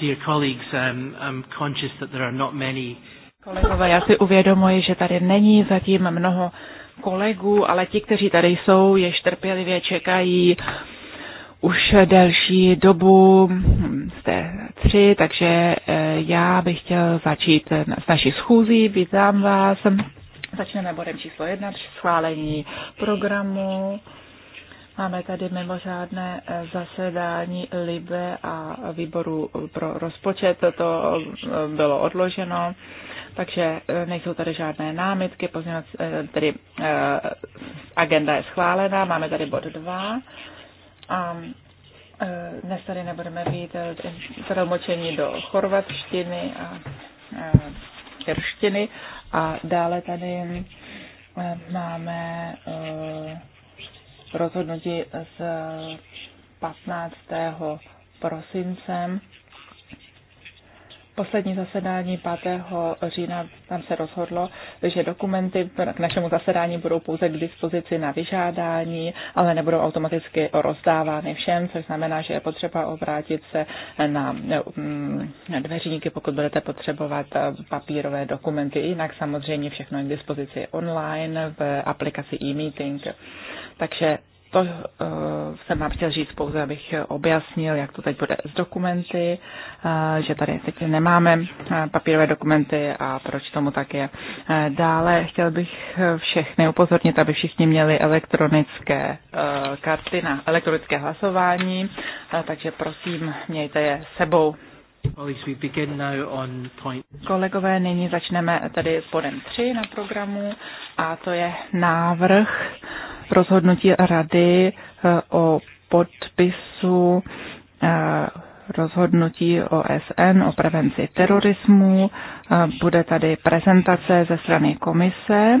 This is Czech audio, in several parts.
Dear colleagues, um, I'm conscious that there are not many. Kolegové, já si uvědomuji, že tady není zatím mnoho kolegů, ale ti, kteří tady jsou, jež trpělivě čekají už delší dobu, jste tři, takže eh, já bych chtěl začít s naší schůzí. Vítám vás. Začneme bodem číslo jedna, schválení programu. Máme tady mimořádné eh, zasedání LIBE a výboru pro rozpočet. To eh, bylo odloženo, takže eh, nejsou tady žádné námitky. Pozměnoc, tedy agenda je schválená. Máme tady bod 2. A dnes tady nebudeme být tlumočení do chorvatštiny a irštiny. A dále tady máme rozhodnutí z 15. prosincem poslední zasedání 5. října tam se rozhodlo, že dokumenty k našemu zasedání budou pouze k dispozici na vyžádání, ale nebudou automaticky rozdávány všem, což znamená, že je potřeba obrátit se na, mm, dveřníky, pokud budete potřebovat eh, papírové dokumenty. Jinak samozřejmě všechno je k dispozici online v aplikaci e-meeting. Takže to uh, jsem vám chtěl říct pouze, abych objasnil, jak to teď bude s dokumenty, uh, že tady teď nemáme uh, papírové dokumenty a proč tomu tak je. Uh, dále chtěl bych všechny upozornit, aby všichni měli elektronické uh, karty na elektronické hlasování, uh, takže prosím, mějte je sebou. Kolegové, nyní začneme tady s bodem 3 na programu a to je návrh rozhodnutí rady eh, o podpisu eh, rozhodnutí OSN o prevenci terorismu. Eh, bude tady prezentace ze strany komise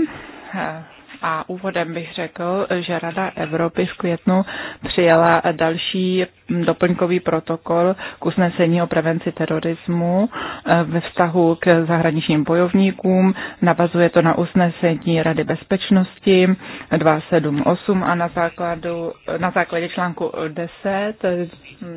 a úvodem bych řekl, že Rada Evropy v květnu přijala další doplňkový protokol k usnesení o prevenci terorismu eh, ve vztahu k zahraničním bojovníkům. Navazuje to na usnesení Rady bezpečnosti 278 a na, základu, na základě článku 10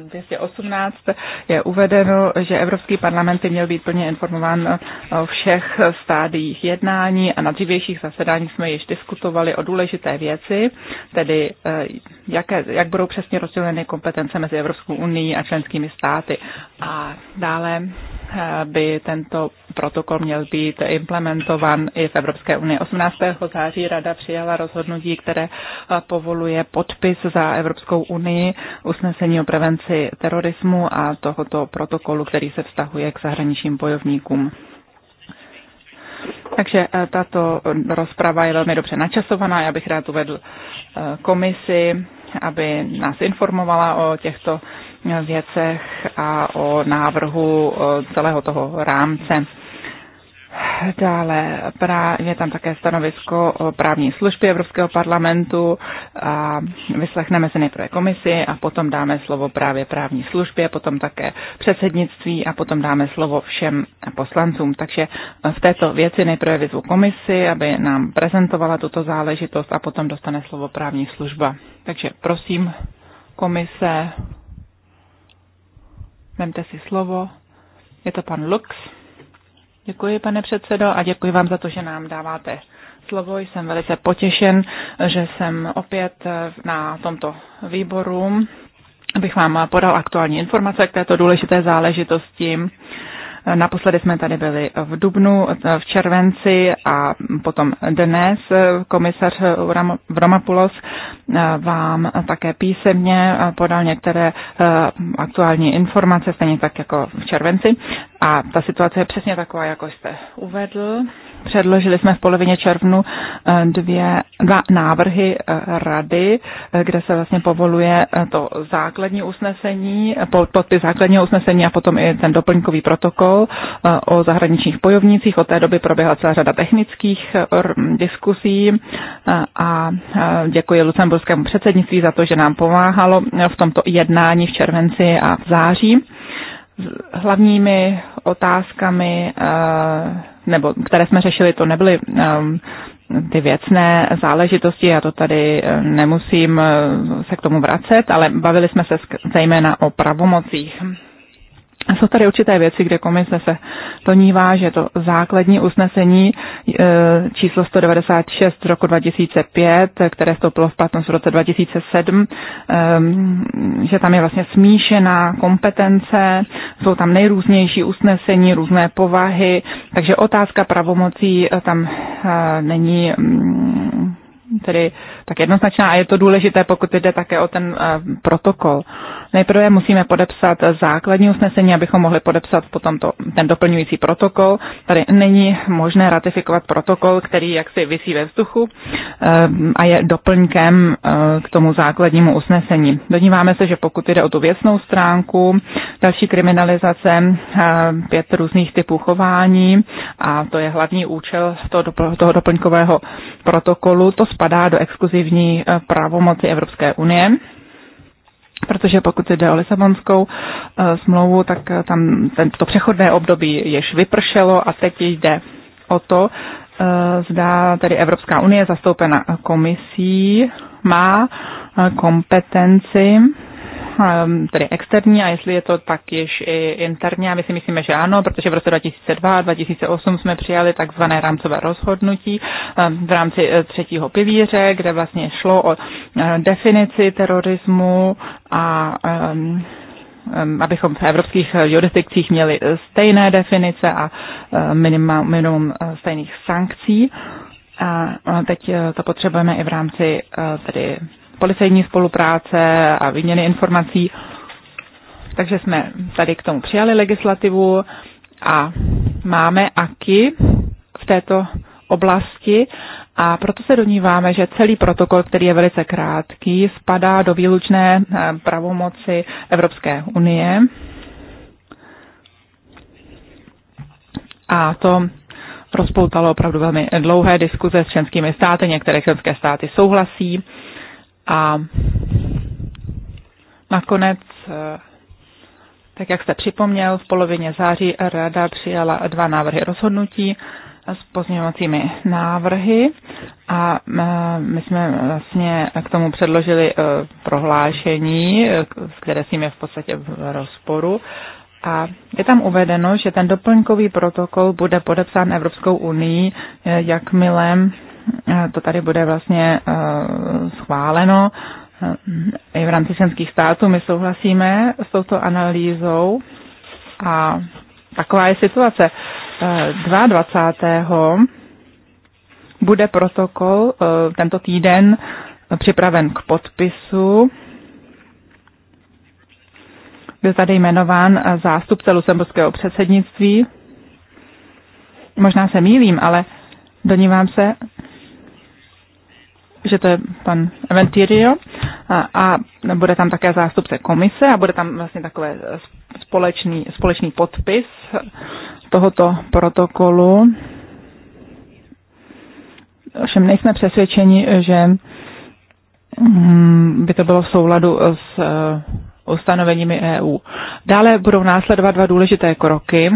218 eh, je uvedeno, že Evropský parlament by měl být plně informován o všech stádiích jednání a na dřívějších zasedáních jsme již diskutovali diskutovali o důležité věci, tedy eh, jaké, jak budou přesně rozděleny kompetence mezi Evropskou unii a členskými státy. A dále eh, by tento protokol měl být implementovan i v Evropské unii. 18. září Rada přijala rozhodnutí, které eh, povoluje podpis za Evropskou unii usnesení o prevenci terorismu a tohoto protokolu, který se vztahuje k zahraničním bojovníkům. Takže eh, tato rozprava je velmi dobře načasovaná. Já bych rád uvedl eh, komisi, aby nás informovala o těchto eh, věcech a o návrhu celého toho rámce. Dále je tam také stanovisko o právní služby Evropského parlamentu a vyslechneme se nejprve komisi a potom dáme slovo právě právní službě, potom také předsednictví a potom dáme slovo všem poslancům. Takže v této věci nejprve vyzvu komisi, aby nám prezentovala tuto záležitost a potom dostane slovo právní služba. Takže prosím, komise, vemte si slovo. Je to pan Lux. Děkuji, pane předsedo, a děkuji vám za to, že nám dáváte slovo. Jsem velice potěšen, že jsem opět na tomto výboru, abych vám podal aktuální informace k této důležité záležitosti. Naposledy jsme tady byli v Dubnu, v červenci a potom dnes komisař Vromapulos vám také písemně podal některé aktuální informace, stejně tak jako v červenci. A ta situace je přesně taková, jako jste uvedl. Předložili jsme v polovině červnu eh, dvě, dva návrhy eh, rady, eh, kde se vlastně povoluje to základní usnesení, podpis základního usnesení a potom i ten doplňkový protokol o zahraničních bojovnících. Od té doby proběhla celá řada technických diskusí a děkuji Lucemburskému předsednictví za to, že nám pomáhalo v tomto jednání v červenci a v září hlavními otázkami, eh, nebo které jsme řešili, to nebyly ehm, ty věcné záležitosti, já to tady eh, nemusím eh, se k tomu vracet, ale bavili jsme se zejména o pravomocích. Jsou tady určité věci, kde komise se domnívá, že to základní usnesení e, číslo 196 z roku 2005, které vstoupilo v platnost v roce 2007, e, že tam je vlastně smíšená kompetence, jsou tam nejrůznější usnesení, různé povahy, takže otázka pravomocí tam e, není mm, tedy tak jednoznačná a je to důležité, pokud jde také o ten protokol. Nejprve musíme podepsat základní usnesení, abychom mohli podepsat potom to, ten doplňující protokol. Tady není možné ratifikovat protokol, který jaksi vysí ve vzduchu eh, a je doplňkem eh, k tomu základnímu usnesení. Dodíváme se, že pokud jde o tu věcnou stránku, další kriminalizace eh, pět různých typů chování a to je hlavní účel toho doplňkového protokolu, to spadá do exkluzivní pravomoci Evropské unie protože pokud jde o Lisabonskou eh, smlouvu, tak eh, tam to přechodné období jež vypršelo a teď jde o to, eh, zda tedy Evropská unie zastoupena komisí má kompetenci Ehm, tedy externí a jestli je to tak již i interní. A my si myslíme, že ano, protože v roce 2002 a 2008 jsme přijali takzvané rámcové rozhodnutí ehm, v rámci eh, třetího pilíře, kde vlastně šlo o eh, definici terorismu a ehm, abychom v evropských jurisdikcích měli eh, stejné definice a minimum, minimum stejných sankcí. A teď to potřebujeme i v rámci tedy policejní spolupráce a výměny informací. Takže jsme tady k tomu přijali legislativu a máme AKI v této oblasti a proto se doníváme, že celý protokol, který je velice krátký, spadá do výlučné eh, pravomoci Evropské unie. A to rozpoutalo opravdu velmi dlouhé diskuze s členskými státy. Některé členské státy souhlasí a nakonec, eh, tak jak jste připomněl, v polovině září rada přijala dva návrhy rozhodnutí s pozměňovacími návrhy a eh, my jsme vlastně k tomu předložili eh, prohlášení, které s ním je v podstatě v rozporu. A je tam uvedeno, že ten doplňkový protokol bude podepsán Evropskou unii, jakmile Eh, to tady bude vlastně eh, schváleno eh, i v rámci členských států. My souhlasíme s touto analýzou a taková je situace. 22. bude protokol tento týden připraven k podpisu. Byl tady jmenován zástupce lucemburského předsednictví. Možná se mýlím, ale donívám se, že to je pan Aventirio a, a bude tam také zástupce komise a bude tam vlastně takové společný, společný podpis tohoto protokolu. Ovšem nejsme přesvědčeni, že mm, by to bylo v souladu s e, ustanoveními EU. Dále budou následovat dva důležité kroky.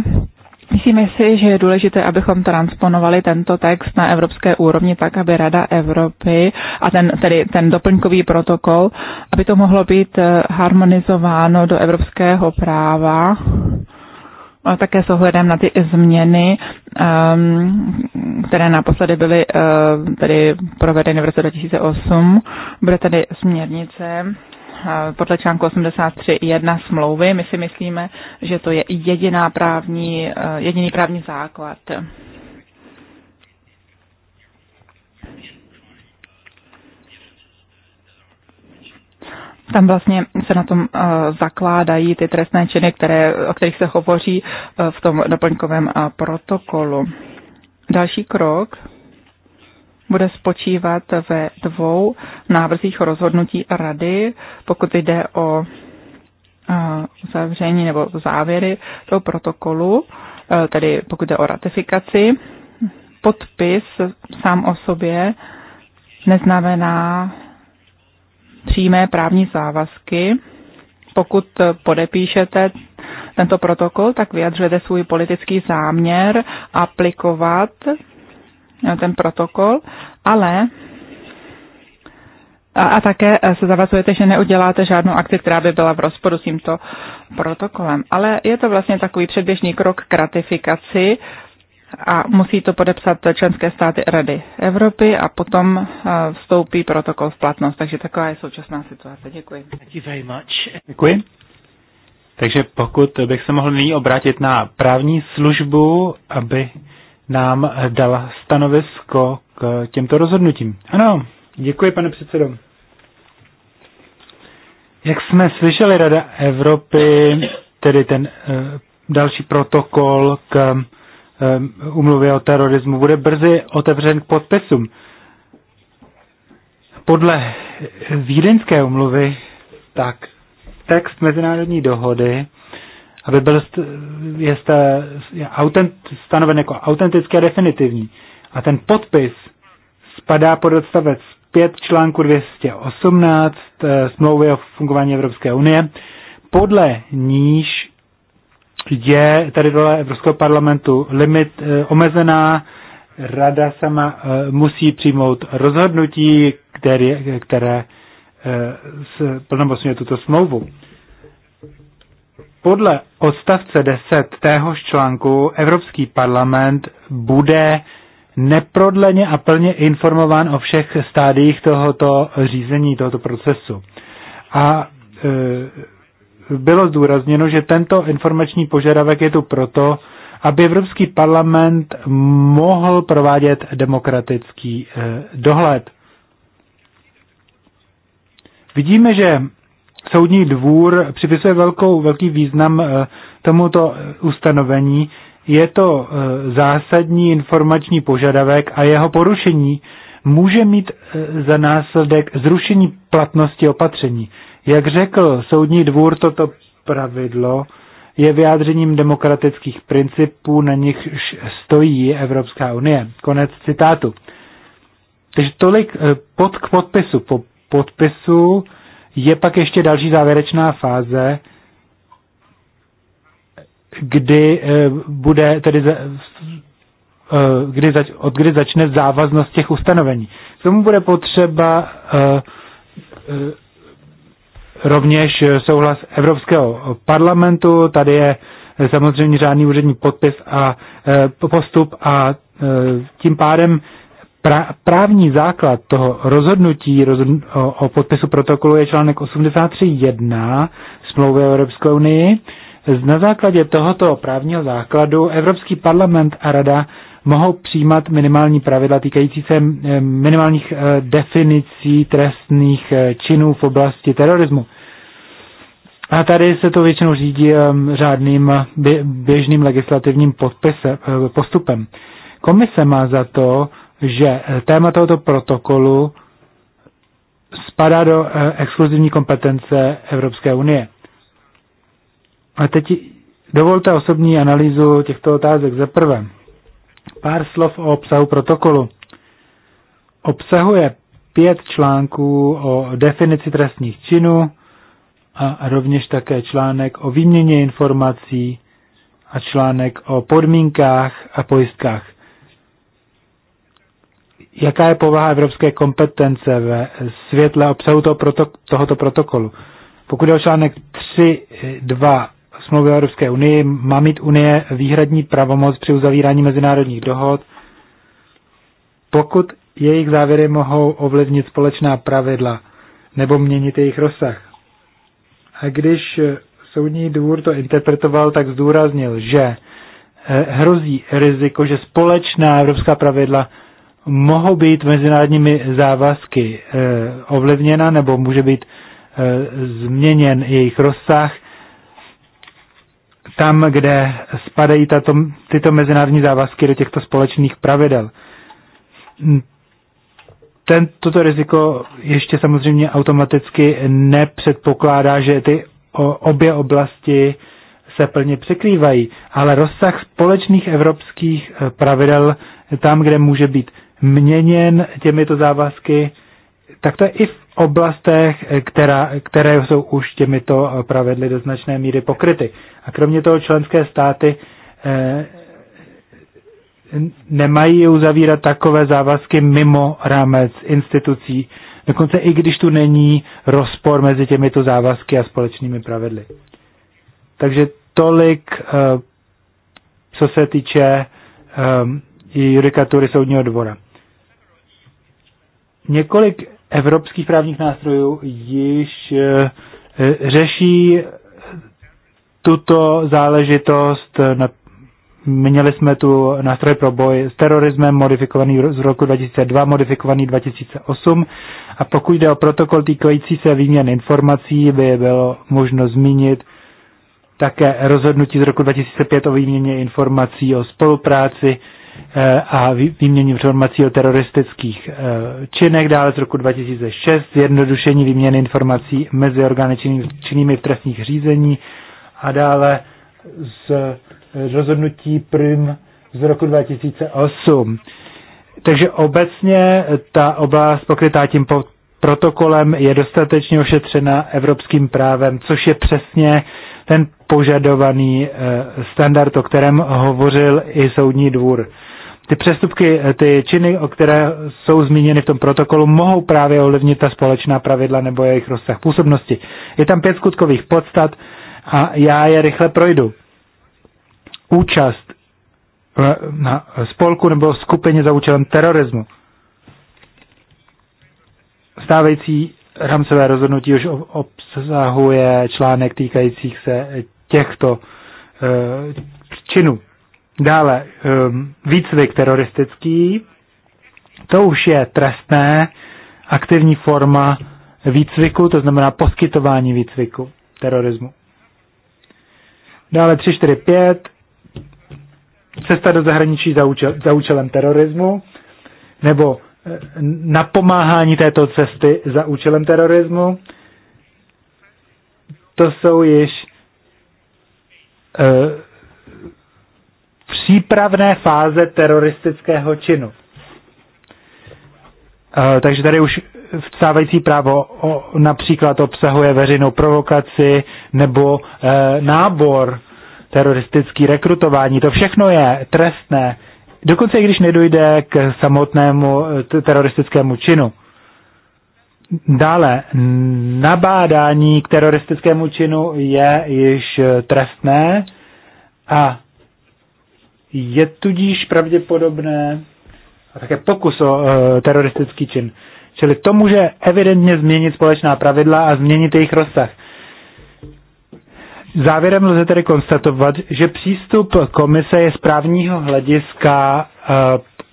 Myslíme si, že je důležité, abychom transponovali tento text na evropské úrovni tak, aby Rada Evropy a ten, tedy ten doplňkový protokol, aby to mohlo být eh, harmonizováno do evropského práva také s ohledem na ty změny, ehm, které naposledy byly eh, tedy provedeny v roce 2008. Bude tedy směrnice Eh, podle článku 83.1 smlouvy. My si myslíme, že to je jediná právní, eh, jediný právní základ. Tam vlastně se na tom uh, zakládají ty trestné činy, které, o kterých se hovoří uh, v tom doplňkovém uh, protokolu. Další krok bude spočívat ve dvou návrzích rozhodnutí rady, pokud jde o eh, uzavření nebo závěry toho protokolu, eh, tedy pokud jde o ratifikaci. Podpis sám o sobě neznamená přímé právní závazky. Pokud podepíšete tento protokol, tak vyjadřujete svůj politický záměr aplikovat Eh, ten protokol, ale a, a také eh, se zavazujete, že neuděláte žádnou akci, která by byla v rozporu s tímto protokolem. Ale je to vlastně takový předběžný krok k ratifikaci a musí to podepsat členské státy Rady Evropy a potom eh, vstoupí protokol v platnost. Takže taková je současná situace. Děkuji. Děkuji. Takže pokud bych se mohl nyní obrátit na právní službu, aby nám dala stanovisko k těmto rozhodnutím. Ano, děkuji, pane předsedo. Jak jsme slyšeli, Rada Evropy, tedy ten eh, další protokol k eh, umluvě o terorismu, bude brzy otevřen k podpisům. Podle vídeňské umluvy, tak text mezinárodní dohody aby byl je autent, stanoven jako autentický a definitivní. A ten podpis spadá pod odstavec 5 článku 218 eh, smlouvy o fungování Evropské unie, podle níž je tady dole Evropského parlamentu limit e, omezená, rada sama e, musí přijmout rozhodnutí, které, které e, plnomocňuje tuto smlouvu. Podle odstavce 10 téhož článku Evropský parlament bude neprodleně a plně informován o všech stádiích tohoto řízení, tohoto procesu. A e, bylo zdůrazněno, že tento informační požadavek je tu proto, aby Evropský parlament mohl provádět demokratický e, dohled. Vidíme, že soudní dvůr připisuje velkou, velký význam eh, tomuto ustanovení. Je to eh, zásadní informační požadavek a jeho porušení může mít eh, za následek zrušení platnosti opatření. Jak řekl soudní dvůr, toto pravidlo je vyjádřením demokratických principů, na nich stojí Evropská unie. Konec citátu. Takže tolik pod k podpisu. Po podpisu je pak ještě další závěrečná fáze, kdy eh, bude tedy eh, kdy zač, od kdy začne závaznost těch ustanovení. K tomu bude potřeba eh, rovněž souhlas Evropského parlamentu, tady je samozřejmě řádný úřední podpis a postup a tím pádem pra, právní základ toho rozhodnutí rozhodn, o, o podpisu protokolu je článek 83.1 smlouvy o Evropské unii. Na základě tohoto právního základu Evropský parlament a Rada mohou přijímat minimální pravidla týkající se eh, minimálních eh, definicí trestných eh, činů v oblasti terorismu. A tady se to většinou řídí ehm, řádným běžným legislativním podpise, postupem. Komise má za to, že eh, téma tohoto protokolu spadá do eh, exkluzivní kompetence Evropské unie. A teď dovolte osobní analýzu těchto otázek. Za prvé, pár slov o obsahu protokolu. Obsahuje pět článků o definici trestních činů a rovněž také článek o výměně informací a článek o podmínkách a pojistkách jaká je povaha evropské kompetence ve světle obsahu toho protok- tohoto protokolu. Pokud je o článek 3.2 smlouvy o Evropské unii, má mít Unie výhradní pravomoc při uzavírání mezinárodních dohod, pokud jejich závěry mohou ovlivnit společná pravidla nebo měnit jejich rozsah. A když soudní dvůr to interpretoval, tak zdůraznil, že eh, hrozí riziko, že společná evropská pravidla mohou být mezinárodními závazky eh, ovlivněna nebo může být eh, změněn jejich rozsah. Tam, kde spadají tato, tyto mezinárodní závazky do těchto společných pravidel. Ten, toto riziko ještě samozřejmě automaticky nepředpokládá, že ty obě oblasti se plně překrývají, ale rozsah společných evropských eh, pravidel tam, kde může být měněn těmito závazky, tak to je i v oblastech, která, které jsou už těmito pravidly do značné míry pokryty. A kromě toho členské státy eh, nemají uzavírat takové závazky mimo rámec institucí, dokonce i když tu není rozpor mezi těmito závazky a společnými pravidly. Takže tolik, eh, co se týče eh, judikatury soudního dvora. Několik evropských právních nástrojů již eh, eh, řeší tuto záležitost. Měli jsme tu nástroj pro boj s terorismem, modifikovaný z roku 2002, modifikovaný 2008. A pokud jde o protokol týkající se výměn informací, by bylo možno zmínit také rozhodnutí z roku 2005 o výměně informací o spolupráci Eh, a výměně informací o teroristických eh, činech, dále z roku 2006, zjednodušení výměny informací mezi orgány činnými v trestních řízení a dále z eh, rozhodnutí prim z roku 2008. Takže obecně ta oblast pokrytá tím protokolem je dostatečně ošetřena evropským právem, což je přesně ten požadovaný standard, o kterém hovořil i soudní dvůr ty přestupky, eh, ty činy, o které jsou zmíněny v tom protokolu, mohou právě ovlivnit ta společná pravidla nebo jejich rozsah působnosti. Je tam pět skutkových podstat a já je rychle projdu. Účast eh, na spolku nebo skupině za účelem terorismu. Stávající rámcové rozhodnutí už obsahuje článek týkajících se těchto eh, činů. Dále, ehm, výcvik teroristický, to už je trestné, aktivní forma výcviku, to znamená poskytování výcviku terorismu. Dále 3, 4, 5. Cesta do zahraničí za, účel, za účelem terorismu nebo eh, napomáhání této cesty za účelem terorismu. To jsou již e, přípravné fáze teroristického činu. Eh, takže tady už vstávající právo o, například obsahuje veřejnou provokaci nebo e, nábor, teroristický rekrutování. To všechno je trestné, dokonce i když nedojde k samotnému eh, teroristickému činu. Dále, nabádání k teroristickému činu je již trestné a je tudíž pravděpodobné a také pokus o e, teroristický čin. Čili to může evidentně změnit společná pravidla a změnit jejich rozsah. Závěrem lze tedy konstatovat, že přístup komise je z právního hlediska e,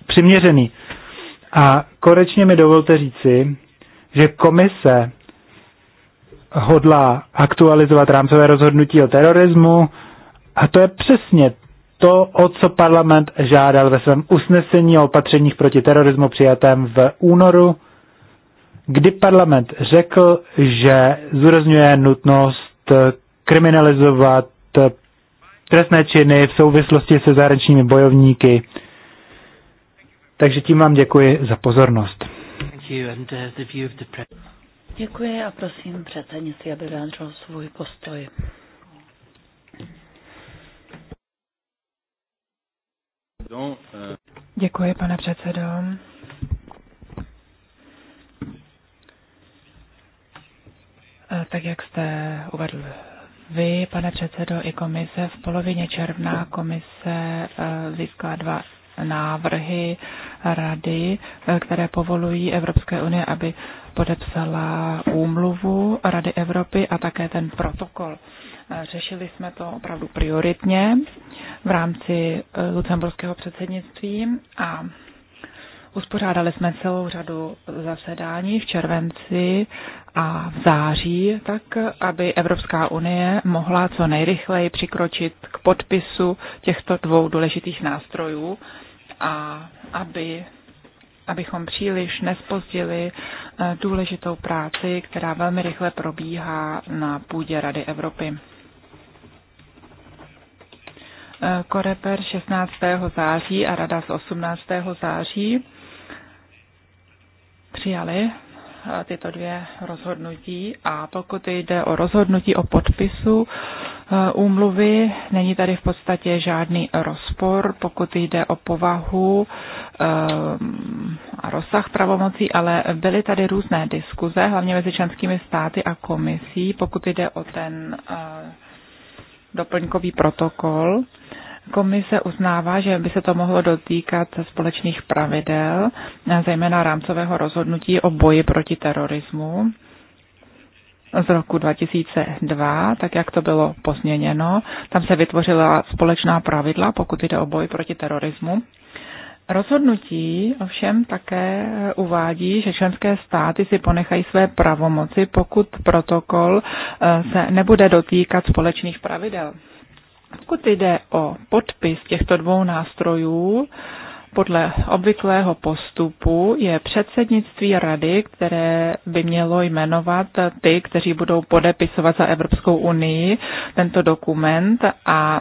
přiměřený. A konečně mi dovolte říci, že komise hodlá aktualizovat rámcové rozhodnutí o terorismu a to je přesně to, o co parlament žádal ve svém usnesení o opatřeních proti terorismu přijatém v únoru, kdy parlament řekl, že zúrazňuje nutnost kriminalizovat trestné činy v souvislosti se zahraničními bojovníky. Takže tím vám děkuji za pozornost. Uh, děkuji a prosím předsednictví, aby vyjádřil svůj postoj. Děkuji, pane předsedo. E, tak jak jste uvedl vy, pane předsedo, i komise, v polovině června komise e, získá dva návrhy rady, e, které povolují Evropské unie, aby podepsala úmluvu Rady Evropy a také ten protokol. Řešili jsme to opravdu prioritně v rámci eh, lucemburského předsednictví a uspořádali jsme celou řadu zasedání v červenci a v září, tak aby Evropská unie mohla co nejrychleji přikročit k podpisu těchto dvou důležitých nástrojů a aby abychom příliš nespozdili eh, důležitou práci, která velmi rychle probíhá na půdě Rady Evropy. Koreper 16. září a Rada z 18. září přijali eh, tyto dvě rozhodnutí a pokud jde o rozhodnutí o podpisu eh, úmluvy, není tady v podstatě žádný rozpor, pokud jde o povahu eh, a rozsah pravomocí, ale byly tady různé diskuze, hlavně mezi členskými státy a komisí, pokud jde o ten doplňkový protokol. Komise uznává, že by se to mohlo dotýkat společných pravidel, zejména rámcového rozhodnutí o boji proti terorismu z roku 2002, tak jak to bylo pozměněno. Tam se vytvořila společná pravidla, pokud jde o boj proti terorismu. Rozhodnutí ovšem také uvádí, že členské státy si ponechají své pravomoci, pokud protokol eh, se nebude dotýkat společných pravidel. Pokud jde o podpis těchto dvou nástrojů, podle obvyklého postupu je předsednictví rady, které by mělo jmenovat ty, kteří budou podepisovat za Evropskou unii tento dokument a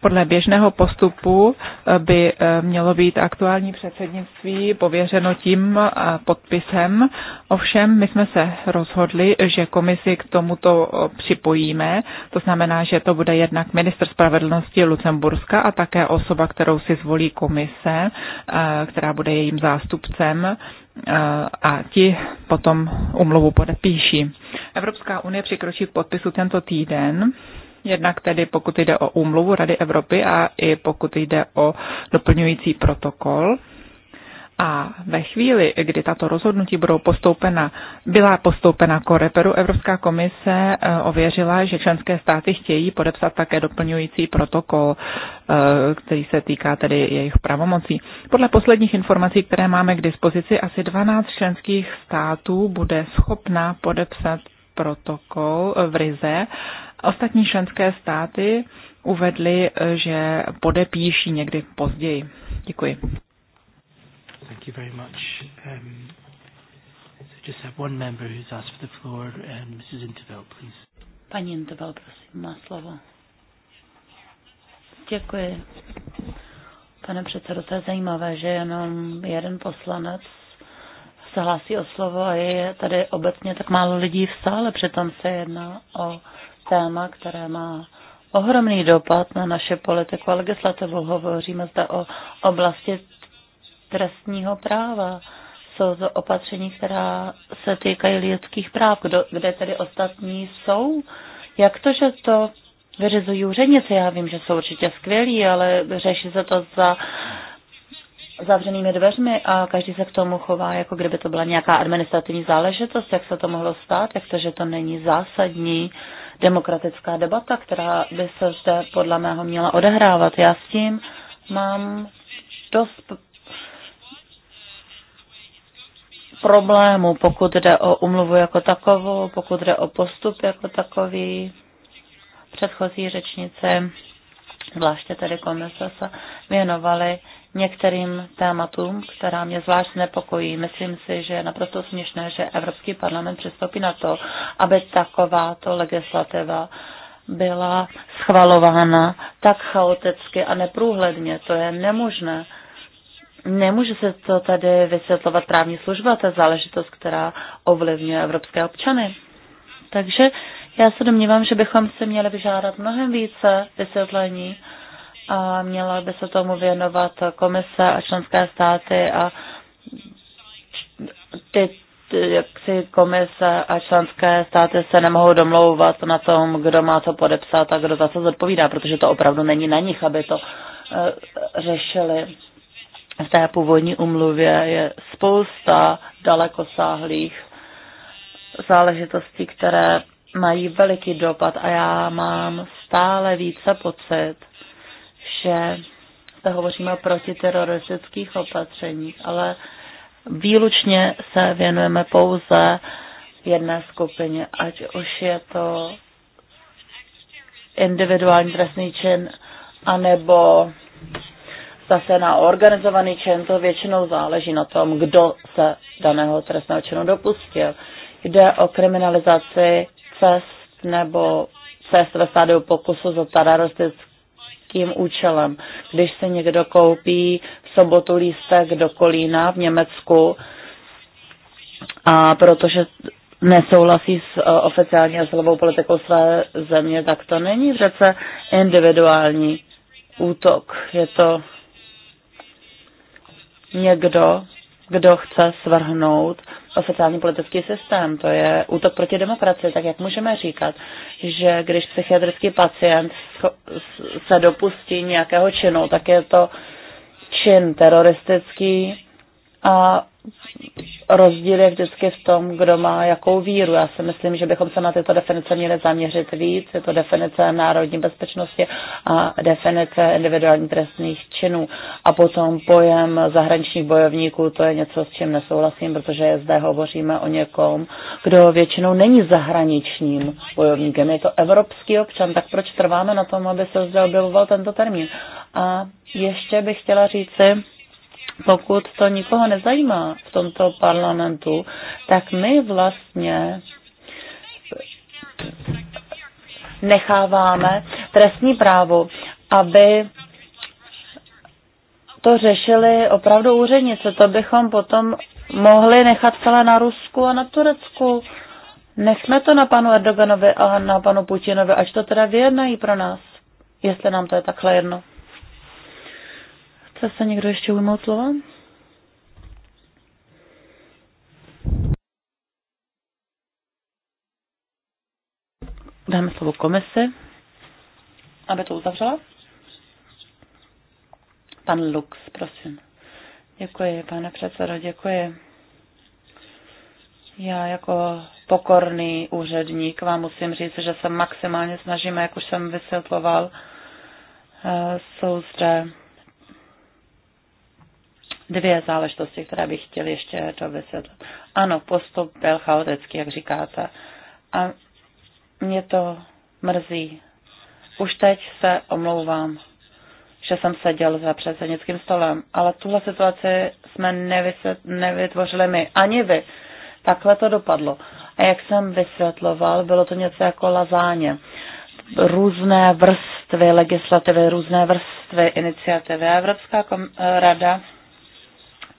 podle běžného postupu eh, by eh, mělo být aktuální předsednictví pověřeno tím eh, podpisem. Ovšem, my jsme se rozhodli, že komisi k tomuto připojíme. To znamená, že to bude jednak minister spravedlnosti Lucemburska a také osoba, kterou si zvolí komise Eh, která bude jejím zástupcem eh, a ti potom umluvu podepíší. Evropská unie přikročí k podpisu tento týden. Jednak tedy pokud jde o úmluvu Rady Evropy a i pokud jde o doplňující protokol a ve chvíli, kdy tato rozhodnutí budou postoupena, byla postoupena Koreperu, Evropská komise eh, ověřila, že členské státy chtějí podepsat také doplňující protokol, eh, který se týká tedy jejich pravomocí. Podle posledních informací, které máme k dispozici, asi 12 členských států bude schopná podepsat protokol eh, v Rize. Ostatní členské státy uvedly, že podepíší někdy později. Děkuji. Thank you very much. Um, so just have one member who's asked for the floor, and um, Mrs. Intervel, please. Paní Intervel, prosím, má slovo. Děkuji. Pane předsedo, to je zajímavé, že jenom jeden poslanec se hlásí o slovo a je tady obecně tak málo lidí v sále, přitom se jedná o téma, které má ohromný dopad na naše politiku a legislativu. Hovoříme zde o oblasti trestního práva. Jsou to opatření, která se týkají lidských práv, Kdo, kde tedy ostatní jsou. Jak to, že to vyřizují úřednice? Já vím, že jsou určitě skvělí, ale řeší se to za zavřenými dveřmi a každý se k tomu chová, jako kdyby to byla nějaká administrativní záležitost, jak se to mohlo stát, jak to, že to není zásadní demokratická debata, která by se zde podle mého měla odehrávat. Já s tím mám dost problémů, pokud jde o umluvu jako takovou, pokud jde o postup jako takový. Předchozí řečnice, zvláště tedy komise, se věnovaly některým tématům, která mě zvlášť nepokojí. Myslím si, že je naprosto směšné, že Evropský parlament přistoupí na to, aby takováto legislativa byla schvalována tak chaoticky a neprůhledně. To je nemožné. Nemůže se to tady vysvětlovat právní služba, to záležitost, která ovlivňuje evropské občany. Takže já se domnívám, že bychom si měli vyžádat mnohem více vysvětlení a měla by se tomu věnovat komise a členské státy a ty, ty jak si komise a členské státy se nemohou domlouvat na tom, kdo má co podepsat a kdo za co zodpovídá, protože to opravdu není na nich, aby to eh, řešili v té původní umluvě je spousta dalekosáhlých záležitostí, které mají veliký dopad a já mám stále více pocit, že se hovoříme o protiteroristických opatřeních, ale výlučně se věnujeme pouze jedné skupině, ať už je to individuální trestný čin, anebo ta se na organizovaný čin, to většinou záleží na tom, kdo se daného trestného činu dopustil. Jde o kriminalizaci cest nebo cest ve stádiu pokusu za teroristickým účelem. Když se někdo koupí v sobotu lístek do Kolína v Německu, a protože nesouhlasí s eh, oficiální slovou politikou své země, tak to není přece individuální útok. Je to někdo, kdo chce svrhnout oficiální politický systém. To je útok proti demokracii. Tak jak můžeme říkat, že když psychiatrický pacient se dopustí nějakého činu, tak je to čin teroristický a rozdíl je vždycky v tom, kdo má jakou víru. Já si myslím, že bychom se na tyto definice měli zaměřit víc. Je to definice národní bezpečnosti a definice individuálních trestných činů. A potom pojem zahraničních bojovníků, to je něco, s čím nesouhlasím, protože zde hovoříme o někom, kdo většinou není zahraničním bojovníkem. Je to evropský občan, tak proč trváme na tom, aby se zde objevoval tento termín? A ještě bych chtěla říci, pokud to nikoho nezajímá v tomto parlamentu, tak my vlastně necháváme trestní právo, aby to řešili opravdu úřednice. To bychom potom mohli nechat celé na Rusku a na Turecku. Nechme to na panu Erdoganovi a na panu Putinovi, ať to teda vyjednají pro nás, jestli nám to je takhle jedno. Chce se někdo ještě ujmout slova? Dáme slovo komise. aby to uzavřela. Pan Lux, prosím. Děkuji, pane předsedo, děkuji. Já jako pokorný úředník vám musím říct, že se maximálně snažíme, jak už jsem vysvětloval, eh, jsou zde dvě záležitosti, které bych chtěl ještě to vysvětlit. Ano, postup byl chaotický, jak říkáte. A mě to mrzí. Už teď se omlouvám, že jsem seděl za předsednickým stolem, ale tuhle situaci jsme nevytvořili my, ani vy. Takhle to dopadlo. A jak jsem vysvětloval, bylo to něco jako lazáně. Různé vrstvy legislativy, různé vrstvy iniciativy. Evropská rada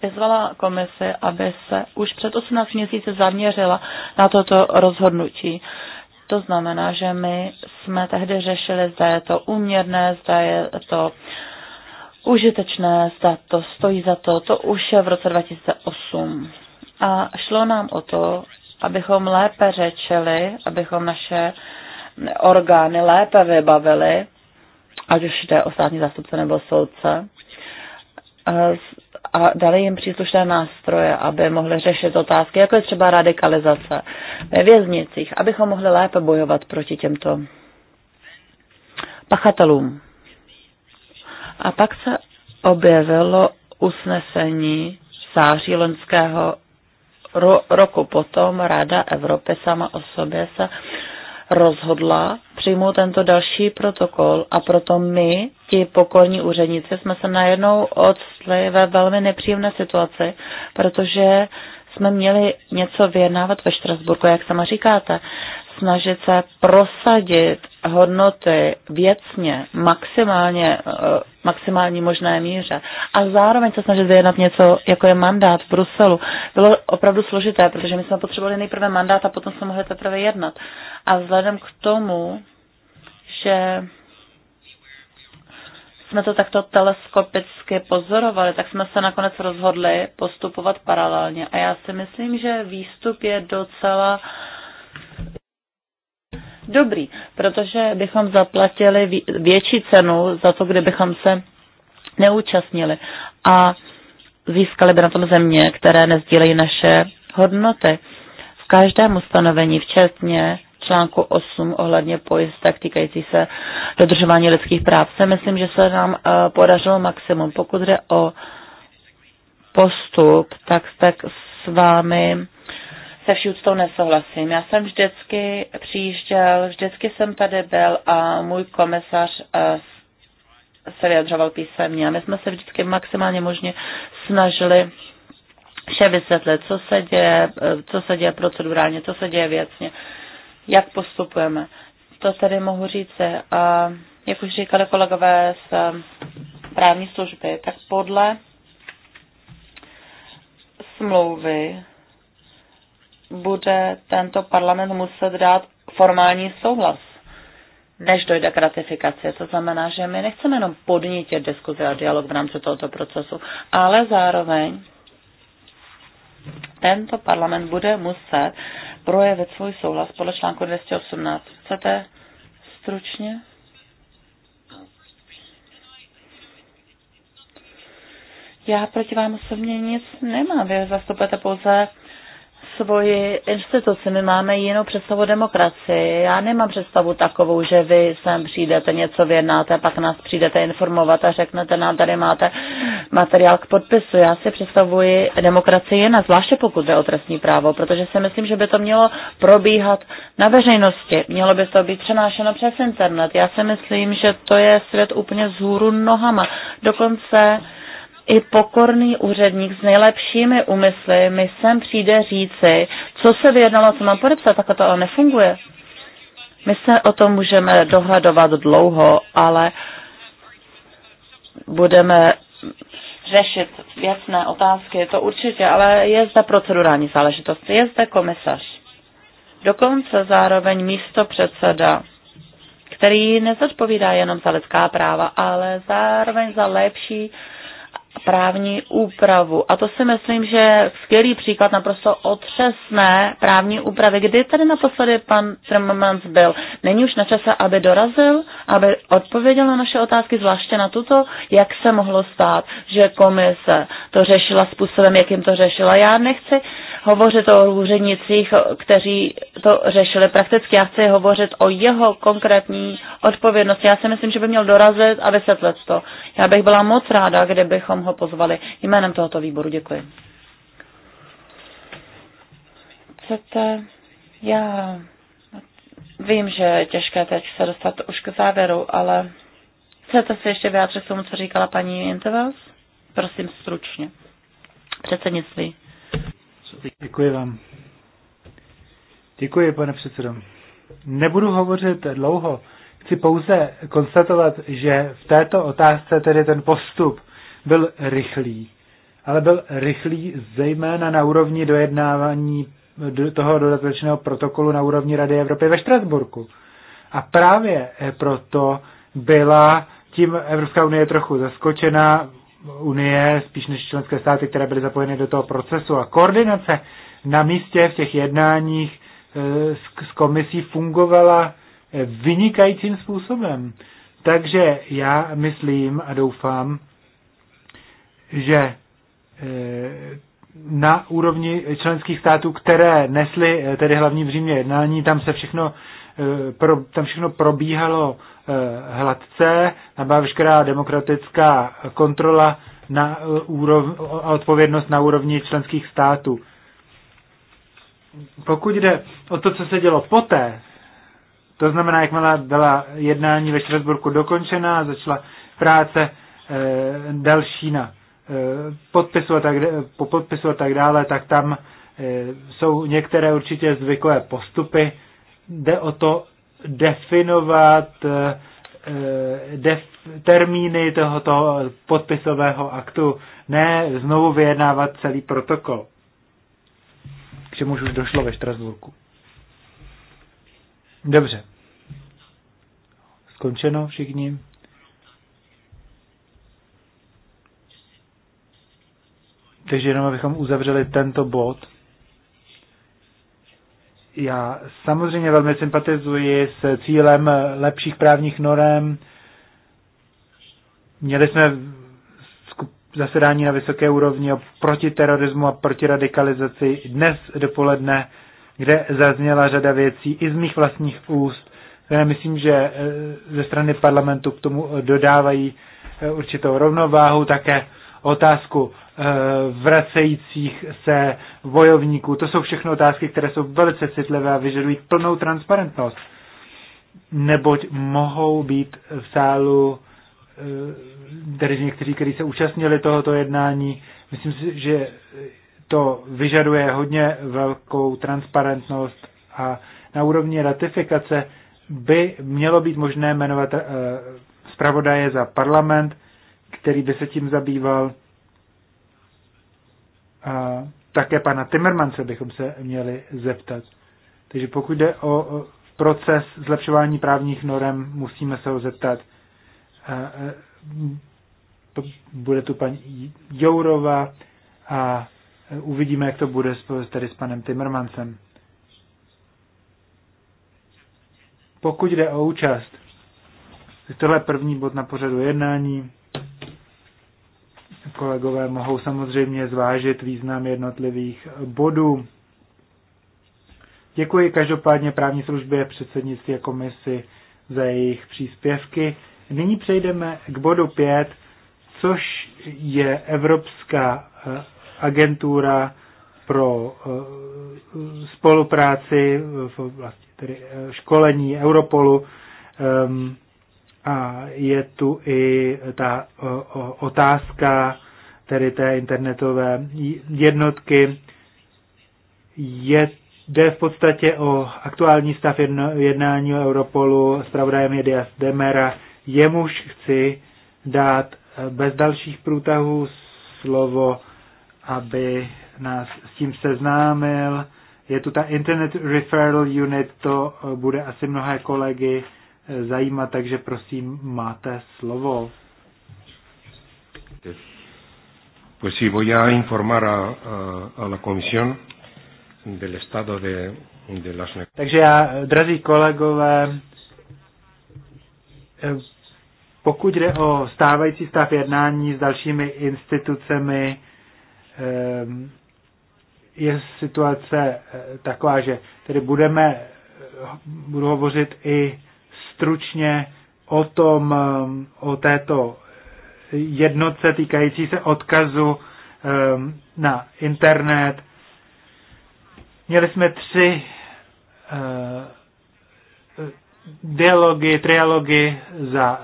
vyzvala komise, aby se už před 18 měsíci zaměřila na toto rozhodnutí. To znamená, že my jsme tehdy řešili, zda je to úměrné, zda je to užitečné, zda to stojí za to. To už je v roce 2008. A šlo nám o to, abychom lépe řečili, abychom naše orgány lépe vybavili, ať už jde o státní zástupce nebo soudce, eh, a dali jim příslušné nástroje, aby mohli řešit otázky, jako je třeba radikalizace ve věznicích, abychom mohli lépe bojovat proti těmto pachatelům. A pak se objevilo usnesení září loňského ro- roku. Potom Rada Evropy sama o sobě se rozhodla přijmout tento další protokol a proto my, ti pokorní úředníci, jsme se najednou odstli ve velmi nepříjemné situaci, protože jsme měli něco vyjednávat ve Štrasburku, jak sama říkáte, snažit se prosadit hodnoty věcně, maximálně, eh, maximální možné míře a zároveň se snažit vyjednat něco, jako je mandát v Bruselu, bylo opravdu složité, protože my jsme potřebovali nejprve mandát a potom jsme mohli teprve jednat. A vzhledem k tomu, že jsme to takto teleskopicky pozorovali, tak jsme se nakonec rozhodli postupovat paralelně. A já si myslím, že výstup je docela dobrý, protože bychom zaplatili větší cenu za to, kdybychom se neúčastnili a získali by na tom země, které nezdílejí naše hodnoty. V každém ustanovení, včetně článku 8 ohledně pojistek týkající se dodržování lidských práv, se myslím, že se nám eh, podařilo maximum. Pokud jde o postup, tak tak s vámi se vší úctou nesouhlasím. Já jsem vždycky přijížděl, vždycky jsem tady byl a můj komisař eh, se vyjadřoval písemně. A my jsme se vždycky maximálně možně snažili vše vysvětlit, co se děje, eh, co se děje procedurálně, co se děje věcně, jak postupujeme. To tady mohu říct. A jak už říkali kolegové z eh, právní služby, tak podle smlouvy bude tento parlament muset dát formální souhlas, než dojde k ratifikaci. To znamená, že my nechceme jenom podnítit diskuzi a dialog v rámci tohoto procesu, ale zároveň tento parlament bude muset projevit svůj souhlas podle článku 218. Chcete stručně? Já proti vám osobně nic nemám. Vy zastupujete pouze svoji instituci. My máme jinou představu demokracii. Já nemám představu takovou, že vy sem přijdete, něco vyjednáte, pak nás přijdete informovat a řeknete nám, tady máte materiál k podpisu. Já si představuji demokracii jen, zvláště pokud jde o trestní právo, protože si myslím, že by to mělo probíhat na veřejnosti. Mělo by to být přenášeno přes internet. Já si myslím, že to je svět úplně hůru nohama. Dokonce i pokorný úředník s nejlepšími úmysly mi sem přijde říci, co se vyjednalo, co mám podepsat, tak to ale nefunguje. My se o tom můžeme dohadovat dlouho, ale budeme řešit věcné otázky, to určitě, ale je zde procedurální záležitost, je zde komisař. Dokonce zároveň místo předseda, který nezodpovídá jenom za lidská práva, ale zároveň za lepší uh, právní úpravu. A to si myslím, že skvělý příklad naprosto otřesné právní úpravy. Kdy tady naposledy pan Timmermans byl? Není už na čase, aby dorazil, aby odpověděl na naše otázky, zvláště na tuto, jak se mohlo stát, že komise to řešila způsobem, jakým to řešila. Já nechci hovořit o úřednicích, kteří to řešili prakticky. Já chci hovořit o jeho konkrétní odpovědnosti. Já si myslím, že by měl dorazit a vysvětlit to. Já bych byla moc ráda, kdybychom ho pozvali. Jménem tohoto výboru děkuji. Chcete? Já vím, že je těžké teď se dostat už k závěru, ale chcete se ještě vyjádřit k tomu, co říkala paní Intervals? Prosím stručně. Předsednictví. Děkuji vám. Děkuji, pane předsedo. Nebudu hovořit dlouho. Chci pouze konstatovat, že v této otázce tedy ten postup byl rychlý, ale byl rychlý zejména na úrovni dojednávání toho dodatečného protokolu na úrovni Rady Evropy ve Štrasburku. A právě proto byla tím Evropská unie trochu zaskočena unie, spíš než členské státy, které byly zapojeny do toho procesu. A koordinace na místě v těch jednáních eh, s komisí fungovala eh, vynikajícím způsobem. Takže já myslím a doufám, že eh, na úrovni členských států, které nesly tedy hlavní v Římě jednání, tam se všechno, tam všechno probíhalo Eh, hladce, nabá veškerá demokratická kontrola na eh, úrov, a odpovědnost na úrovni členských států. Pokud jde o to, co se dělo poté, to znamená, jakmile byla jednání ve Štrasburku dokončena, začala práce e, další na e, podpisu a tak, po podpisu a tak dále, tak tam e, jsou některé určitě zvykové postupy. Jde o to definovat eh, def, termíny tohoto podpisového aktu, ne znovu vyjednávat celý protokol. K čemuž už došlo ve Štrasburku. Dobře. Skončeno všichni. Takže jenom abychom uzavřeli tento bod. Já samozřejmě velmi sympatizuji s cílem lepších právních norem. Měli jsme zasedání na vysoké úrovni o protiterorismu a protiradikalizaci dnes dopoledne, kde zazněla řada věcí i z mých vlastních úst, které myslím, že eh, ze strany parlamentu k tomu dodávají eh, určitou rovnováhu, také otázku Eh, vracejících se bojovníků. To jsou všechno otázky, které jsou velice citlivé a vyžadují plnou transparentnost, neboť mohou být v sálu eh, tedy někteří, kteří se účastnili tohoto jednání. Myslím si, že to vyžaduje hodně velkou transparentnost a na úrovni ratifikace by mělo být možné jmenovat eh, zpravodaje za parlament, který by se tím zabýval a také pana Timmermanse bychom se měli zeptat. Takže pokud jde o proces zlepšování právních norem, musíme se ho zeptat. Bude tu paní Jourova a uvidíme, jak to bude tady s panem Timmermansem. Pokud jde o účast, tohle je první bod na pořadu jednání. Kolegové mohou samozřejmě zvážit význam jednotlivých bodů. Děkuji každopádně právní službě, předsednictví a komisi za jejich příspěvky. Nyní přejdeme k bodu 5, což je Evropská eh, agentura pro eh, spolupráci v oblasti tedy eh, školení Europolu. Ehm, a je tu i ta otázka tedy té internetové jednotky. Je, jde v podstatě o aktuální stav jedno, jednání o Europolu. s je Jedias Demera. Jemuž chci dát eh, bez dalších průtahů slovo, aby nás s tím seznámil. Je tu ta Internet Referral Unit, to eh, bude asi mnohé kolegy zajímat, takže prosím, máte slovo. Pues sí, voy a informar a, a, a la comisión del estado de, de las Takže já, drazí kolegové, eh, pokud jde o stávající stav jednání s dalšími institucemi, eh, je situace eh, taková, že tedy budeme, budu hovořit i stručně o tom, eh, o této jednotce týkající se odkazu eh, na internet. Měli jsme tři eh, dialogy, trialogy za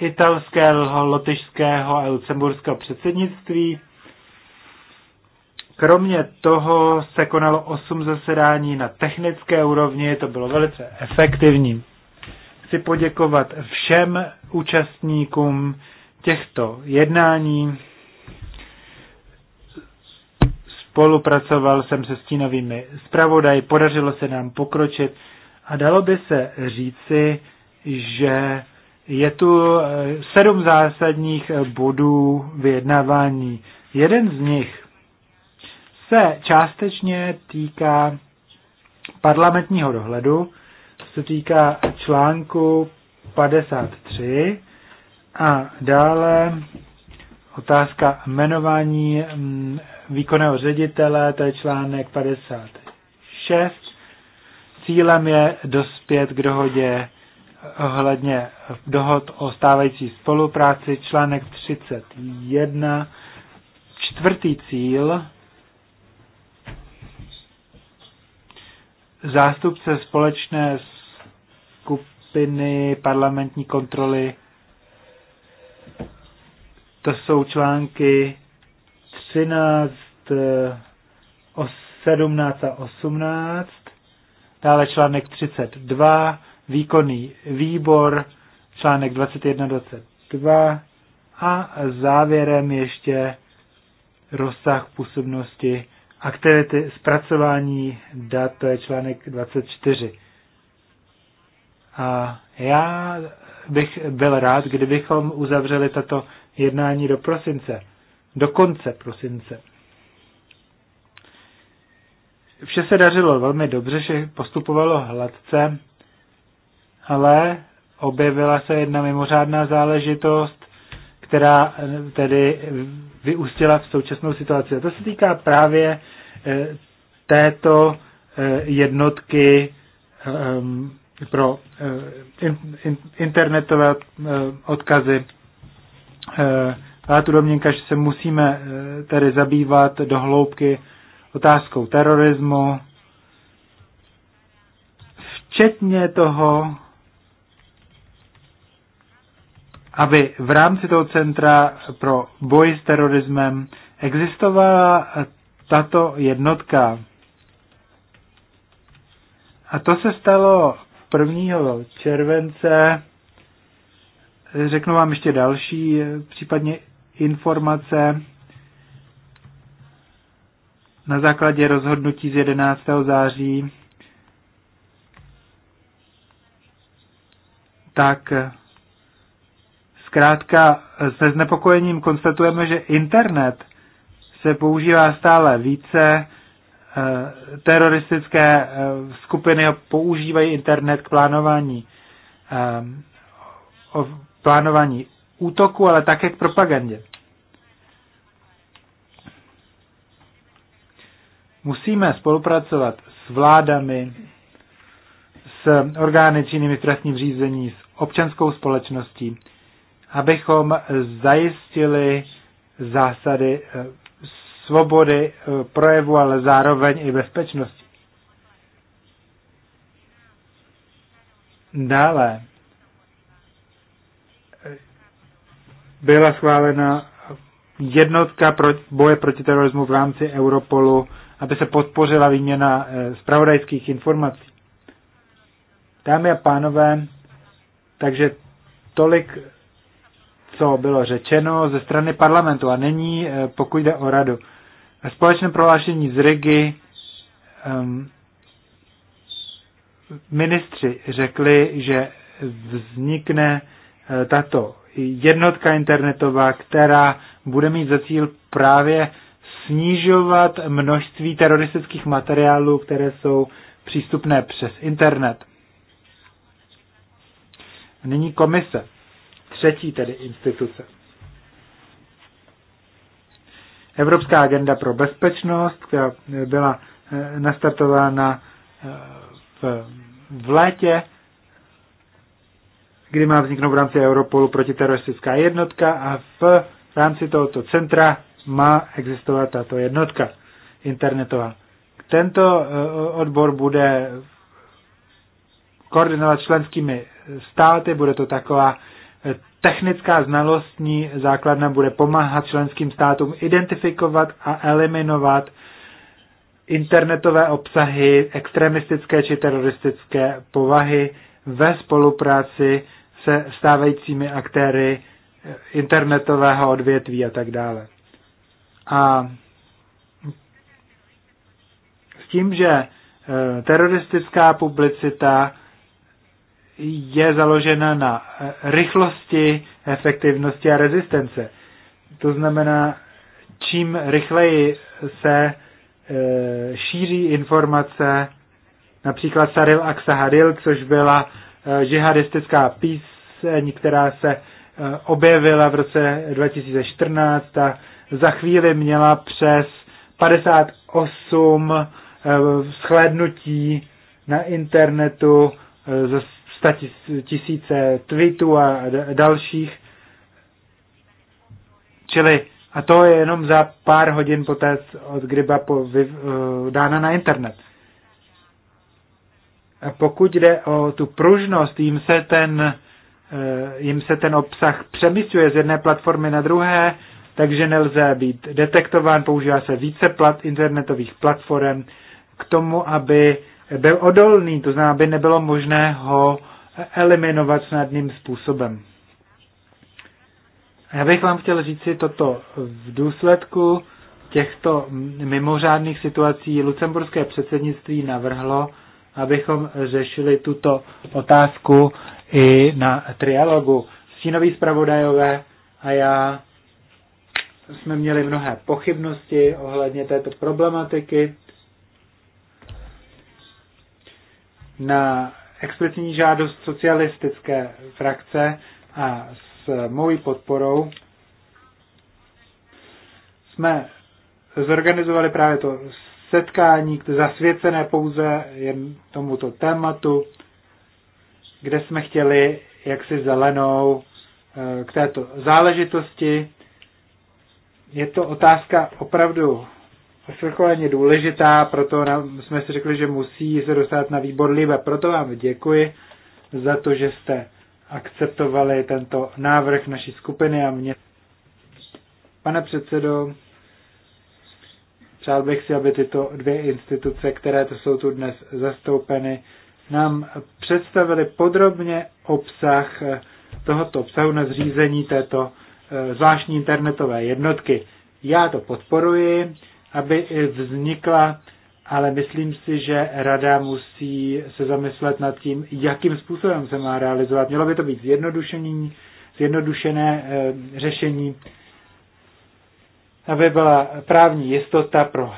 italského, lotyšského a lucemburského předsednictví. Kromě toho se konalo osm zasedání na technické úrovni, to bylo velice efektivní chci poděkovat všem účastníkům těchto jednání. Spolupracoval jsem se stínovými zpravodaji, podařilo se nám pokročit a dalo by se říci, že je tu eh, sedm zásadních bodů vyjednávání. Jeden z nich se částečně týká parlamentního dohledu, se týká článku 53 a dále otázka jmenování mm, výkonného ředitele, to je článek 56. Cílem je dospět k dohodě ohledně dohod o stávající spolupráci, článek 31. Čtvrtý cíl zástupce společné skupiny parlamentní kontroly. To jsou články 13, 17 eh, a 18, dále článek 32, výkonný výbor, článek 21, 22 a závěrem ještě rozsah působnosti aktivity zpracování dat, to je článek 24. A já bych byl rád, kdybychom uzavřeli tato jednání do prosince, do konce prosince. Vše se dařilo velmi dobře, že postupovalo hladce, ale objevila se jedna mimořádná záležitost, která eh, tedy vyústila v současnou situaci. A to se týká právě eh, této eh, jednotky pro eh, internetové eh, odkazy. Má eh, tu domněnka, že se musíme tedy zabývat do hloubky otázkou terorismu, včetně toho, aby v rámci toho centra pro boj s terorismem existovala tato jednotka. A to se stalo 1. července. Řeknu vám ještě další, případně informace na základě rozhodnutí z 11. září. Tak zkrátka se znepokojením konstatujeme, že internet se používá stále více Eh, teroristické eh, skupiny používají internet k plánování, eh, plánování útoku, ale také k propagandě. Musíme spolupracovat s vládami, s orgány činnými trestním řízení, s občanskou společností, abychom zajistili zásady svobody eh, projevu, ale zároveň i bezpečnosti. Dále eh, byla schválena jednotka pro boje proti terorismu v rámci Europolu, aby se podpořila výměna eh, zpravodajských informací. Dámy a pánové, takže tolik, co bylo řečeno ze strany parlamentu a není, pokud jde o radu. Ve společném prohlášení z Rigi um, ministři řekli, že vznikne eh, tato jednotka internetová, která bude mít za cíl právě snižovat množství teroristických materiálů, které jsou přístupné přes internet. Nyní komise, třetí tedy instituce. Evropská agenda pro bezpečnost, která byla eh, nastartována eh, v, v létě, kdy má vzniknout v rámci Europolu protiteroristická jednotka a v rámci tohoto centra má existovat tato jednotka internetová. Tento eh, odbor bude koordinovat členskými státy, bude to taková technická znalostní základna bude pomáhat členským státům identifikovat a eliminovat internetové obsahy extremistické či teroristické povahy ve spolupráci se stávajícími aktéry internetového odvětví a tak dále. A s tím, že eh, teroristická publicita je založena na eh, rychlosti, efektivnosti a rezistence. To znamená, čím rychleji se eh, šíří informace, například Saril Aksahadil, což byla eh, žihadistická píseň, která se objevila v roce 2014 a za chvíli měla přes 58 shlédnutí na internetu tisíce tweetů a dalších. Čili a to je jenom za pár hodin poté, od kdy byla eh, dána na internet. A pokud jde o tu pružnost, jim se ten, eh, jim se ten obsah přemysluje z jedné platformy na druhé, takže nelze být detektován, používá se více plat, internetových platform k tomu, aby byl odolný, to znamená, aby nebylo možné ho eliminovat snadným způsobem. Já bych vám chtěl říct si toto. V důsledku těchto mimořádných situací lucemburské předsednictví navrhlo, abychom řešili tuto otázku i na trialogu. Stínoví zpravodajové a já jsme měli mnohé pochybnosti ohledně této problematiky. Na explicitní žádost socialistické frakce a s mojí podporou jsme zorganizovali právě to setkání zasvěcené pouze jen tomuto tématu, kde jsme chtěli jaksi zelenou eh, k této záležitosti. Je to otázka opravdu svrchovaně důležitá, proto jsme si řekli, že musí se dostat na výbor Libe. Proto vám děkuji za to, že jste akceptovali tento návrh naší skupiny a mě. Pane předsedo, přál bych si, aby tyto dvě instituce, které to jsou tu dnes zastoupeny, nám představili podrobně obsah tohoto obsahu na zřízení této eh, zvláštní internetové jednotky. Já to podporuji, aby vznikla, ale myslím si, že rada musí se zamyslet nad tím, jakým způsobem se má realizovat. Mělo by to být zjednodušení, zjednodušené e, řešení, aby byla právní jistota pro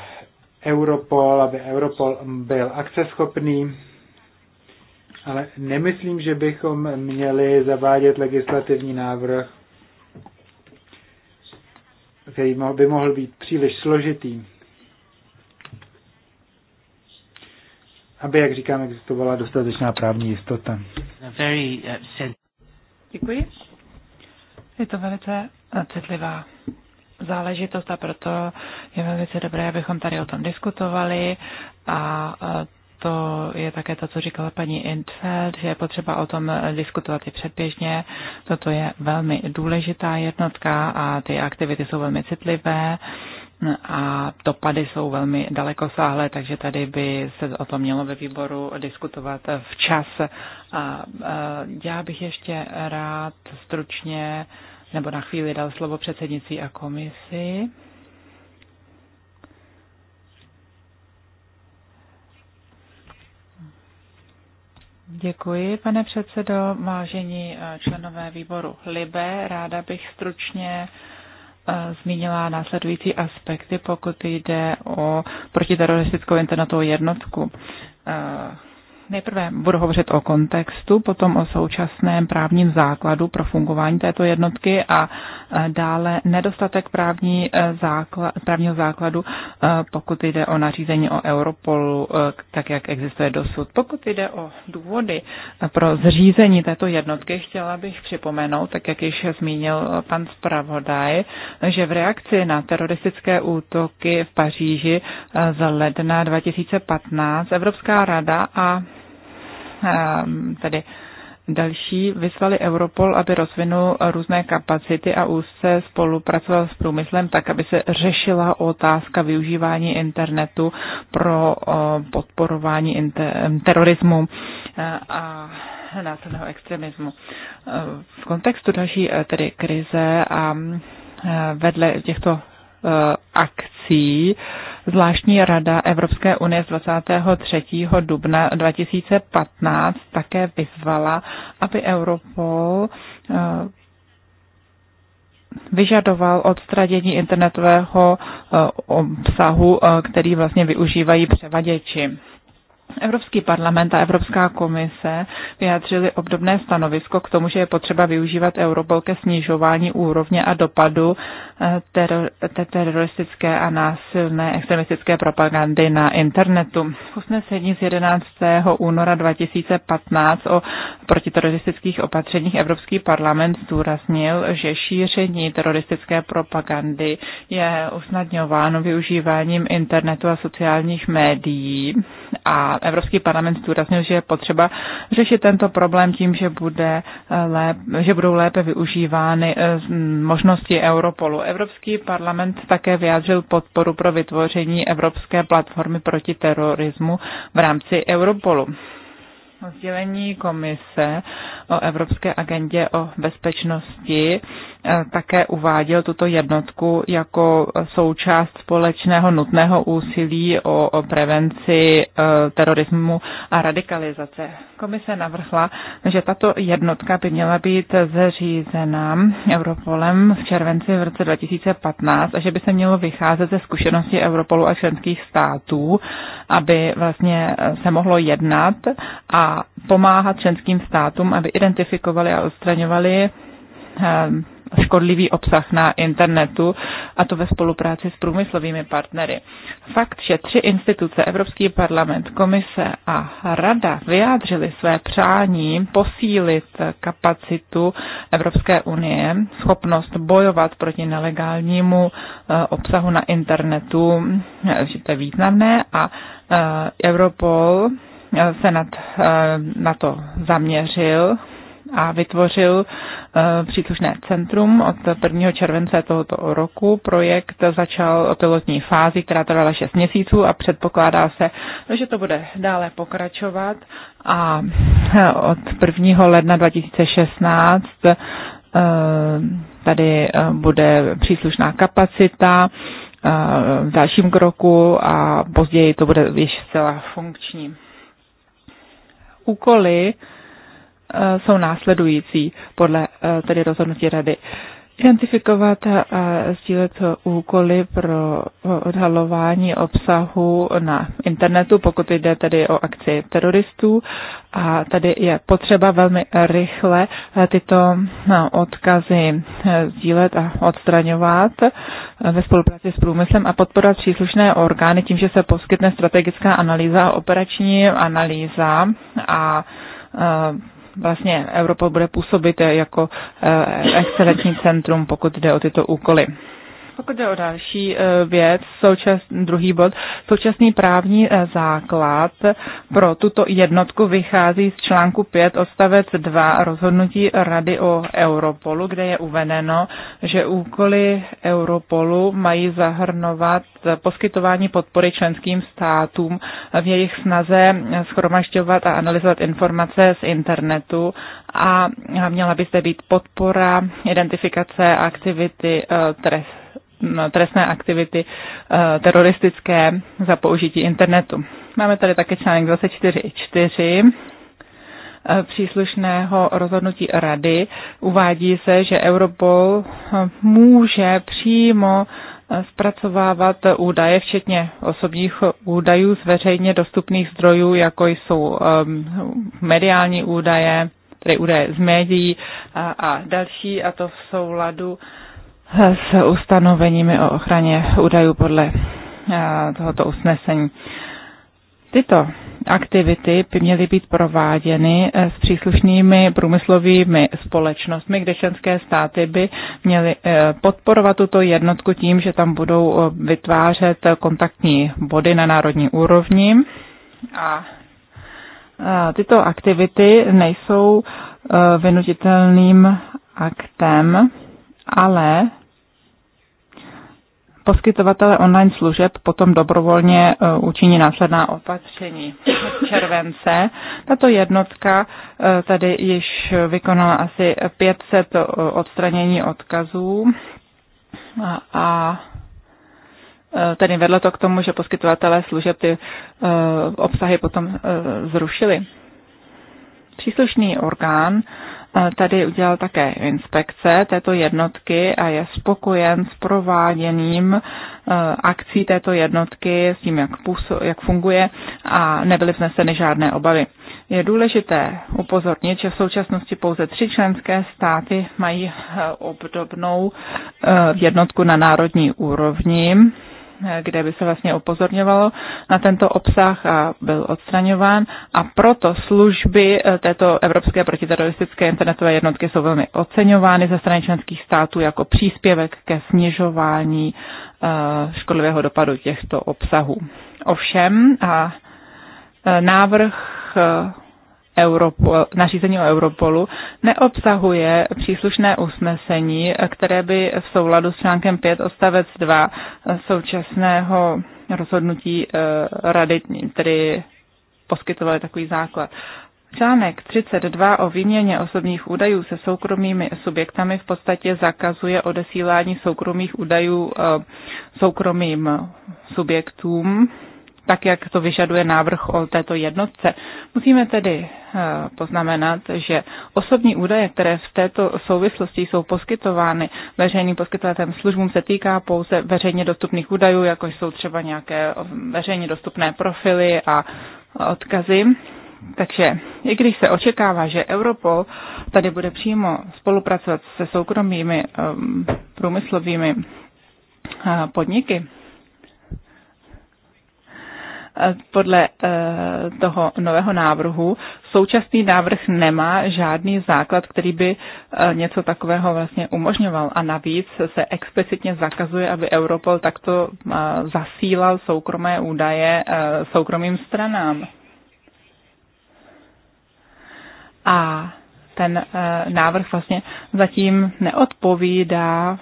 Europol, aby Europol byl akceschopný, ale nemyslím, že bychom měli zavádět legislativní návrh, který by mohl být příliš složitý, aby, jak říkám, existovala dostatečná právní jistota. Uh, Děkuji. Je to velice uh, citlivá záležitost a proto je velice dobré, abychom tady o tom diskutovali a uh, to je také to, co říkala paní Intfeld, že je potřeba o tom diskutovat i předběžně. Toto je velmi důležitá jednotka a ty aktivity jsou velmi citlivé a dopady jsou velmi dalekosáhlé, takže tady by se o tom mělo ve výboru diskutovat včas. A já bych ještě rád stručně nebo na chvíli dal slovo předsednictví a komisi. Děkuji, pane předsedo. Vážení eh, členové výboru LIBE, ráda bych stručně eh, zmínila následující aspekty, pokud jde o protiteroristickou internetovou jednotku. Eh, Nejprve budu hovořit o kontextu, potom o současném právním základu pro fungování této jednotky a e, dále nedostatek právní e, základ, právního základu, e, pokud jde o nařízení o Europolu, tak jak existuje dosud. Pokud jde o důvody pro zřízení této jednotky, chtěla bych připomenout, tak jak již zmínil pan zpravodaj, že v reakci na teroristické útoky v Paříži z ledna 2015 Evropská rada a Ehm, tedy další, vyslali Europol, aby rozvinul různé kapacity a úzce spolupracoval s průmyslem tak, aby se řešila otázka využívání internetu pro podporování terorismu eh, a následného extremismu. Eh, v kontextu další eh, tedy krize a vedle těchto akcí Zvláštní rada Evropské unie z 23. dubna 2015 také vyzvala, aby Europol eh, vyžadoval odstradění internetového eh, obsahu, eh, který vlastně využívají převaděči. Evropský parlament a Evropská komise vyjádřili obdobné stanovisko k tomu, že je potřeba využívat Europol ke snižování úrovně a dopadu eh, ter, teroristické a násilné extremistické propagandy na internetu. Usnesení z 11. února 2015 o protiteroristických opatřeních Evropský parlament zdůraznil, že šíření teroristické propagandy je usnadňováno využíváním internetu a sociálních médií a Evropský parlament zdůraznil, že je potřeba řešit tento problém tím, že, bude eh, lép, že budou lépe využívány eh, možnosti Europolu. Evropský parlament také vyjádřil podporu pro vytvoření Evropské platformy proti terorismu v rámci Europolu. Sdělení komise o Evropské agendě o bezpečnosti Eh, také uváděl tuto jednotku jako součást společného nutného úsilí o prevenci eh, terorismu a radikalizace. Komise navrhla, že tato jednotka by měla být zřízena Europolem v červenci v roce 2015 a že by se mělo vycházet ze zkušenosti Europolu a členských států, aby vlastně eh, se mohlo jednat a pomáhat členským státům, aby identifikovali a odstraňovali škodlivý obsah na internetu a to ve spolupráci s průmyslovými partnery. Fakt, že tři instituce, Evropský parlament, komise a rada vyjádřili své přání posílit kapacitu Evropské unie, schopnost bojovat proti nelegálnímu eh, obsahu na internetu, eh, že to je významné a eh, Europol se nad, na to zaměřil a vytvořil eh, příslušné centrum od 1. července tohoto roku. Projekt začal o pilotní fázi, která trvala 6 měsíců a předpokládá se, že to bude dále pokračovat a eh, od 1. ledna 2016 eh, tady bude příslušná kapacita v dalším kroku a později to bude již zcela funkční. Úkoly Eh, jsou následující podle eh, tedy rozhodnutí rady. Identifikovat a sdílet úkoly pro odhalování obsahu na internetu, pokud jde tedy o akci teroristů. A tady je potřeba velmi rychle eh, tyto no, odkazy sdílet a odstraňovat ve spolupráci s průmyslem a podporovat příslušné orgány tím, že se poskytne strategická analýza a operační analýza a vlastně Europol bude působit jako eh, excelentní centrum, pokud jde o tyto úkoly. Pokud jde o další e, věc, součas, druhý bod, současný právní e, základ pro tuto jednotku vychází z článku 5 odstavec 2 rozhodnutí Rady o Europolu, kde je uvedeno, že úkoly Europolu mají zahrnovat poskytování podpory členským státům v jejich snaze schromažďovat a analyzovat informace z internetu a měla by zde být podpora, identifikace aktivity e, trest trestné aktivity eh, teroristické za použití internetu. Máme tady také článek 24.4 eh, příslušného rozhodnutí rady. Uvádí se, že Europol eh, může přímo zpracovávat údaje, včetně osobních údajů z veřejně dostupných zdrojů, jako jsou ehm, mediální údaje, tedy údaje z médií a, a další, a to v souladu s ustanoveními o ochraně údajů podle eh, tohoto usnesení. Tyto aktivity by měly být prováděny eh, s příslušnými průmyslovými společnostmi, kde členské státy by měly eh, podporovat tuto jednotku tím, že tam budou vytvářet kontaktní body na národní úrovni. A tyto aktivity nejsou vynutitelným aktem ale poskytovatele online služeb potom dobrovolně e, učiní následná opatření. V července tato jednotka e, tady již vykonala asi 500 e, odstranění odkazů a, a tedy vedlo to k tomu, že poskytovatelé služeb ty obsahy potom zrušili. Příslušný orgán tady udělal také inspekce této jednotky a je spokojen s prováděním e, akcí této jednotky, s tím, jak, působ, jak funguje a nebyly vzneseny žádné obavy. Je důležité upozornit, že v současnosti pouze tři členské státy mají e, obdobnou e, jednotku na národní úrovni kde by se vlastně upozorňovalo na tento obsah a byl odstraňován. A proto služby eh, této Evropské protiteroristické internetové jednotky jsou velmi oceňovány ze strany členských států jako příspěvek ke snižování eh, škodlivého dopadu těchto obsahů. Ovšem, a eh, návrh Europol, nařízení o Europolu neobsahuje příslušné usnesení, které by v souladu s článkem 5 odstavec 2 současného rozhodnutí eh, rady, tedy poskytovaly takový základ. Článek 32 o výměně osobních údajů se soukromými subjektami v podstatě zakazuje odesílání soukromých údajů eh, soukromým subjektům tak jak to vyžaduje návrh o této jednotce. Musíme tedy eh, poznamenat, že osobní údaje, které v této souvislosti jsou poskytovány veřejným poskytovatelem službům, se týká pouze veřejně dostupných údajů, jako jsou třeba nějaké eh, veřejně dostupné profily a odkazy. Takže i když se očekává, že Europol tady bude přímo spolupracovat se soukromými um, průmyslovými uh, podniky, podle eh, toho nového návrhu současný návrh nemá žádný základ, který by eh, něco takového vlastně umožňoval. A navíc se explicitně zakazuje, aby Europol takto eh, zasílal soukromé údaje soukromým stranám. A ten návrh vlastně zatím neodpovídá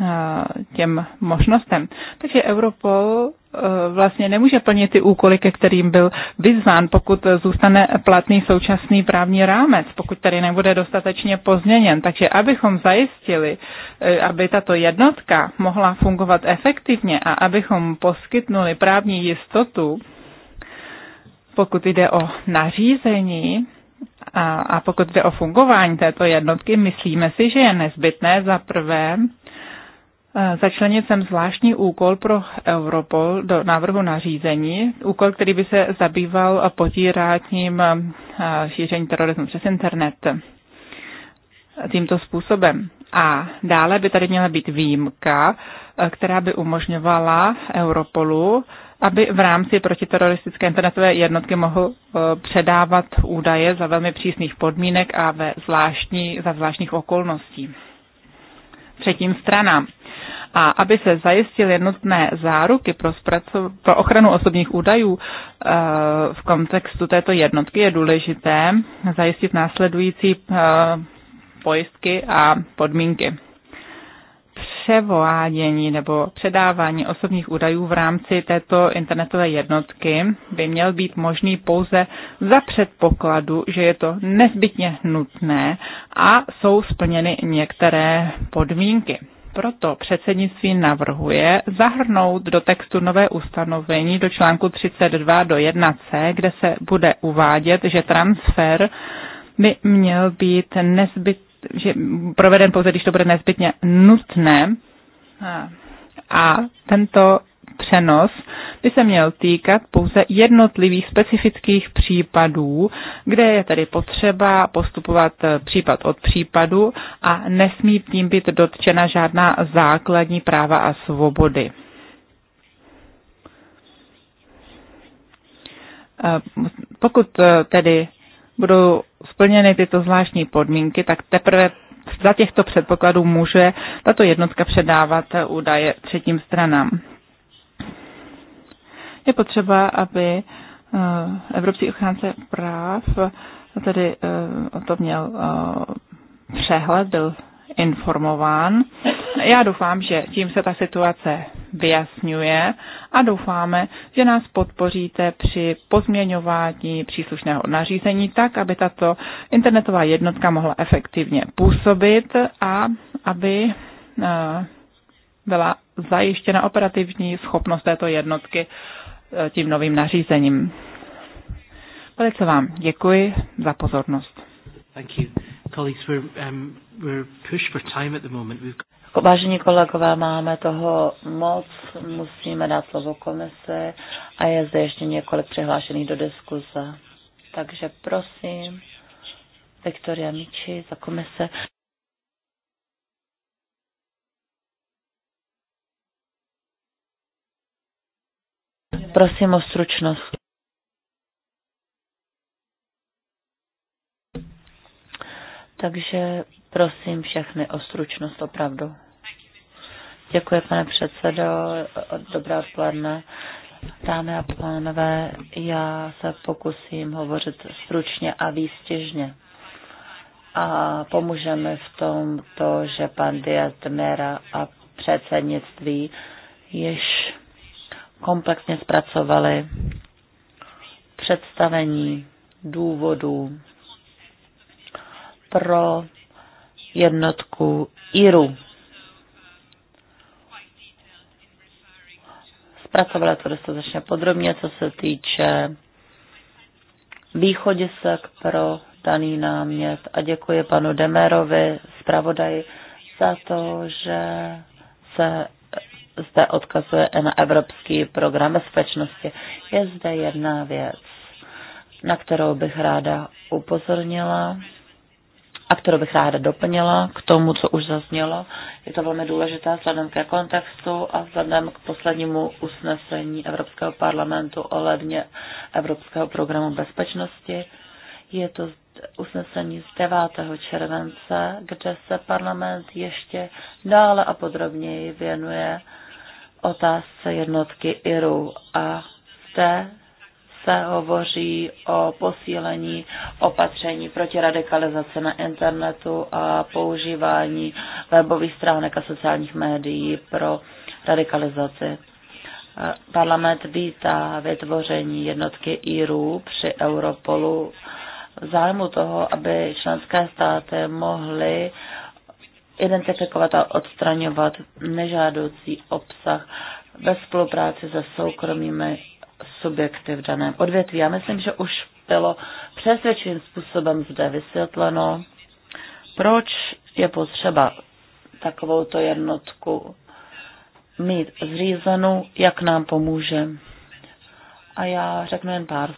Eh, těm možnostem. Takže Europol eh, vlastně nemůže plnit ty úkoly, ke kterým byl vyzván, pokud zůstane platný současný právní rámec, pokud tady nebude dostatečně pozměněn. Takže abychom zajistili, eh, aby tato jednotka mohla fungovat efektivně a abychom poskytnuli právní jistotu, pokud jde o nařízení, a, a pokud jde o fungování této jednotky, myslíme si, že je nezbytné za prvé Začlenit jsem zvláštní úkol pro Europol do návrhu nařízení, úkol, který by se zabýval potíráním eh, šíření terorismu přes internet tímto způsobem. A dále by tady měla být výjimka, eh, která by umožňovala Europolu, aby v rámci protiteroristické internetové jednotky mohl eh, předávat údaje za velmi přísných podmínek a ve zvláštní, za zvláštních okolností. Třetím stranám. A aby se zajistily jednotné záruky pro, zpraco- pro ochranu osobních údajů eh, v kontextu této jednotky, je důležité zajistit následující eh, pojistky a podmínky Převoádění nebo předávání osobních údajů v rámci této internetové jednotky by měl být možný pouze za předpokladu, že je to nezbytně nutné a jsou splněny některé podmínky proto předsednictví navrhuje zahrnout do textu nové ustanovení do článku 32 do 1c, kde se bude uvádět, že transfer by měl být nezbyt, že proveden pouze, když to bude nezbytně nutné. A tento přenos by se měl týkat pouze jednotlivých specifických případů, kde je tedy potřeba postupovat případ od případu a nesmí tím být dotčena žádná základní práva a svobody. Eh, pokud eh, tedy budou splněny tyto zvláštní podmínky, tak teprve za těchto předpokladů může tato jednotka předávat údaje třetím stranám. Je potřeba, aby eh, Evropský ochránce práv tedy eh, o to měl eh, přehled, byl informován. Já doufám, že tím se ta situace vyjasňuje a doufáme, že nás podpoříte při pozměňování příslušného nařízení tak, aby tato internetová jednotka mohla efektivně působit a aby byla zajištěna operativní schopnost této jednotky Eh, tím novým nařízením. Velice vám děkuji za pozornost. Um, Vážení kolegové, máme toho moc, musíme dát slovo komise a je zde ještě několik přihlášených do diskuze. Takže prosím, Viktoria Miči za komise. Prosím o stručnost. Takže prosím všechny o stručnost opravdu. Děkuji, pane předsedo. Dobré odpoledne. Dámy a pánové, já se pokusím hovořit stručně a výstěžně. A pomůžeme v tom to, že pan Diaz a předsednictví již komplexně zpracovali představení důvodů pro jednotku IRU. Zpracovala to dostatečně podrobně, co se týče východisek pro daný námět a děkuji panu Demerovi, zpravodaji, za to, že se zde odkazuje na Evropský program bezpečnosti. Je zde jedna věc, na kterou bych ráda upozornila a kterou bych ráda doplnila k tomu, co už zaznělo. Je to velmi důležité vzhledem ke kontextu a vzhledem k poslednímu usnesení Evropského parlamentu o ledně Evropského programu bezpečnosti. Je to usnesení z 9. července, kde se parlament ještě dále a podrobněji věnuje otázce jednotky IRU a zde se hovoří o posílení opatření proti radikalizaci na internetu a používání webových stránek a sociálních médií pro radikalizaci. Parlament vítá vytvoření jednotky IRU při Europolu v zájmu toho, aby členské státy mohly identifikovat a odstraňovat nežádoucí obsah ve spolupráci se soukromými subjekty v daném odvětví. Já myslím, že už bylo přesvědčivým způsobem zde vysvětleno, proč je potřeba takovouto jednotku mít zřízenou, jak nám pomůže. A já řeknu jen pár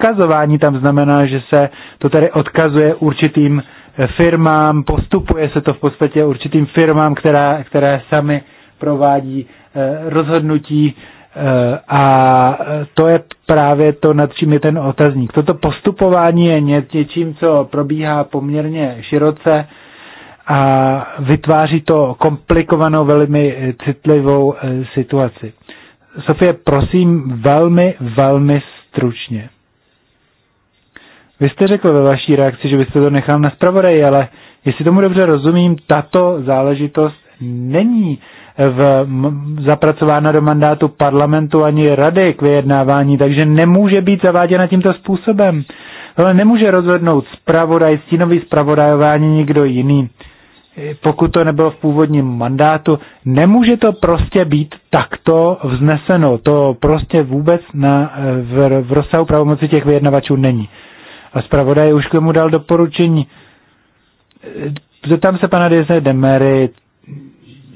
odkazování tam znamená, že se to tady odkazuje určitým eh, firmám, postupuje se to v podstatě určitým firmám, která, které sami provádí eh, rozhodnutí eh, a to je právě to, nad čím je ten otazník. Toto postupování je něčím, co probíhá poměrně široce a vytváří to komplikovanou, velmi citlivou situaci. Sofie, prosím, velmi, velmi stručně. Vy jste řekl ve vaší reakci, že byste to nechal na zpravodaji, ale jestli tomu dobře rozumím, tato záležitost není v, zapracována do mandátu parlamentu ani rady k vyjednávání, takže nemůže být zaváděna tímto způsobem. Ale nemůže rozhodnout zpravodaj, stínový spravodajování nikdo jiný. Pokud to nebylo v původním mandátu, nemůže to prostě být takto vzneseno. To prostě vůbec na, v, v rozsahu pravomoci těch vyjednavačů není. A zpravodaj už k tomu dal doporučení. Zeptám se pana Deze Demery,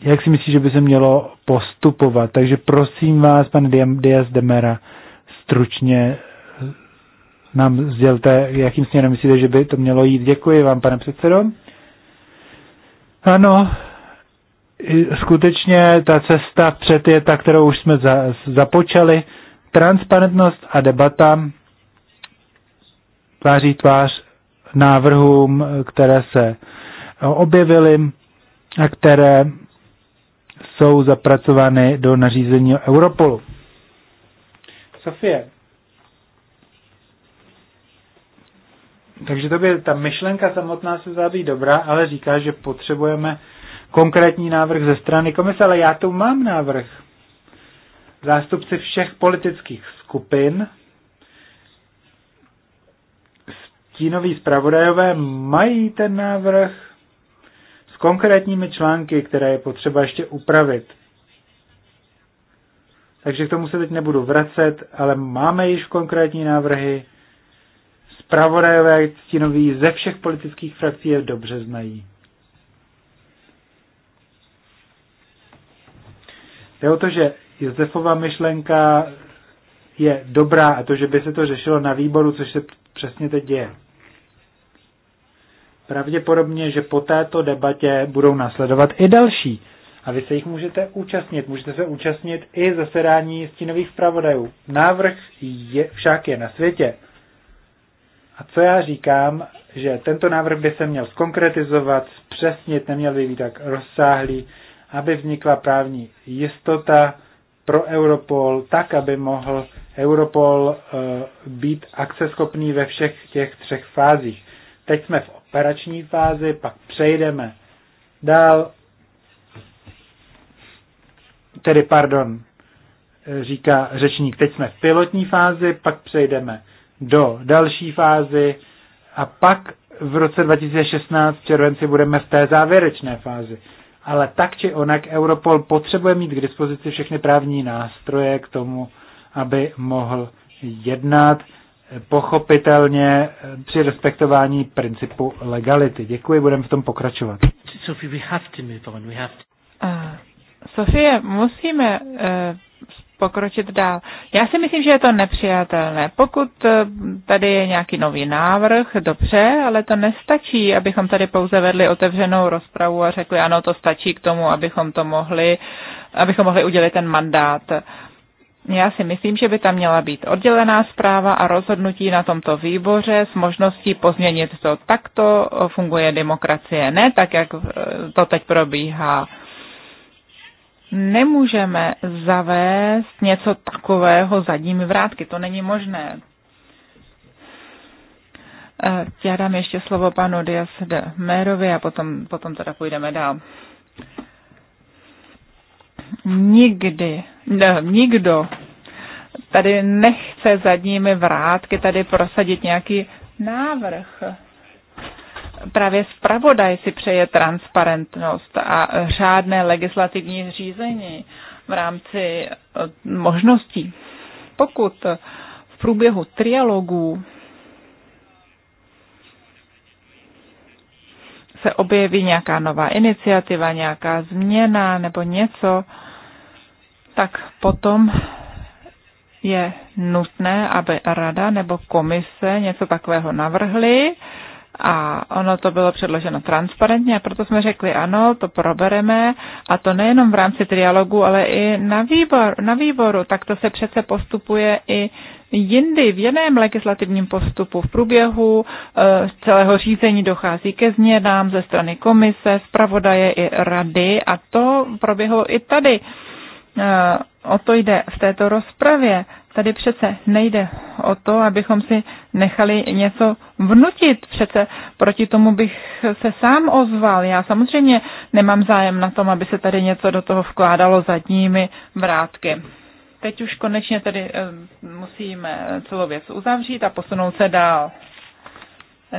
jak si myslí, že by se mělo postupovat. Takže prosím vás, pane Diaz Demera, stručně nám sdělte, jakým směrem myslíte, že by to mělo jít. Děkuji vám, pane předsedo. Ano, skutečně ta cesta před je ta, kterou už jsme za, započali. Transparentnost a debata tváří tvář návrhům, které se objevily a které jsou zapracovány do nařízení Europolu. Sofie. Takže to by, ta myšlenka samotná se záví dobrá, ale říká, že potřebujeme konkrétní návrh ze strany komise, ale já tu mám návrh. Zástupci všech politických skupin stínoví zpravodajové mají ten návrh s konkrétními články, které je potřeba ještě upravit. Takže k tomu se teď nebudu vracet, ale máme již konkrétní návrhy. Zpravodajové stínoví ze všech politických frakcí je dobře znají. Jde o to, že Josefova myšlenka je dobrá a to, že by se to řešilo na výboru, což se přesně teď děje pravděpodobně, že po této debatě budou následovat i další. A vy se jich můžete účastnit. Můžete se účastnit i zasedání stínových zpravodajů. Návrh je, však je na světě. A co já říkám, že tento návrh by se měl skonkretizovat, zpřesnit, neměl by být tak rozsáhlý, aby vznikla právní jistota pro Europol, tak, aby mohl Europol uh, být akceschopný ve všech těch třech fázích. Teď jsme v operační fázi, pak přejdeme dál, tedy pardon, říká řečník, teď jsme v pilotní fázi, pak přejdeme do další fázi a pak v roce 2016 v červenci budeme v té závěrečné fázi. Ale tak či onak Europol potřebuje mít k dispozici všechny právní nástroje k tomu, aby mohl jednat pochopitelně eh, při respektování principu legality. Děkuji, budeme v tom pokračovat. Sophie, we have to move on. We have to... Uh, Sofie, musíme uh, pokročit dál. Já si myslím, že je to nepřijatelné. Pokud eh, tady je nějaký nový návrh, dobře, ale to nestačí, abychom tady pouze vedli otevřenou rozpravu a řekli, ano, to stačí k tomu, abychom to mohli, abychom mohli udělit ten mandát. Já si myslím, že by tam měla být oddělená zpráva a rozhodnutí na tomto výboře s možností pozměnit to. Takto funguje demokracie, ne tak, jak to teď probíhá. Nemůžeme zavést něco takového zadními vrátky, to není možné. Eh, já dám ještě slovo panu Dias de Mérovi a potom, potom teda půjdeme dál nikdy, ne, nikdo tady nechce zadními vrátky tady prosadit nějaký návrh. Právě zpravodaj si přeje transparentnost a řádné legislativní řízení v rámci eh, možností. Pokud v průběhu trialogů se objeví nějaká nová iniciativa, nějaká změna nebo něco, tak potom je nutné, aby rada nebo komise něco takového navrhly a ono to bylo předloženo transparentně a proto jsme řekli ano, to probereme a to nejenom v rámci trialogu, ale i na, výbor, na výboru. Tak to se přece postupuje i jindy v jiném legislativním postupu. V průběhu z eh, celého řízení dochází ke změnám ze strany komise, zpravodaje i rady a to proběhlo i tady. E, o to jde v této rozpravě. Tady přece nejde o to, abychom si nechali něco vnutit. Přece proti tomu bych se sám ozval. Já samozřejmě nemám zájem na tom, aby se tady něco do toho vkládalo zadními vrátky. Teď už konečně tedy e, musíme celou věc uzavřít a posunout se dál.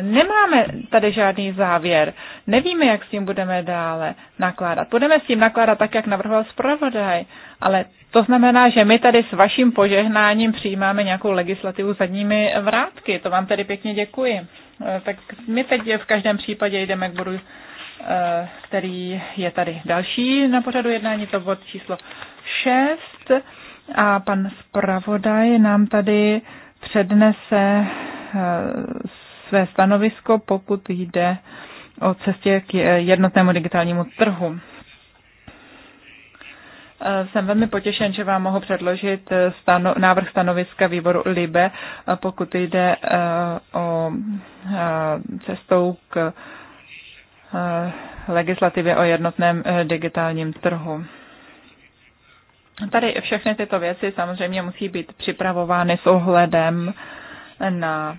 Nemáme tady žádný závěr. Nevíme, jak s tím budeme dále nakládat. Budeme s tím nakládat tak, jak navrhoval zpravodaj, ale to znamená, že my tady s vaším požehnáním přijímáme nějakou legislativu zadními vrátky. To vám tedy pěkně děkuji. Eh, tak my teď v každém případě jdeme k bodu, eh, který je tady další na pořadu jednání, to bod číslo 6. A pan zpravodaj nám tady přednese eh, své stanovisko, pokud jde o cestě k jednotnému digitálnímu trhu. Jsem velmi potěšen, že vám mohu předložit stano, návrh stanoviska výboru LIBE, pokud jde eh, o eh, cestou k eh, legislativě o jednotném digitálním trhu. Tady všechny tyto věci samozřejmě musí být připravovány s ohledem na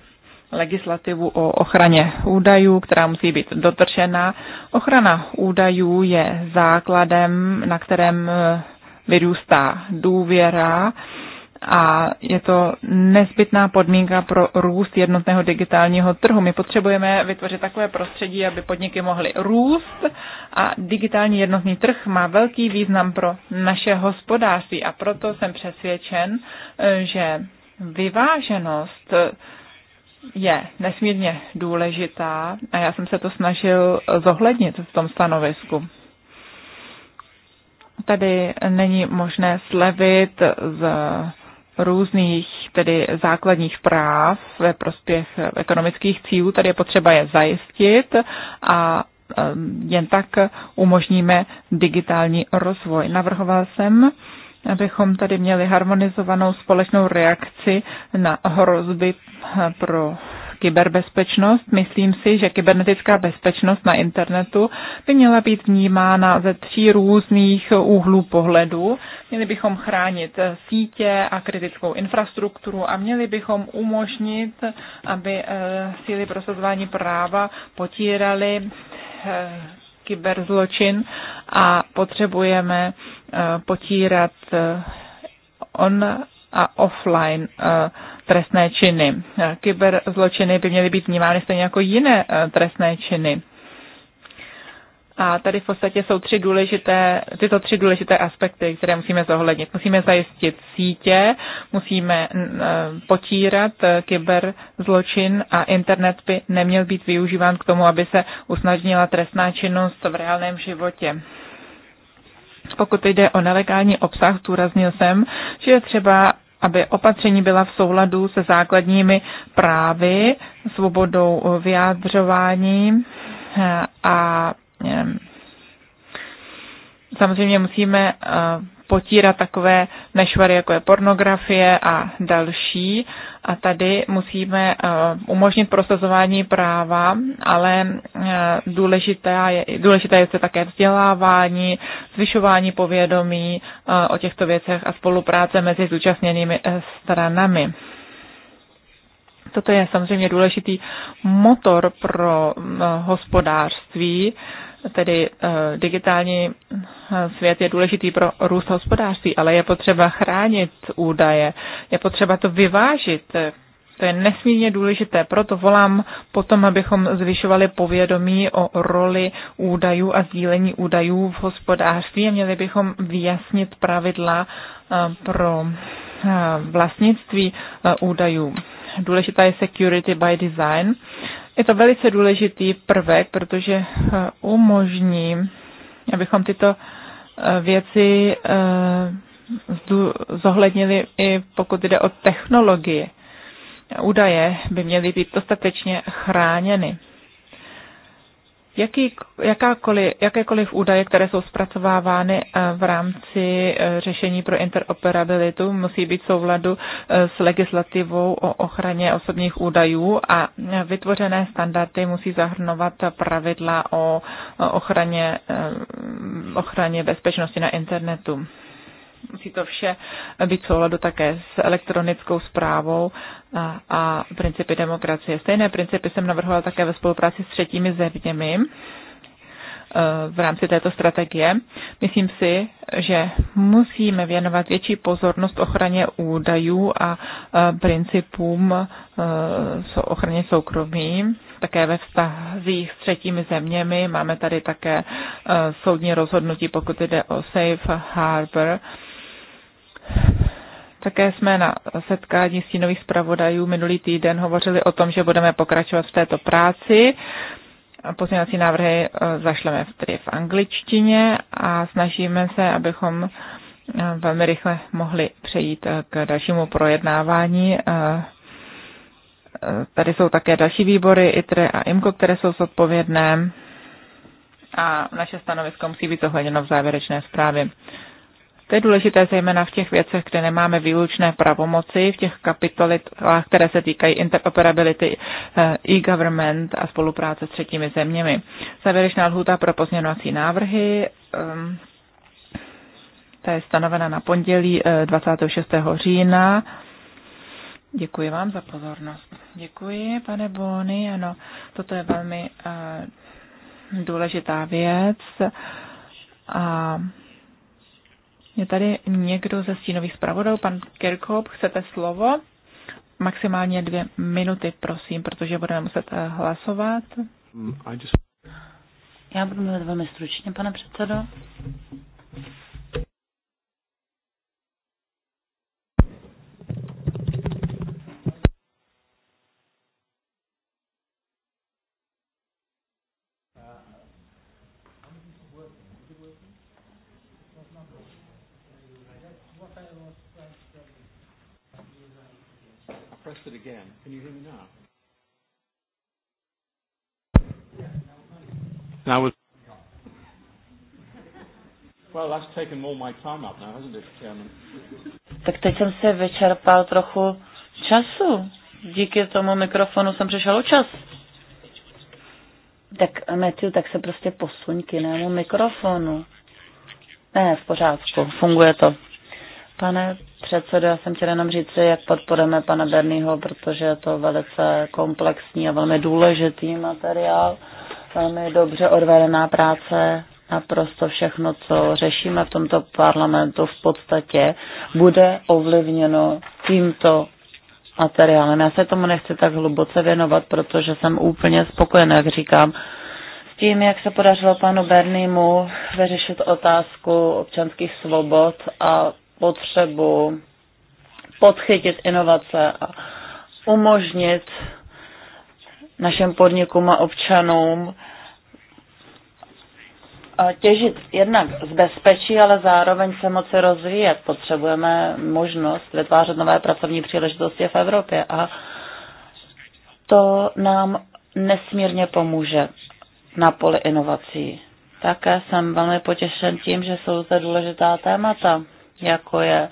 legislativu o ochraně údajů, která musí být dotržena. Ochrana údajů je základem, na kterém eh, vyrůstá důvěra a je to nezbytná podmínka pro růst jednotného digitálního trhu. My potřebujeme vytvořit takové prostředí, aby podniky mohly růst a digitální jednotný trh má velký význam pro naše hospodářství a proto jsem přesvědčen, eh, že vyváženost je nesmírně důležitá a já jsem se to snažil zohlednit v tom stanovisku. Tady není možné slevit z různých tedy základních práv ve prospěch ekonomických cílů. Tady je potřeba je zajistit a um, jen tak umožníme digitální rozvoj. Navrhoval jsem abychom tady měli harmonizovanou společnou reakci na hrozby eh, pro kyberbezpečnost. Myslím si, že kybernetická bezpečnost na internetu by měla být vnímána ze tří různých úhlů pohledu. Měli bychom chránit eh, sítě a kritickou infrastrukturu a měli bychom umožnit, aby eh, síly prosazování práva potíraly kyberzločin a potřebujeme eh, potírat eh, on a offline eh, trestné činy. Kyberzločiny by měly být vnímány stejně jako jiné trestné činy. A tady v podstatě jsou tři důležité, tyto tři důležité aspekty, které musíme zohlednit. Musíme zajistit sítě, musíme e, potírat e, kyberzločin a internet by neměl být využíván k tomu, aby se usnadnila trestná činnost v reálném životě. Pokud jde o nelegální obsah, zúraznil jsem, že je třeba aby opatření byla v souladu se základními právy, svobodou vyjádřování e, a Ehm, samozřejmě musíme eh, potírat takové nešvary, jako je pornografie a další. A tady musíme eh, umožnit prosazování práva, ale eh, důležité je, důležité je se také vzdělávání, zvyšování povědomí o těchto věcech a spolupráce mezi zúčastněnými stranami. Toto je samozřejmě důležitý motor pro hospodářství tedy eh, digitální eh, svět je důležitý pro růst hospodářství, ale je potřeba chránit údaje, je potřeba to vyvážit. To je nesmírně důležité, proto volám potom, abychom zvyšovali povědomí o roli údajů a sdílení údajů v hospodářství a měli bychom vyjasnit pravidla eh, pro vlastnictví údajů. Důležitá je security by design je to velice důležitý prvek, protože eh, umožní, abychom tyto eh, věci eh, zohlednili i pokud jde o technologii. Údaje by měly být dostatečně chráněny. Jaký, jakákoliv, jakékoliv údaje, které jsou zpracovávány eh, v rámci eh, řešení pro interoperabilitu, musí být souvladu eh, s legislativou o ochraně osobních údajů a vytvořené standardy musí zahrnovat pravidla o ochraně, ochraně bezpečnosti na internetu musí to vše být v souladu také s elektronickou zprávou a, a principy demokracie. Stejné principy jsem navrhoval také ve spolupráci s třetími zeměmi eh, v rámci této strategie. Myslím si, že musíme věnovat větší pozornost ochraně údajů a eh, principům eh, ochraně soukromí. Také ve vztazích s třetími zeměmi máme tady také soudní rozhodnutí, pokud jde o Safe Harbor také jsme na setkání stínových zpravodajů minulý týden hovořili o tom, že budeme pokračovat v této práci. Pozměňovací návrhy e, zašleme v, tedy v angličtině a snažíme se, abychom e, velmi rychle mohli přejít e, k dalšímu projednávání. Tady jsou také další výbory, ITRE a IMCO, které jsou zodpovědné a naše stanovisko musí být zohledněno v závěrečné zprávě. To je důležité zejména v těch věcech, kde nemáme výlučné pravomoci, v těch kapitolách, které se týkají interoperability eh, e-government a spolupráce s třetími zeměmi. Závěrečná lhůta pro pozměňovací návrhy, ehm, ta je stanovena na pondělí 26. Eh, října. Děkuji vám za pozornost. Děkuji, pane Bony. Ano, toto je velmi eh, důležitá věc. Uh, je tady někdo ze stínových zpravodajů, pan Kirchhoff, chcete slovo? Maximálně dvě minuty, prosím, protože budeme muset eh, hlasovat. Mm, Já budu mluvit velmi stručně, pane předsedo. it again. Can you hear me now? Now was. Well, that's taken all my time up now, hasn't it, Chairman? Tak teď jsem se vyčerpal trochu času. Díky tomu mikrofonu jsem přišel o čas. Tak Matthew, tak se prostě posuň k jinému mikrofonu. Ne, v pořádku, funguje to. Pane předsedo, já jsem chtěla jenom říct, jak podporujeme pana Berního, protože je to velice komplexní a velmi důležitý materiál, velmi dobře odvedená práce, naprosto všechno, co řešíme v tomto parlamentu v podstatě, bude ovlivněno tímto materiálem. Já se tomu nechci tak hluboce věnovat, protože jsem úplně spokojená, jak říkám, s tím, jak se podařilo panu Bernimu vyřešit otázku občanských svobod a potřebu podchytit inovace a umožnit našem podnikům a občanům těžit jednak z bezpečí, ale zároveň se moci rozvíjet. Potřebujeme možnost vytvářet nové pracovní příležitosti v Evropě a to nám nesmírně pomůže na poli inovací. Také jsem velmi potěšen tím, že jsou zde důležitá témata jako je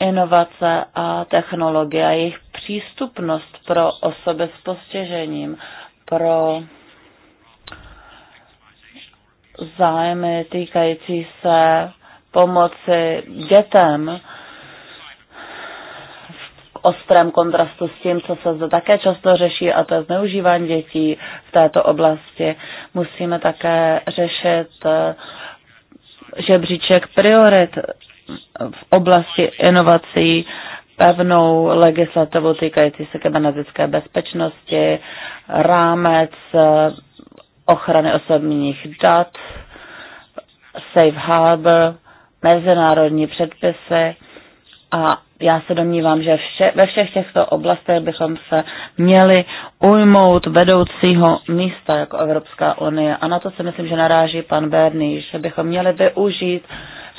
inovace a technologie a jejich přístupnost pro osoby s postižením, pro zájmy týkající se pomoci dětem v ostrém kontrastu s tím, co se zde také často řeší, a to je zneužívání dětí v této oblasti. Musíme také řešit eh, žebříček priorit v oblasti inovací pevnou legislativu týkající se kybernetické bezpečnosti, rámec eh, ochrany osobních dat, safe harbor, mezinárodní předpisy a já se domnívám, že vše, ve všech těchto oblastech bychom se měli ujmout vedoucího místa jako Evropská unie. A na to si myslím, že naráží pan Berný, že bychom měli využít uh,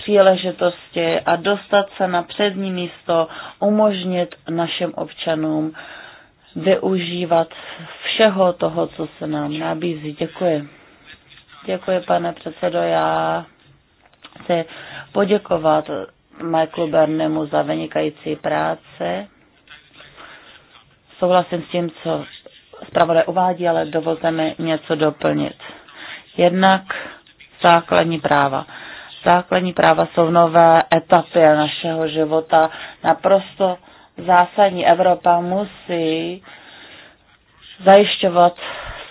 příležitosti a dostat se na přední místo, umožnit našim občanům využívat všeho toho, co se nám nabízí. Děkuji. Děkuji, pane předsedo. Já chci poděkovat Michaelu Bernemu za vynikající práce. Souhlasím s tím, co zpravodaj uvádí, ale dovolte mi něco doplnit. Jednak základní práva. Základní práva jsou v nové etapě našeho života. Naprosto zásadní Evropa musí zajišťovat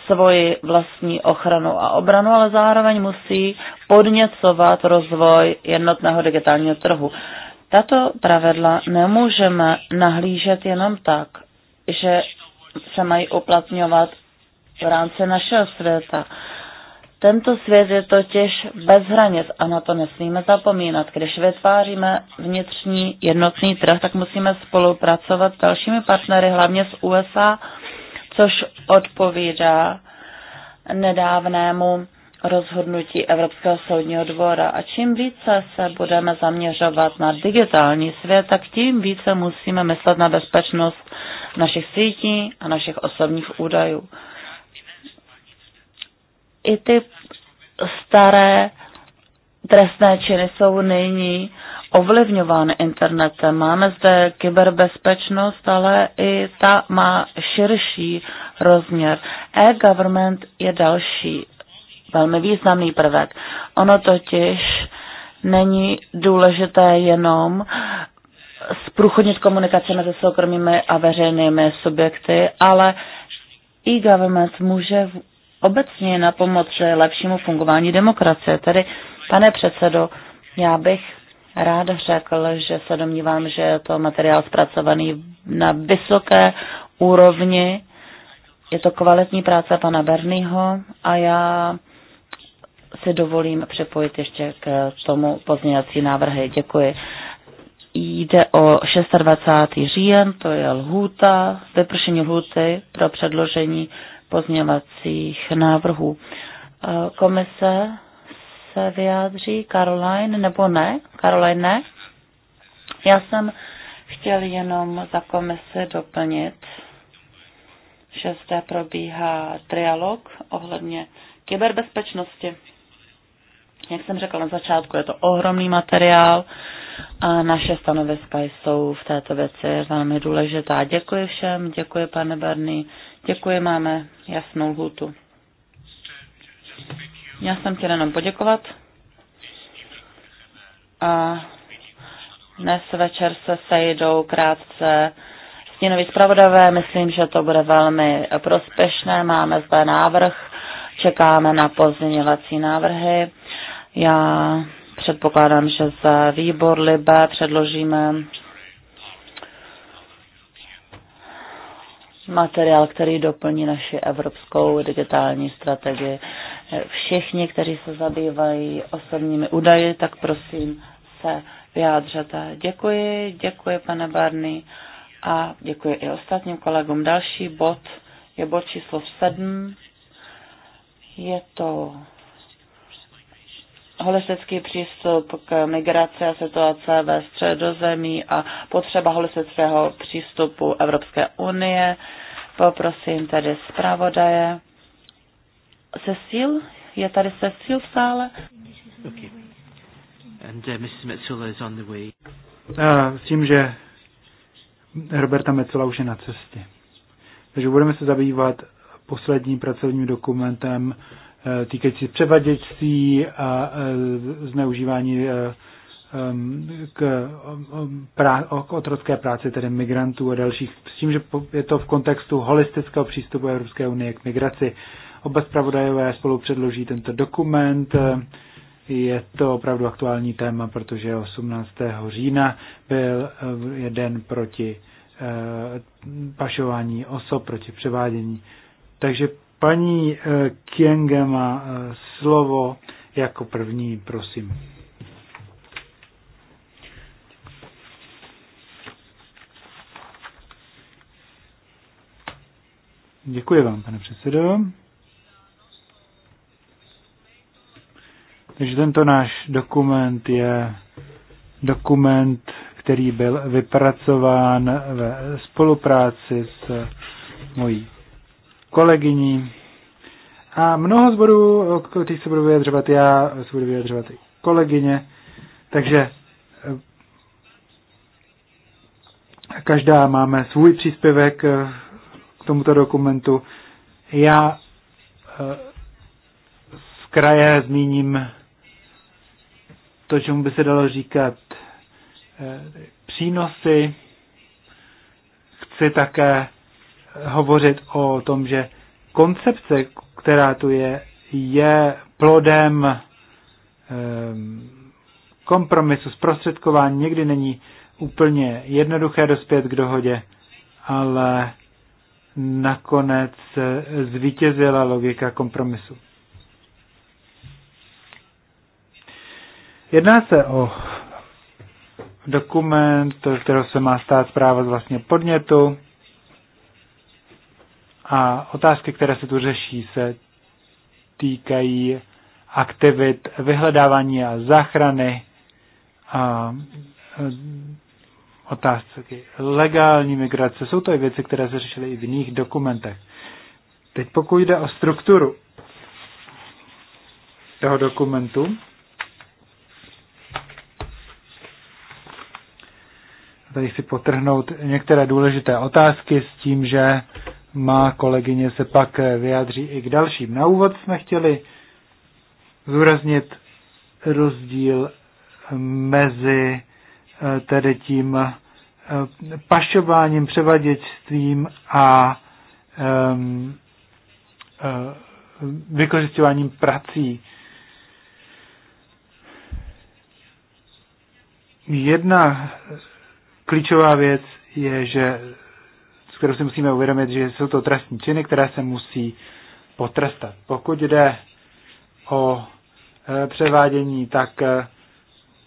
svoji vlastní ochranu a obranu, ale zároveň musí podněcovat rozvoj jednotného digitálního trhu. Tato pravidla nemůžeme nahlížet jenom tak, že se mají uplatňovat v rámci našeho světa. Tento svět je totiž bez hranic a na to nesmíme zapomínat. Když vytváříme vnitřní jednotný trh, tak musíme spolupracovat s dalšími partnery, hlavně s USA, což odpovídá nedávnému rozhodnutí Evropského soudního dvora. A čím více se budeme zaměřovat na digitální svět, tak tím více musíme myslet na bezpečnost našich sítí a našich osobních údajů i ty staré trestné činy jsou nyní ovlivňovány internetem. Máme zde kyberbezpečnost, ale i ta má širší rozměr. E-government je další velmi významný prvek. Ono totiž není důležité jenom zprůchodnit komunikaci mezi soukromými a veřejnými subjekty, ale e-government může obecně na pomoc lepšímu fungování demokracie. Tedy, pane předsedo, já bych rád řekl, že se domnívám, že je to materiál zpracovaný na vysoké úrovni. Je to kvalitní práce pana Bernýho a já si dovolím připojit ještě k tomu pozměňovací návrhy. Děkuji. Jde o 26. říjen, to je lhůta, vypršení lhůty pro předložení pozměvacích návrhů. E, komise se vyjádří, Caroline nebo ne? Caroline ne? Já jsem chtěl jenom za komise doplnit, že zde probíhá trialog ohledně kyberbezpečnosti. Jak jsem řekl na začátku, je to ohromný materiál a naše stanoviska jsou v této věci velmi důležitá. Děkuji všem, děkuji pane Berny, Děkuji, máme jasnou lhutu. Já jsem chtěl jenom poděkovat a dnes večer se sejdou krátce stínoví zpravodavé. Myslím, že to bude velmi prospěšné. Máme zde návrh, čekáme na pozměňovací návrhy. Já předpokládám, že za výbor Libe předložíme materiál, který doplní naši evropskou digitální strategii. Všichni, kteří se zabývají osobními údaji, tak prosím se vyjádřete. Děkuji, děkuji pane Barny a děkuji i ostatním kolegům. Další bod je bod číslo 7. Je to holistický přístup k migraci a situace ve středozemí a potřeba holistického přístupu Evropské unie. Poprosím tedy zpravodaje. Cecil? Je tady Cecil v sále? Okay. And, uh, Mrs. Metzola že Roberta Metzola už je na cestě. Takže budeme se zabývat posledním pracovním dokumentem uh, týkající převaděčství a e, zneužívání e, k, otrocké práci, tedy migrantů a dalších, s tím, že je to v kontextu holistického přístupu Evropské unie k migraci. Oba zpravodajové spolu předloží tento dokument. Je to opravdu aktuální téma, protože 18. října byl e, jeden proti pašování osob, proti převádění. Takže Paní eh, Kienge má eh, slovo jako první, prosím. Děkuji vám, pane předsedo. Takže tento náš dokument je dokument, který byl vypracován ve spolupráci s mojí kolegyní. A mnoho z o kterých se budu vyjadřovat já, se budu vyjadřovat i kolegyně. Takže eh, každá máme svůj příspěvek eh, k tomuto dokumentu. Já eh, z kraje zmíním to, čemu by se dalo říkat přínosy. Chci také hovořit o tom, že koncepce, která tu je, je plodem ehm, kompromisu, zprostředkování. Někdy není úplně jednoduché dospět k dohodě, ale nakonec zvítězila logika kompromisu. Jedná se o dokument, kterého se má stát zpráva z vlastně podnětu. A otázky, které se tu řeší, se týkají aktivit vyhledávání a záchrany, a e, otázky legální migrace. Jsou to i věci, které se řešily i v jiných dokumentech. Teď pokud jde o strukturu toho dokumentu, tady chci potrhnout některé důležité otázky s tím, že má kolegyně se pak vyjádří i k dalším. Na úvod jsme chtěli zúraznit rozdíl mezi eh, tedy tím eh, pašováním, převaděčstvím a um, vykořišťováním prací. Jedna klíčová věc je, že kterou si musíme uvědomit, že jsou to trestní činy, které se musí potrestat. Pokud jde o e, převádění, tak e,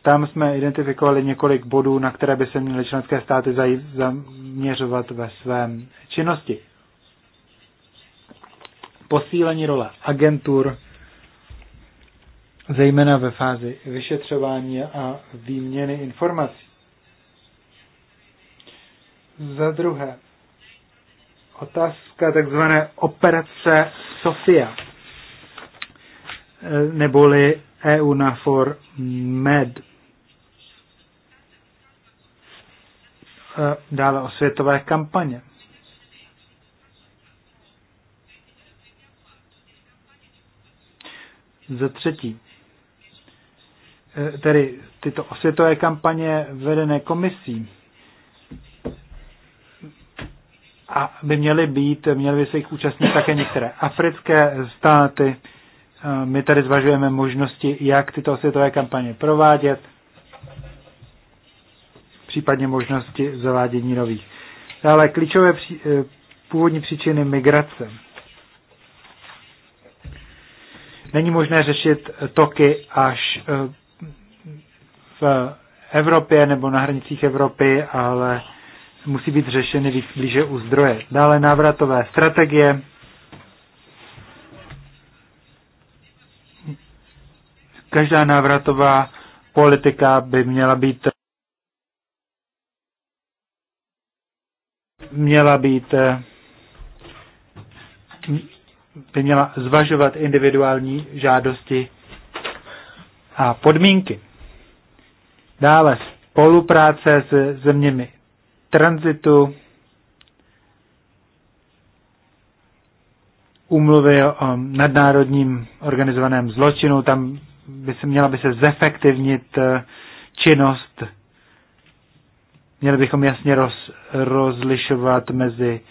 tam jsme identifikovali několik bodů, na které by se měly členské státy zaměřovat ve svém činnosti. Posílení role agentur, zejména ve fázi vyšetřování a výměny informací. Za druhé, otázka takzvané operace Sofia, e, neboli e for MED. E, dále světové kampaně. Za třetí, tedy tyto osvětové kampaně vedené komisí a by měly být, měly by se jich účastnit také některé africké státy. E, my tady zvažujeme možnosti, jak tyto světové kampaně provádět, případně možnosti zavádění nových. Dále klíčové e, původní příčiny migrace. Není možné řešit toky až e, v Evropě nebo na hranicích Evropy, ale musí být řešeny blíže u zdroje. Dále návratové strategie. Každá návratová politika by měla být měla být by měla zvažovat individuální žádosti a podmínky. Dále spolupráce s zeměmi tranzitu, úmluvy o nadnárodním organizovaném zločinu, tam by se měla by se zefektivnit eh, činnost. Měli bychom jasně roz, rozlišovat mezi,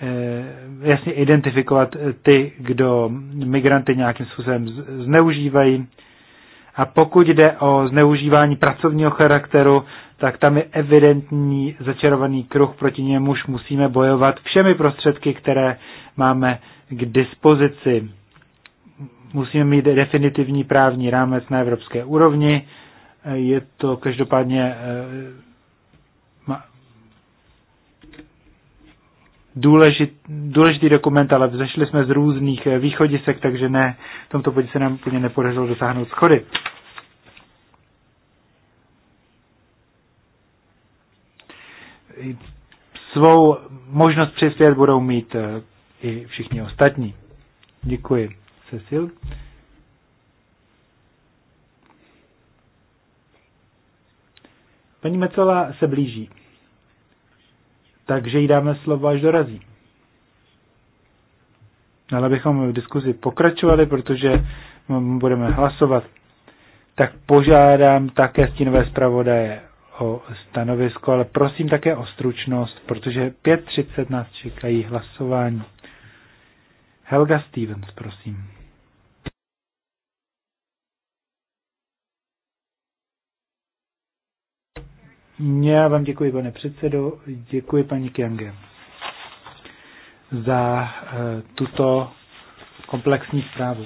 eh, jasně identifikovat ty, kdo migranty nějakým způsobem zneužívají, a pokud jde o zneužívání pracovního charakteru, tak tam je evidentní začarovaný kruh, proti němuž musíme bojovat všemi prostředky, které máme k dispozici. Musíme mít definitivní právní rámec na evropské úrovni. Je to každopádně eh, důležit, důležitý dokument, ale vzešli jsme z různých eh, východisek, takže ne, v tomto bodě se nám úplně nepodařilo dosáhnout schody. Svou možnost přispět budou mít eh, i všichni ostatní. Děkuji, Cecil. Paní Mecola se blíží takže jí dáme slovo, až dorazí. Ale bychom v diskuzi pokračovali, protože budeme hlasovat, tak požádám také stínové zpravodaje o stanovisko, ale prosím také o stručnost, protože 5.30 nás čekají hlasování. Helga Stevens, prosím. Já vám děkuji, pane předsedo, děkuji paní Kiange za eh, tuto komplexní zprávu.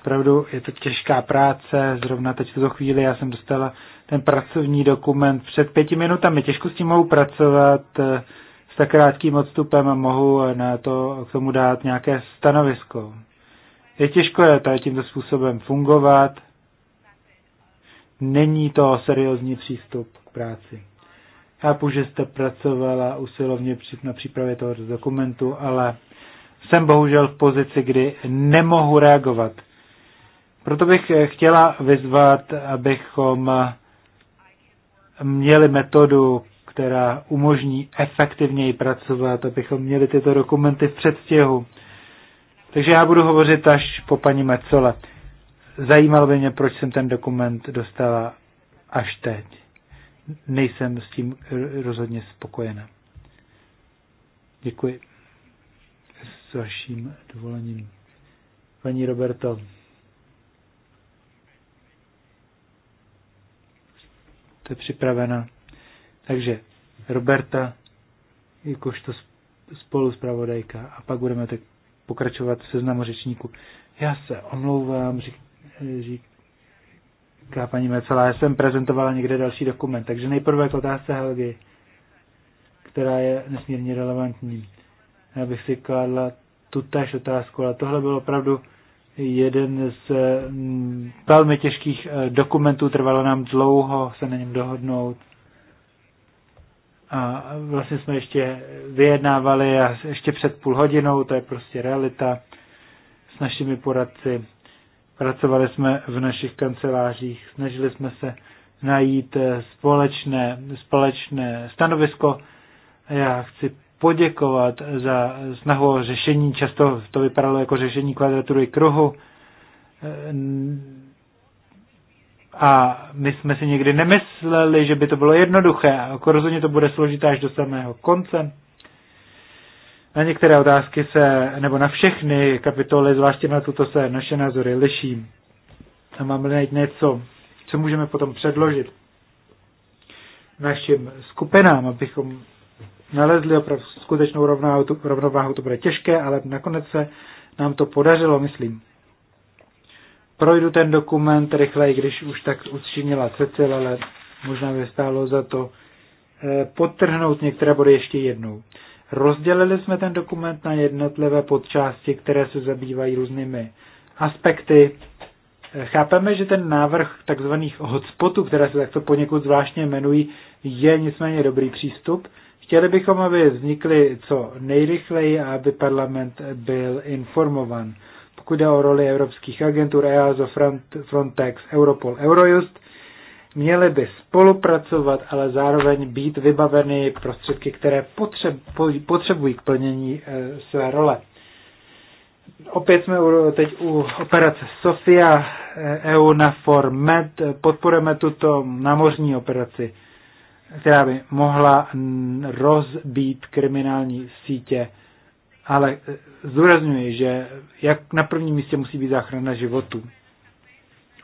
Opravdu je to těžká práce, zrovna teď v tuto chvíli já jsem dostala ten pracovní dokument před pěti minutami, těžko s tím mohu pracovat, eh, s tak krátkým odstupem a mohu na to, k tomu dát nějaké stanovisko. Je těžko je tady tímto způsobem fungovat, Není to seriózní přístup k práci. Chápu, že jste pracovala usilovně na přípravě tohoto dokumentu, ale jsem bohužel v pozici, kdy nemohu reagovat. Proto bych chtěla vyzvat, abychom měli metodu, která umožní efektivněji pracovat, abychom měli tyto dokumenty v předstěhu. Takže já budu hovořit až po paní Mecole zajímalo by mě, proč jsem ten dokument dostala až teď. Nejsem s tím rozhodně spokojena. Děkuji s vaším dovolením. Paní Roberto. To je připravena. Takže Roberta jakožto spolu zpravodajka a pak budeme tak pokračovat v seznamu řečníku. Já se omlouvám, říkám, říká paní Mecela, já jsem prezentovala někde další dokument, takže nejprve k otázce Helgy, která je nesmírně relevantní. Já bych si kladla tu tež otázku, ale tohle byl opravdu jeden z mm, velmi těžkých eh, dokumentů, trvalo nám dlouho se na něm dohodnout. A vlastně jsme ještě vyjednávali a ještě před půl hodinou, to je prostě realita s našimi poradci. Pracovali jsme v našich kancelářích, snažili jsme se najít eh, společné, společné stanovisko. Já chci poděkovat za snahu o řešení, často to vypadalo jako řešení kvadratury kruhu. Eh, a my jsme si někdy nemysleli, že by to bylo jednoduché, jako rozhodně to bude složité až do samého konce. Na některé otázky se, nebo na všechny kapitoly, zvláště na tuto se naše názory liší. A máme najít něco, co můžeme potom předložit našim skupinám, abychom nalezli opravdu skutečnou rovnováhu. To bude těžké, ale nakonec se nám to podařilo, myslím. Projdu ten dokument rychleji, když už tak učinila Cecil, ale možná by stálo za to eh, potrhnout některé body ještě jednou. Rozdělili jsme ten dokument na jednotlivé podčásti, které se zabývají různými aspekty. Chápeme, že ten návrh takzvaných hotspotů, které se takto poněkud zvláštně jmenují, je nicméně dobrý přístup. Chtěli bychom, aby vznikly co nejrychleji a aby parlament byl informovan. Pokud jde o roli evropských agentur EASO, Frontex, Europol, Eurojust, měly by spolupracovat, ale zároveň být vybaveny prostředky, které potřebují k plnění eh, své role. Opět jsme teď u operace Sofia eh, EU na Formet. Podporujeme tuto námořní operaci, která by mohla rozbít kriminální sítě. Ale eh, zdůrazňuji, že jak na prvním místě musí být záchrana životů.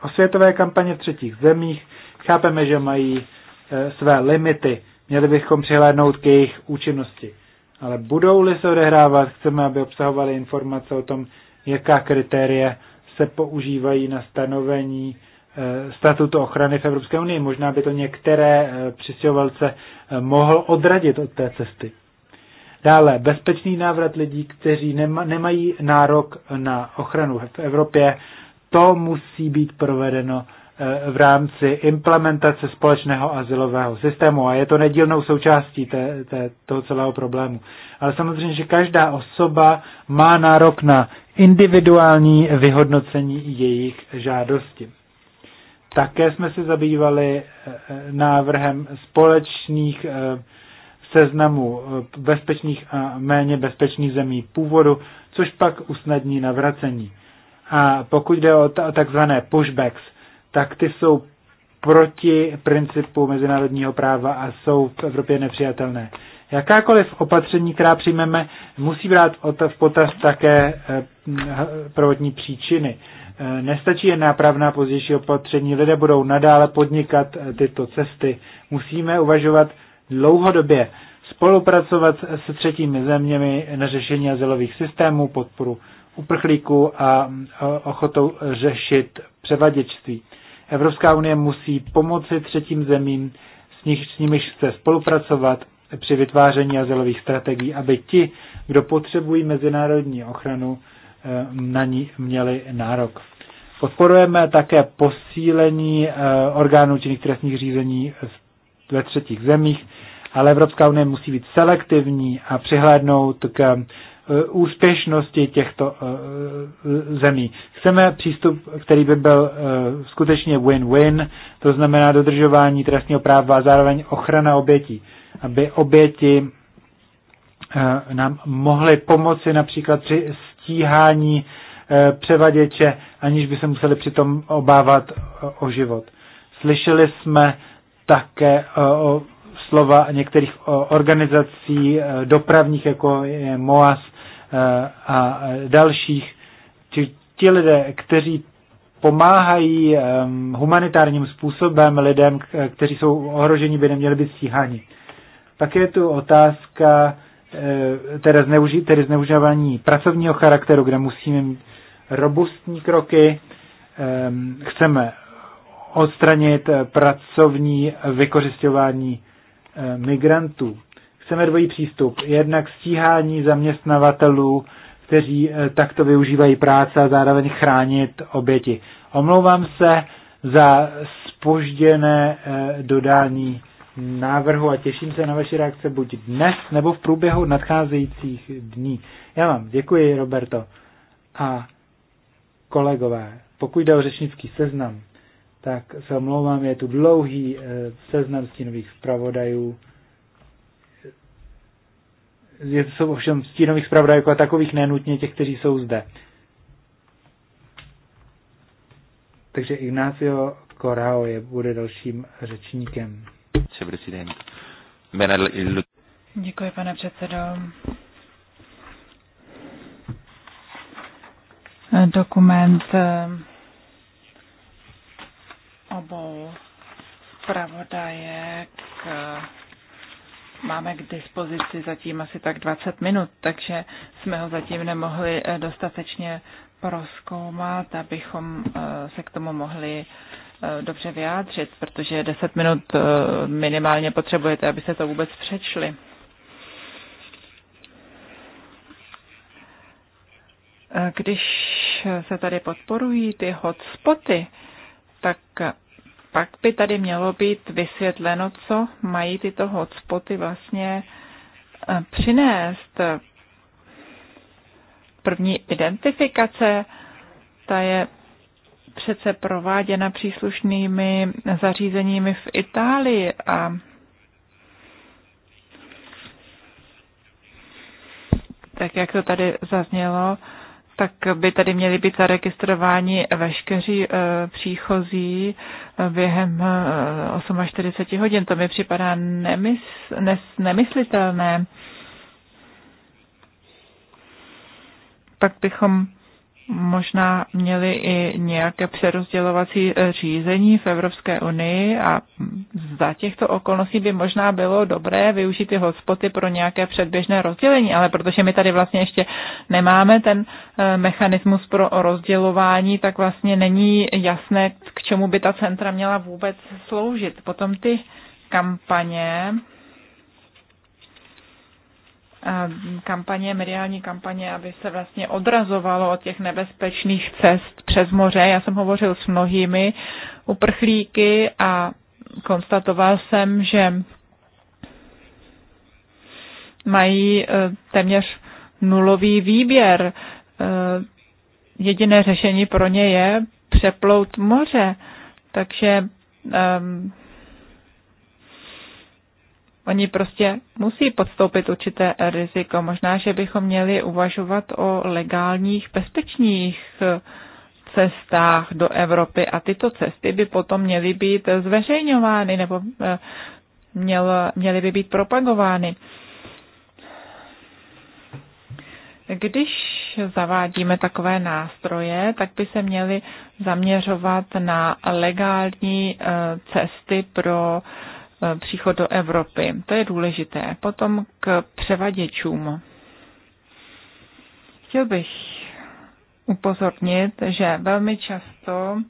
O světové kampaně v třetích zemích Chápeme, že mají eh, své limity, měli bychom přihlédnout k jejich účinnosti. Ale budou-li se odehrávat, chceme, aby obsahovaly informace o tom, jaká kritéria se používají na stanovení eh, statutu ochrany v Evropské unii. Možná by to některé eh, přistěhovalce mohl odradit od té cesty. Dále, bezpečný návrat lidí, kteří nemají nárok na ochranu v Evropě, to musí být provedeno Eh, v rámci implementace společného azylového systému a je to nedílnou součástí té, té, toho celého problému. Ale samozřejmě, že každá osoba má nárok na individuální vyhodnocení jejich žádosti. Také jsme se zabývali eh, eh, návrhem společných seznamů bezpečných a méně bezpečných zemí původu, což pak usnadní navracení. A pokud jde o takzvané pushbacks, tak ty jsou proti principu mezinárodního práva a jsou v Evropě nepřijatelné. Jakákoliv opatření, která přijmeme, musí brát v potaz také eh, prvotní příčiny. Eh, nestačí jen nápravná pozdější opatření, lidé budou nadále podnikat eh, tyto cesty. Musíme uvažovat dlouhodobě, spolupracovat se třetími zeměmi na řešení azylových systémů, podporu uprchlíků a ochotou řešit převaděčství. Evropská unie musí pomoci třetím zemím, s, nich, s nimiž chce spolupracovat při vytváření azylových strategií, aby ti, kdo potřebují mezinárodní ochranu, eh, na ní měli nárok. Podporujeme také posílení eh, orgánů činných trestních řízení ve třetích zemích, ale Evropská unie musí být selektivní a přihlédnout k Eh, úspěšnosti těchto eh, zemí. Chceme přístup, který by byl eh, skutečně win-win, to znamená dodržování trestního práva a zároveň ochrana obětí, aby oběti nám mohly pomoci například při stíhání převaděče, aniž by se museli přitom obávat o život. Slyšeli jsme také o slova některých organizací dopravních, jako je MOAS, Eh, a eh, dalších. Ti, ti lidé, kteří pomáhají humanitárním způsobem lidem, eh, kteří jsou ohroženi, by neměli být stíháni. Pak je tu otázka tedy, zneuži, tedy zneužívání pracovního charakteru, kde musíme mít robustní kroky. Chceme odstranit pracovní vykořišťování migrantů chceme dvojí přístup. Jednak stíhání zaměstnavatelů, kteří eh, takto využívají práce a zároveň chránit oběti. Omlouvám se za spožděné eh, dodání návrhu a těším se na vaši reakce buď dnes nebo v průběhu nadcházejících dní. Já vám děkuji, Roberto. A kolegové, pokud jde o řečnický seznam, tak se omlouvám, je tu dlouhý eh, seznam stínových zpravodajů je, jsou ovšem stínových zpravodajů a takových nenutně těch, kteří jsou zde. Takže Ignacio Corao je, bude dalším řečníkem. Děkuji, pane předsedo. Dokument eh, obou zpravodajek máme k dispozici zatím asi tak 20 minut, takže jsme ho zatím nemohli eh, dostatečně proskoumat, abychom eh, se k tomu mohli eh, dobře vyjádřit, protože 10 minut minimálně potřebujete, aby se to vůbec přečli. Když se tady podporují ty hotspoty, tak pak by tady mělo být vysvětleno, co mají tyto hotspoty vlastně eh, přinést. První identifikace, ta je přece prováděna příslušnými zařízeními v Itálii a tak jak to tady zaznělo, tak by tady měli být zaregistrováni veškeří eh, příchozí eh, během 48 eh, hodin. To mi připadá nemysl, nes, nemyslitelné. Pak bychom možná měli i nějaké přerozdělovací eh, řízení v Evropské unii a za těchto okolností by možná bylo dobré využít ty hotspoty pro nějaké předběžné rozdělení, ale protože my tady vlastně ještě nemáme ten eh, mechanismus pro rozdělování, tak vlastně není jasné, k čemu by ta centra měla vůbec sloužit. Potom ty kampaně, kampaně, mediální kampaně, aby se vlastně odrazovalo od těch nebezpečných cest přes moře. Já jsem hovořil s mnohými uprchlíky a konstatoval jsem, že mají e, téměř nulový výběr. E, jediné řešení pro ně je přeplout moře. Takže Oni prostě musí podstoupit určité riziko. Možná, že bychom měli uvažovat o legálních, bezpečných eh, cestách do Evropy a tyto cesty by potom měly být zveřejňovány nebo eh, měl, měly by být propagovány. Když zavádíme takové nástroje, tak by se měly zaměřovat na legální eh, cesty pro Eh, příchod do Evropy. To je důležité. Potom k převaděčům. Chtěl bych upozornit, že velmi často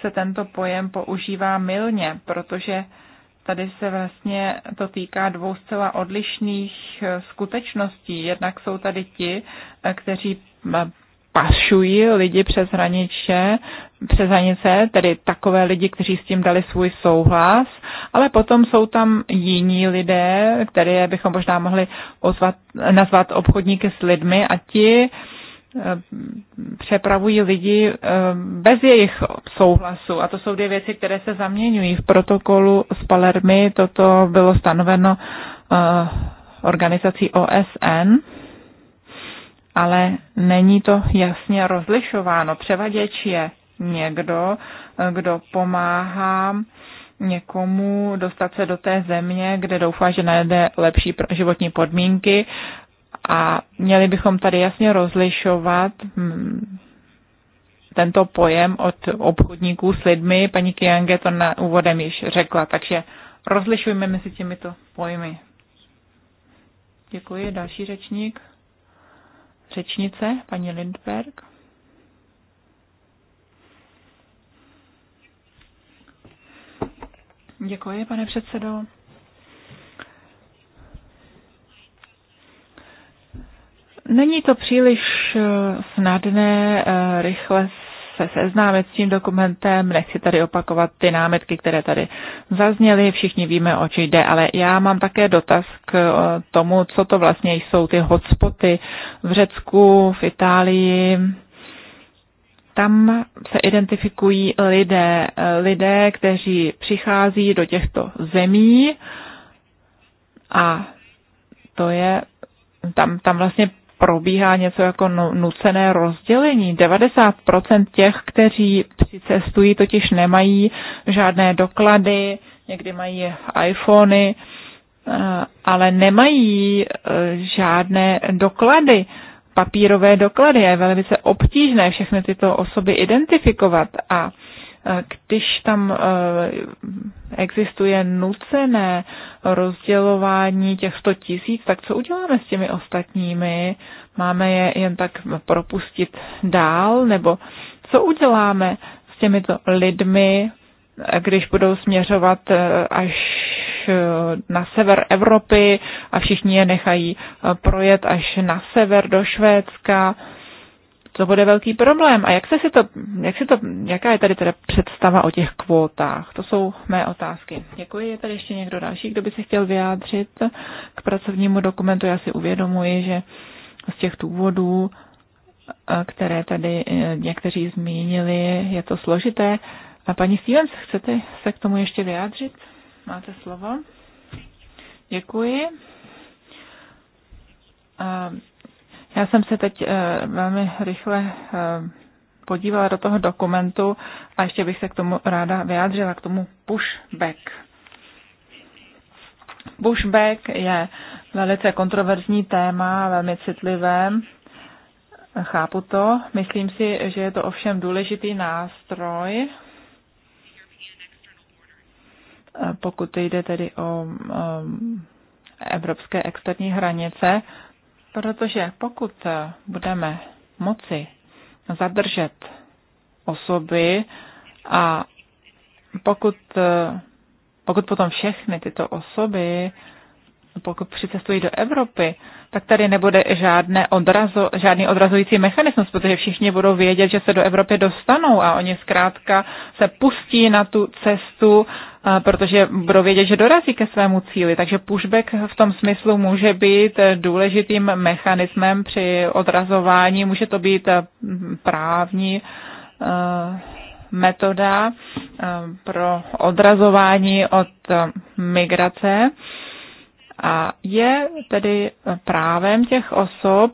se tento pojem používá mylně, protože tady se vlastně to týká dvou zcela odlišných eh, skutečností. Jednak jsou tady ti, eh, kteří pašují lidi přes hraniče, přes hranice, tedy takové lidi, kteří s tím dali svůj souhlas, ale potom jsou tam jiní lidé, které bychom možná mohli ozvat, nazvat obchodníky s lidmi a ti eh, přepravují lidi eh, bez jejich souhlasu. A to jsou dvě věci, které se zaměňují. V protokolu s Palermy toto bylo stanoveno eh, organizací OSN ale není to jasně rozlišováno. Převaděč je někdo, kdo pomáhá někomu dostat se do té země, kde doufá, že najde lepší životní podmínky a měli bychom tady jasně rozlišovat mm, tento pojem od obchodníků s lidmi. Paní Kiange to na úvodem již řekla, takže rozlišujme mezi těmito pojmy. Děkuji. Další řečník řečnice, paní Lindberg. Děkuji, pane předsedo. Není to příliš snadné eh, rychle se seznámit s tím dokumentem, nechci tady opakovat ty námitky, které tady zazněly, všichni víme, o čem jde, ale já mám také dotaz k eh, tomu, co to vlastně jsou ty hotspoty v Řecku, v Itálii, tam se identifikují lidé, eh, lidé, kteří přichází do těchto zemí a to je, tam, tam vlastně probíhá něco jako nucené rozdělení. 90% těch, kteří přicestují, totiž nemají žádné doklady, někdy mají iPhony, eh, ale nemají eh, žádné doklady, papírové doklady. Je velice obtížné všechny tyto osoby identifikovat a když tam eh, existuje nucené rozdělování těch 100 tisíc, tak co uděláme s těmi ostatními? Máme je jen tak propustit dál? Nebo co uděláme s těmito lidmi, když budou směřovat eh, až eh, na sever Evropy a všichni je nechají projet až na sever do Švédska? to bude velký problém. A jak se si to, jak si to, jaká je tady teda představa o těch kvótách? To jsou mé otázky. Děkuji. Je tady ještě někdo další, kdo by se chtěl vyjádřit k pracovnímu dokumentu? Já si uvědomuji, že z těch důvodů, eh, které tady eh, někteří zmínili, je to složité. A paní Stevens, chcete se k tomu ještě vyjádřit? Máte slovo? Děkuji. Já jsem se teď eh, velmi rychle eh, podívala do toho dokumentu a ještě bych se k tomu ráda vyjádřila, k tomu pushback. Pushback je velice kontroverzní téma, velmi citlivé. Chápu to. Myslím si, že je to ovšem důležitý nástroj, eh, pokud jde tedy o evropské externí hranice, Protože pokud eh, budeme moci zadržet osoby a pokud, eh, pokud potom všechny tyto osoby pokud přicestují do Evropy, tak tady nebude žádné odrazo, žádný odrazující mechanismus, protože všichni budou vědět, že se do Evropy dostanou a oni zkrátka se pustí na tu cestu, protože budou vědět, že dorazí ke svému cíli. Takže pushback v tom smyslu může být důležitým mechanismem při odrazování, může to být právní metoda pro odrazování od migrace. A je tedy právem těch osob,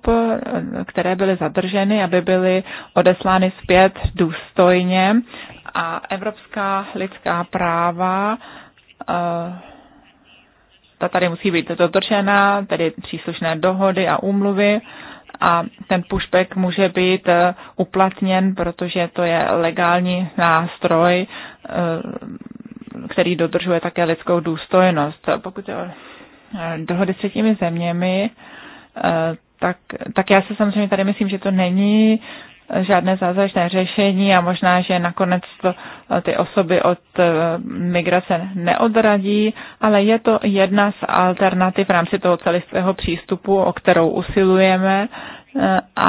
které byly zadrženy, aby byly odeslány zpět důstojně. A evropská lidská práva eh, ta tady musí být dodržena, tedy příslušné dohody a úmluvy a ten pushback může být eh, uplatněn, protože to je legální nástroj, eh, který dodržuje také lidskou důstojnost. Pokud je Eh, dohody s třetími zeměmi, eh, tak, tak já se samozřejmě tady myslím, že to není žádné zázračné řešení a možná, že nakonec to eh, ty osoby od migrace neodradí, ale je to jedna z alternativ v rámci toho celistvého přístupu, o kterou usilujeme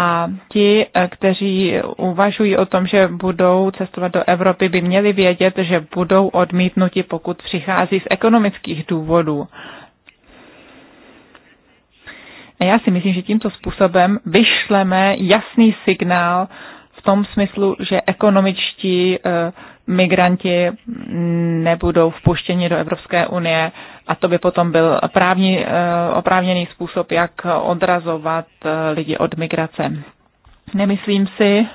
a ti, kteří uvažují o tom, že budou cestovat do Evropy, by měli vědět, že budou odmítnuti, pokud přichází z ekonomických důvodů. A já si myslím, že tímto způsobem vyšleme jasný signál v tom smyslu, že ekonomičtí eh, migranti nebudou vpuštěni do Evropské unie a to by potom byl právní, eh, oprávněný způsob, jak odrazovat eh, lidi od migrace. Nemyslím si,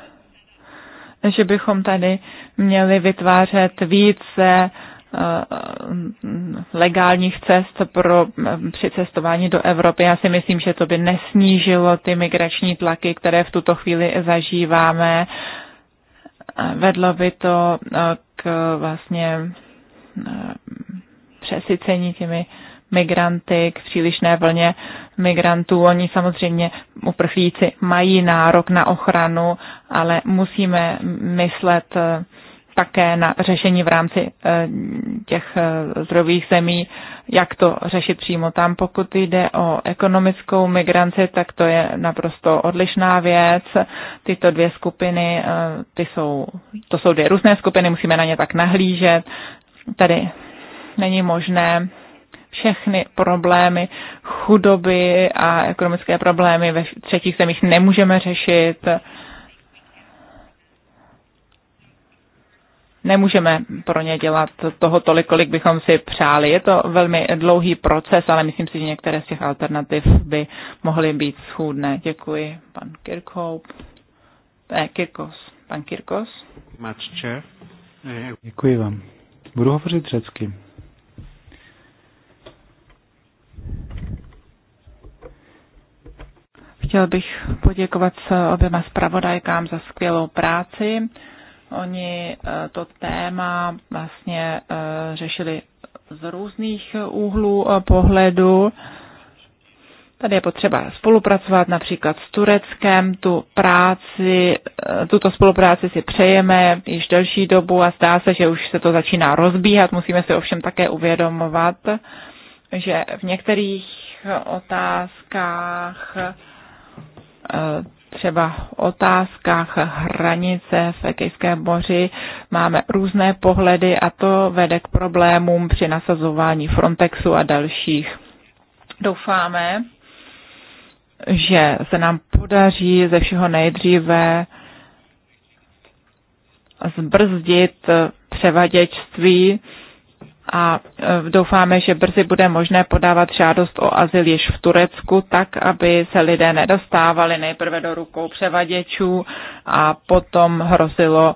že bychom tady měli vytvářet více Eh, legálních cest pro eh, přicestování do Evropy. Já si myslím, že to by nesnížilo ty migrační tlaky, které v tuto chvíli zažíváme. Vedlo by to eh, k vlastně přesycení těmi migranty, k přílišné vlně migrantů. Oni samozřejmě, uprchlíci, mají nárok na ochranu, ale musíme myslet také na řešení v rámci eh, těch eh, zdrojových zemí, jak to řešit přímo tam. Pokud jde o ekonomickou migranci, tak to je naprosto odlišná věc. Tyto dvě skupiny, eh, ty jsou, to jsou dvě různé skupiny, musíme na ně tak nahlížet. Tady není možné všechny problémy chudoby a ekonomické problémy ve třetích zemích nemůžeme řešit nemůžeme pro ně dělat toho tolik, kolik bychom si přáli. Je to velmi dlouhý proces, ale myslím si, že některé z těch alternativ by mohly být schůdné. Děkuji, pan Kirkhope. Eh, Kirkos. Pan Kirkos. Eh, Děkuji vám. Budu hovořit řecky. Chtěl bych poděkovat s oběma zpravodajkám za skvělou práci. Oni eh, to téma vlastně eh, řešili z různých úhlů eh, pohledu. Tady je potřeba spolupracovat například s Tureckem, tu práci, tuto spolupráci si přejeme již delší dobu a zdá se, že už se to začíná rozbíhat. Musíme si ovšem také uvědomovat, že v některých otázkách třeba otázkách hranice v Egejském moři máme různé pohledy a to vede k problémům při nasazování Frontexu a dalších. Doufáme, že se nám podaří ze všeho nejdříve zbrzdit převaděčství a e, doufáme, že brzy bude možné podávat žádost o azyl již v Turecku, tak aby se lidé nedostávali nejprve do rukou převaděčů a potom hrozilo,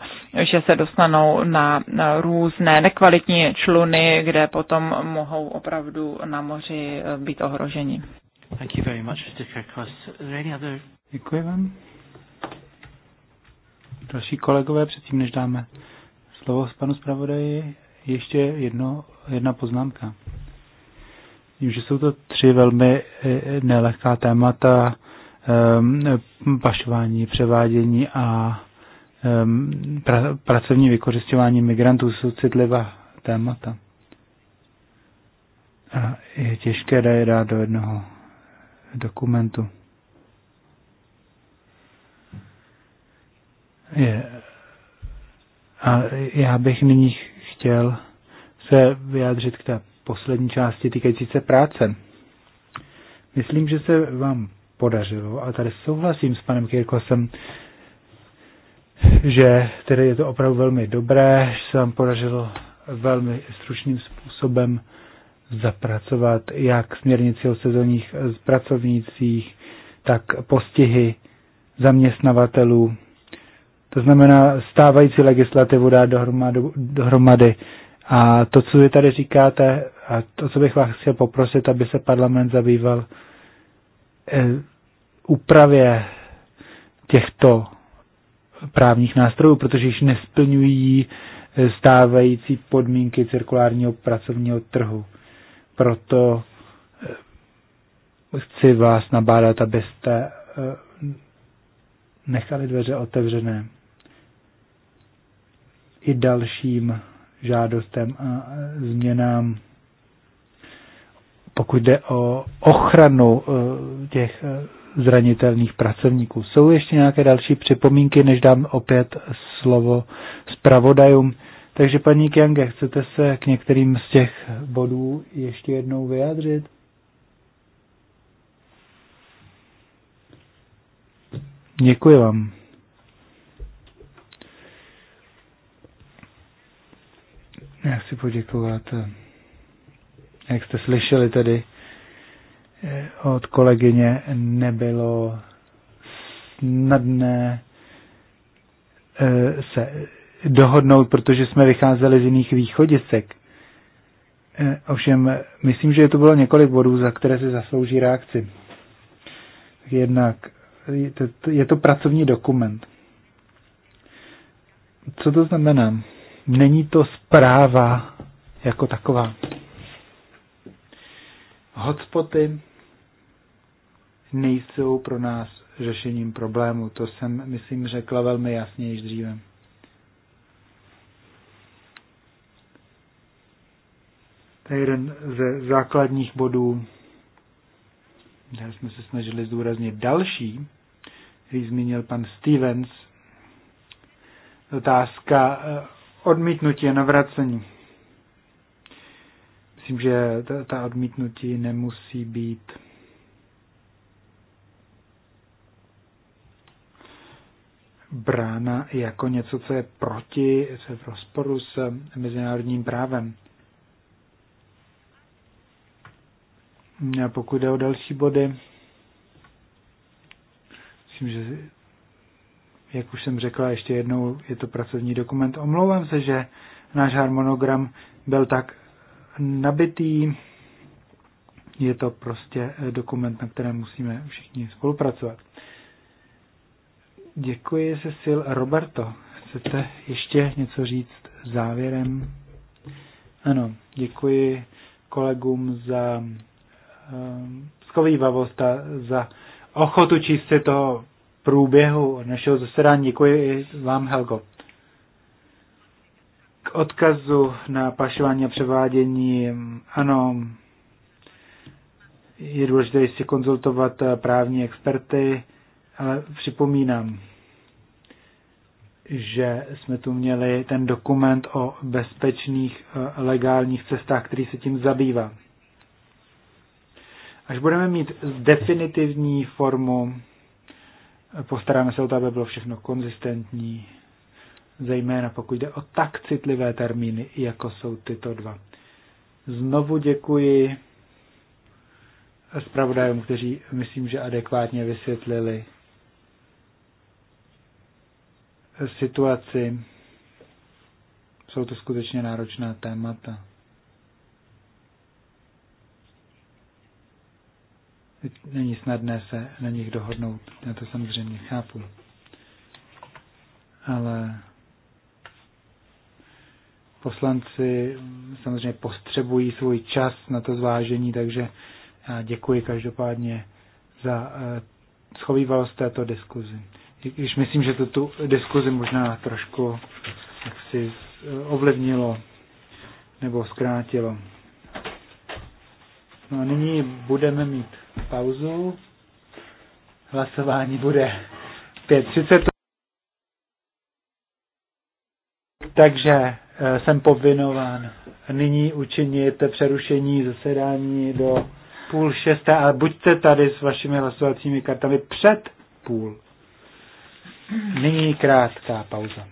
že se dostanou na různé nekvalitní čluny, kde potom mohou opravdu na moři e, být ohroženi. Thank you very much, Mr. Any other... Děkuji vám. Další kolegové, předtím než dáme slovo panu zpravodaji, ještě jedno, jedna poznámka. Vím, že jsou to tři velmi e, nelehká témata, ehm, pašování, převádění a ehm, pra, pracovní vykořišťování migrantů jsou citlivá témata. A je těžké je dát do jednoho dokumentu. Je. A já bych nyní chtěl se vyjádřit k té poslední části týkající se práce. Myslím, že se vám podařilo, a tady souhlasím s panem Kirkosem, že tedy je to opravdu velmi dobré, že se vám podařilo velmi stručným způsobem zapracovat jak směrnici o sezónních pracovnících, tak postihy zaměstnavatelů to znamená stávající legislativu dát dohromady, dohromady. A to, co vy tady říkáte, a to, co bych vás chtěl poprosit, aby se parlament zabýval e, úpravě těchto právních nástrojů, protože již nesplňují eh, stávající podmínky cirkulárního pracovního trhu. Proto eh, chci vás nabádat, abyste nechali dveře otevřené i dalším žádostem a změnám, pokud jde o ochranu e, těch e, zranitelných pracovníků. Jsou ještě nějaké další připomínky, než dám opět slovo zpravodajům. Takže paní Kiange, chcete se k některým z těch bodů ještě jednou vyjádřit? Děkuji vám. Já chci poděkovat. Jak jste slyšeli tady od kolegyně, nebylo snadné eh, se dohodnout, protože jsme vycházeli z jiných východisek. Eh, ovšem, myslím, že to bylo několik bodů, za které si zaslouží reakci. Jednak je to, je to pracovní dokument. Co to znamená? Není to zpráva jako taková. Hotspoty nejsou pro nás řešením problému. To jsem, myslím, řekla velmi jasně již dříve. To je jeden ze základních bodů, které jsme se snažili zdůraznit. Další, který zmínil pan Stevens, otázka eh, odmítnutí a navracení. Myslím, že ta odmítnutí nemusí být brána jako něco, co je proti, co je v rozporu s mezinárodním právem. A pokud jde o další body, myslím, že jak už jsem řekla, ještě jednou je to pracovní dokument. Omlouvám se, že náš harmonogram byl tak nabitý. Je to prostě dokument, na kterém musíme všichni spolupracovat. Děkuji, sil Roberto, chcete ještě něco říct závěrem? Ano, děkuji kolegům za um, eh, skovývavost a za ochotu číst si to průběhu našeho zasedání. Děkuji vám, Helgo. K odkazu na pašování a převádění, ano, je důležité si konzultovat právní experty, ale připomínám, že jsme tu měli ten dokument o bezpečných eh, legálních cestách, který se tím zabývá. Až budeme mít definitivní formu Postaráme se o to, aby bylo všechno konzistentní, zejména pokud jde o tak citlivé termíny, jako jsou tyto dva. Znovu děkuji zpravodajům, kteří myslím, že adekvátně vysvětlili situaci. Jsou to skutečně náročná témata. není snadné se na nich dohodnout, já to samozřejmě chápu. Ale poslanci samozřejmě postřebují svůj čas na to zvážení, takže já děkuji každopádně za eh, schovývalost této diskuzi. když myslím, že to tu diskuzi možná trošku jaksi eh, ovlivnilo nebo zkrátilo. No nyní budeme mít pauzu. Hlasování bude 5.30. Takže eh, jsem povinován nyní učinit přerušení zasedání do půl šesté, ale buďte tady s vašimi hlasovacími kartami před půl. Nyní krátká pauza.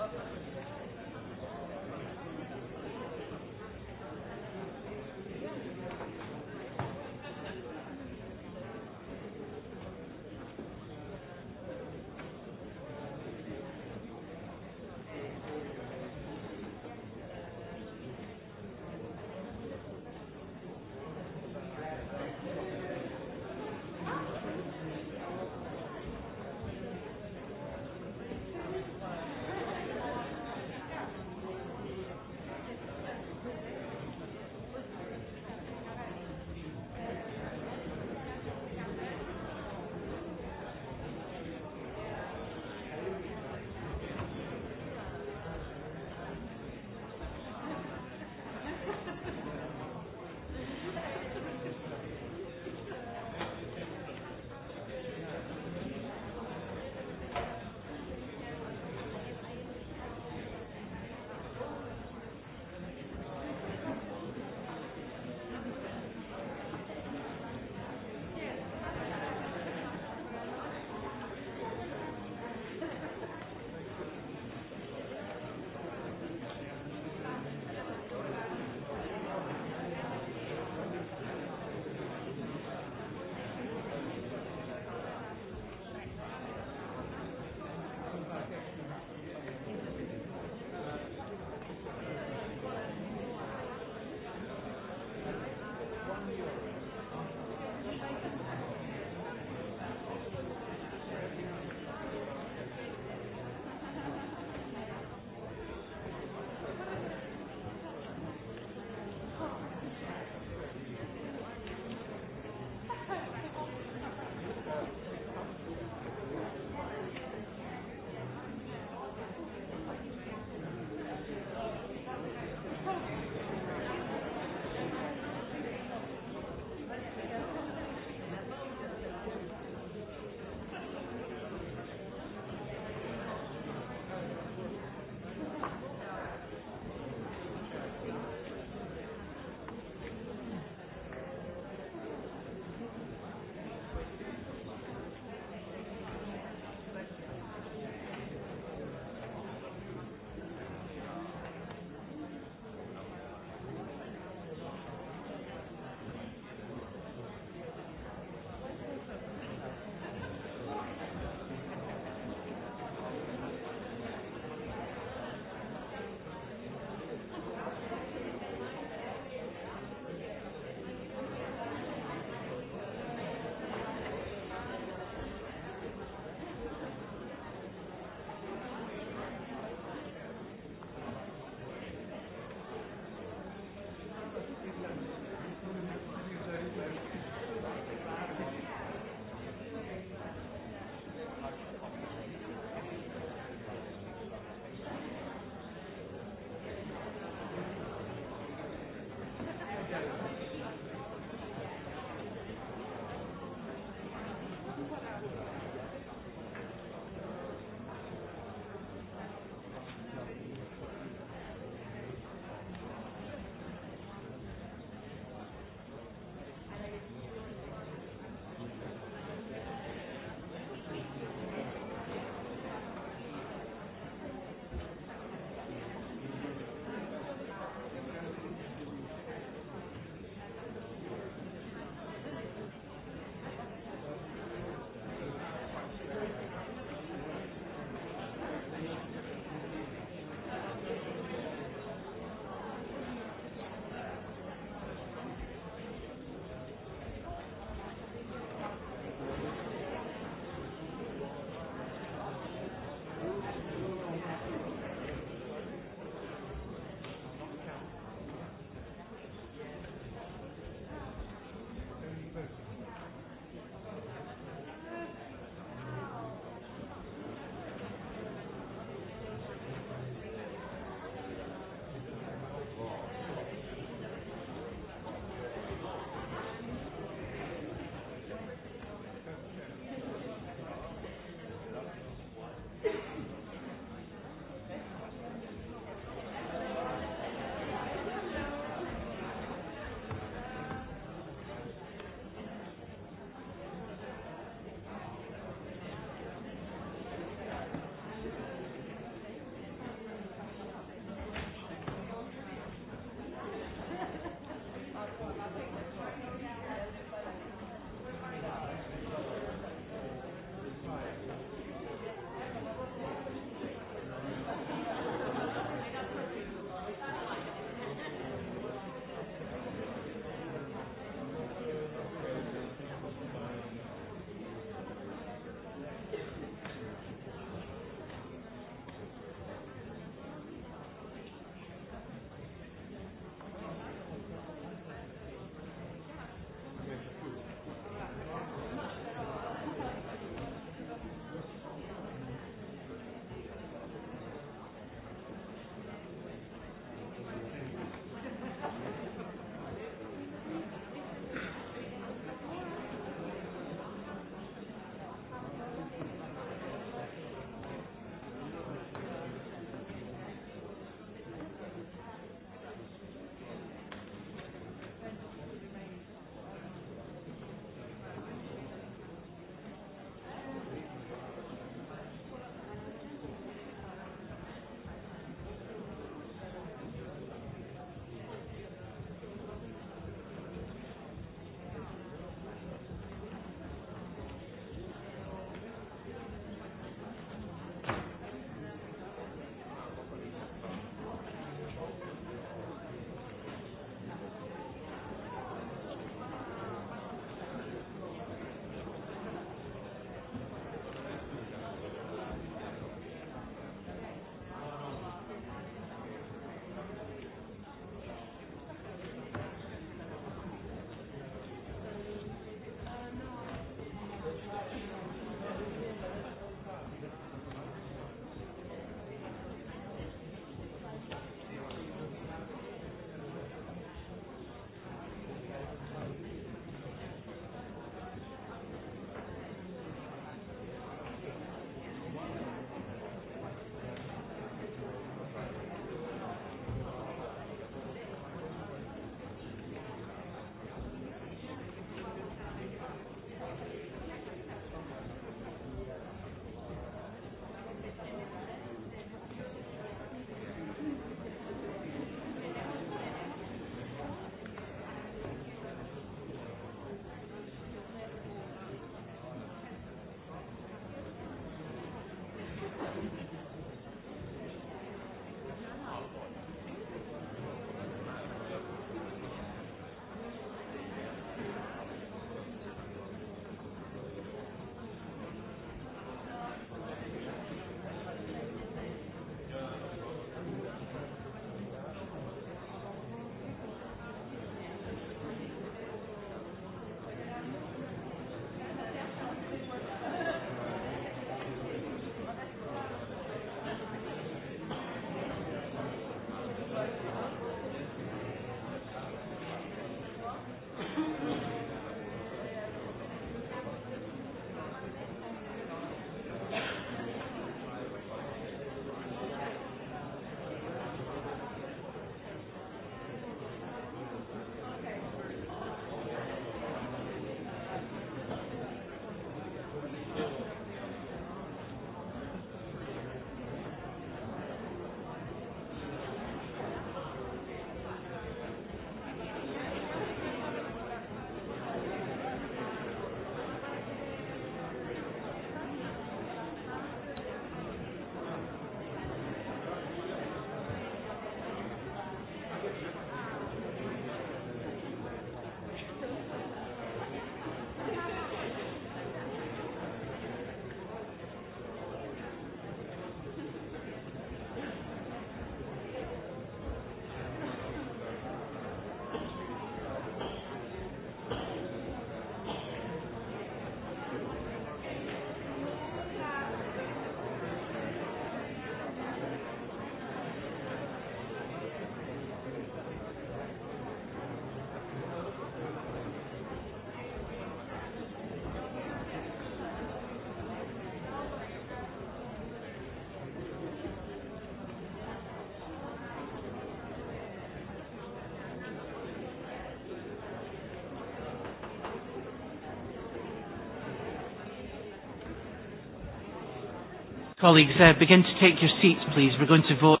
Colleagues, uh, begin to take your seats, please. We're going to vote.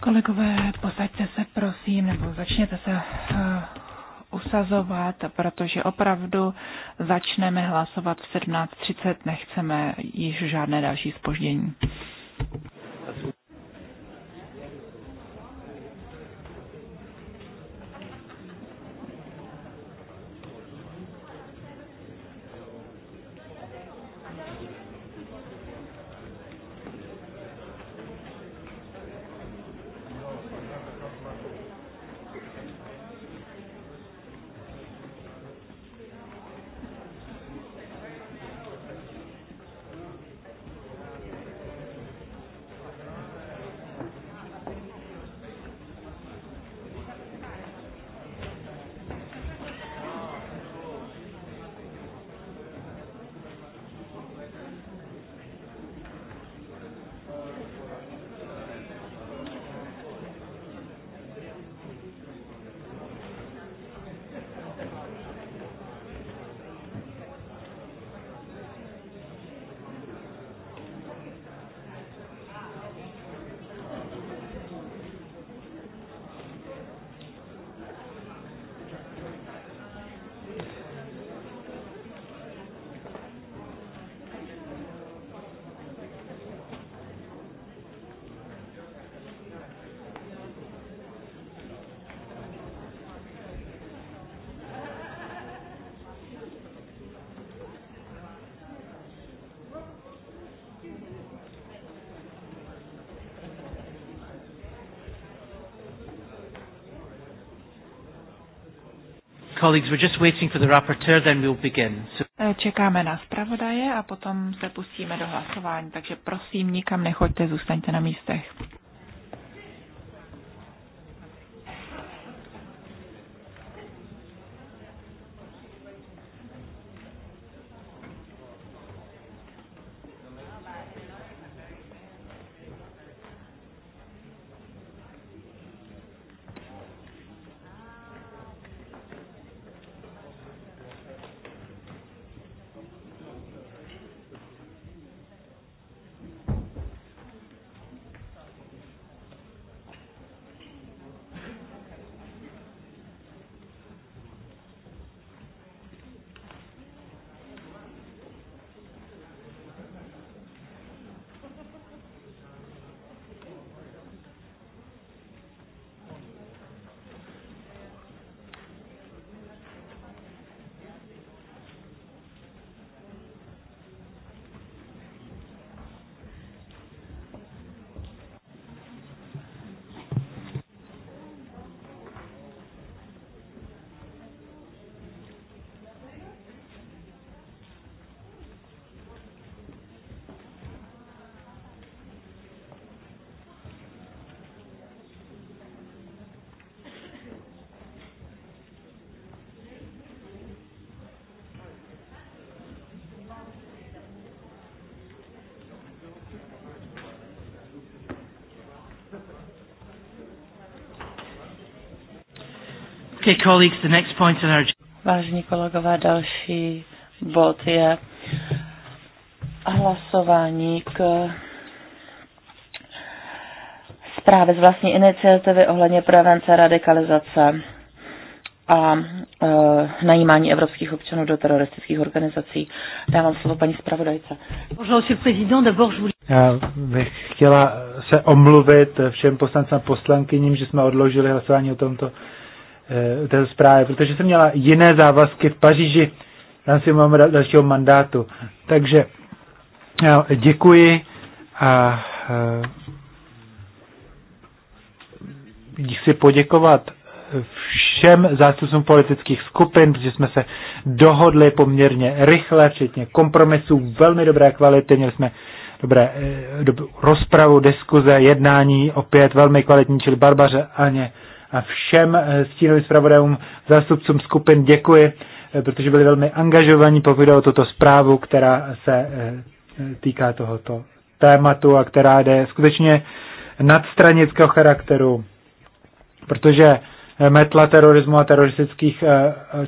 Kolegové, posaďte se, prosím, nebo začněte se uh, usazovat, protože opravdu začneme hlasovat v 17.30, nechceme již žádné další spoždění. Colleagues, we're just waiting for the rapporteur, then we'll begin. So... E, čekáme na zpravodaje a potom se pustíme do hlasování, takže prosím, nikam nechoďte, zůstaňte na místech. Okay, colleagues, the next point on our... Vážení kolegové, další bod je hlasování k zprávě z vlastní iniciativy ohledně prevence radikalizace a e, najímání evropských občanů do teroristických organizací. Dávám slovo paní zpravodajce. Já bych chtěla se omluvit všem poslancům a poslankyním, že jsme odložili hlasování o tomto Eh, té zprávy, protože jsem měla jiné závazky v Paříži, tam si máme dalšího mandátu. Takže děkuji a eh, chci poděkovat všem zástupcům politických skupin, protože jsme se dohodli poměrně rychle, včetně kompromisů velmi dobré kvality, měli jsme dobré eh, dob, rozpravu, diskuze, jednání, opět velmi kvalitní, čili Barbaře Aně a všem eh, stínovým zpravodajům, zástupcům skupin děkuji, eh, protože byli velmi angažovaní, pokud o tuto zprávu, která se eh, týká tohoto tématu a která jde skutečně nadstranického charakteru, protože metla terorismu a teroristických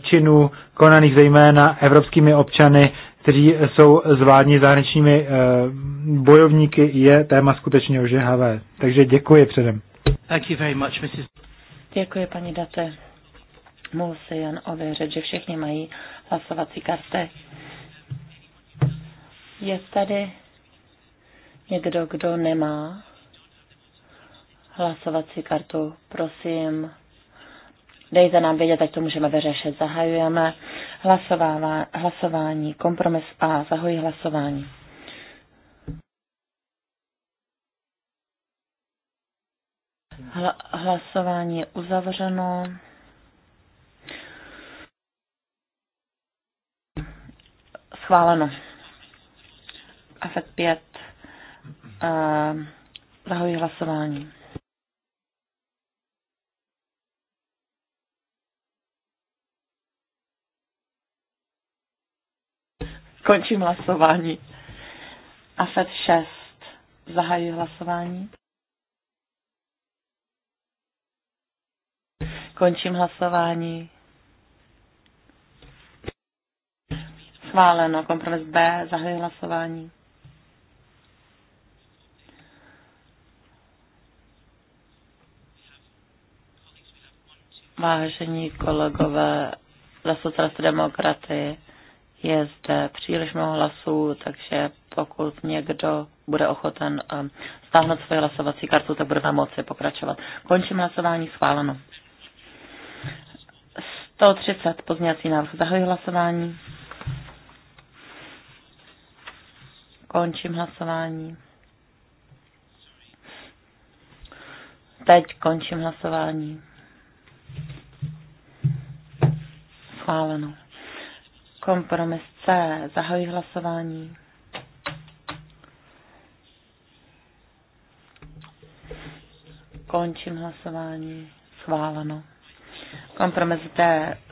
činů konaných zejména evropskými občany, kteří jsou zvládní zahraničními bojovníky, je téma skutečně ožehavé. Takže děkuji předem. Thank you very much, Mrs. Děkuji, paní Date. Mohu se jen ověřit, že všichni mají hlasovací karty. Je tady někdo, kdo nemá hlasovací kartu? Prosím, dejte nám vědět, ať to můžeme vyřešit. Zahajujeme hlasování, kompromis A. zahojí hlasování. Hlasování je uzavřeno. Schváleno. Efekt 5. Eh, Zahojí hlasování. Končím hlasování. AFET 6. Zahajuji hlasování. Končím hlasování. Schváleno. Kompromis B. Zahajuji hlasování. Vážení kolegové, za sociální demokraty je zde příliš mnoho hlasů, takže pokud někdo bude ochoten eh, stáhnout svoji hlasovací kartu, tak budeme moci pokračovat. Končím hlasování schváleno. 130 pozměňovací návrh. Zahajuji hlasování. Končím hlasování. Teď končím hlasování. Schváleno. Kompromis C. Zahajuji hlasování. Končím hlasování. Schváleno. Kompromis D.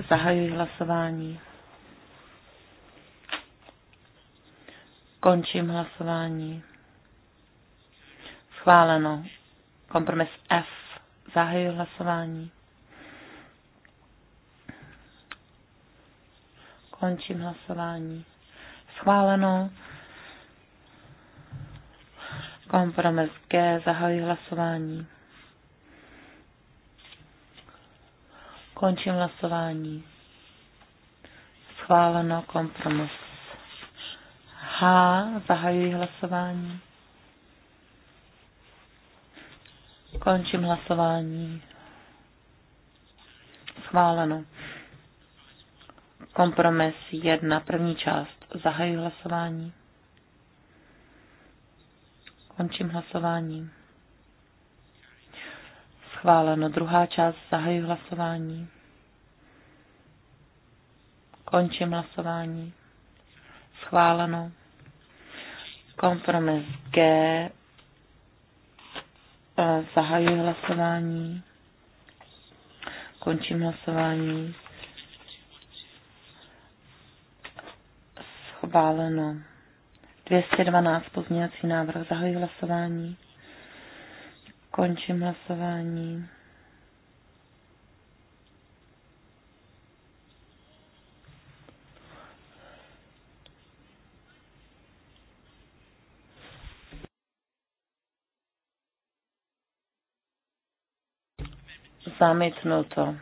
Zahajuji hlasování. Končím hlasování. Schváleno. Kompromis F. Zahajuji hlasování. Končím hlasování. Schváleno. Kompromis G. Zahajuji hlasování. Končím hlasování. Schváleno kompromis. H. Zahajuji hlasování. Končím hlasování. Schváleno. Kompromis 1. První část. Zahajuji hlasování. Končím hlasování. Schváleno. Druhá část. Zahajuji hlasování. Končím hlasování. Schváleno. Kompromis G. E, zahajuji hlasování. Končím hlasování. Schváleno. 212 pozměňovací návrh. Zahajuji hlasování. Končím hlasování. Zamítnuto.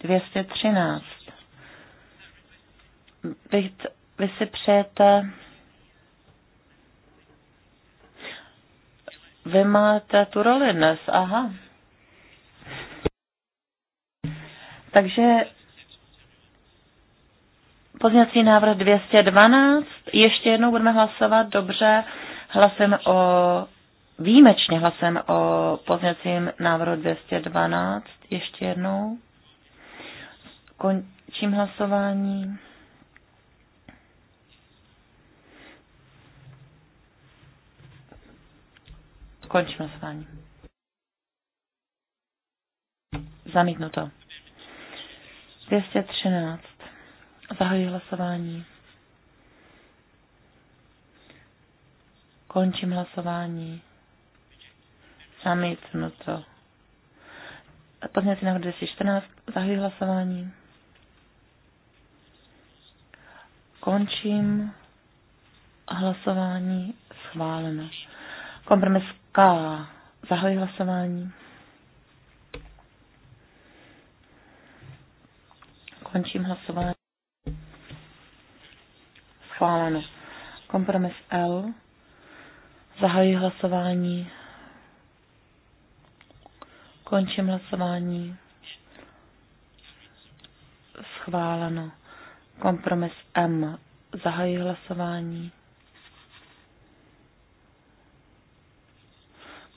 213. Vy, vy si přejete Vy máte tu roli dnes, aha. Takže pozněcí návrh 212, ještě jednou budeme hlasovat, dobře, hlasem o, výjimečně hlasem o pozněcím návrhu 212, ještě jednou. Končím hlasování. Končím hlasování. Zamítnuto. 213. Zahajuji hlasování. Končím hlasování. Zamítnuto. Pozměňovací na 214. Zahajuji hlasování. Končím hlasování schváleno. Kompromis k. Zahajuji hlasování. Končím hlasování. Schváleno. Kompromis L. Zahajuji hlasování. Končím hlasování. Schváleno. Kompromis M. Zahajuji hlasování.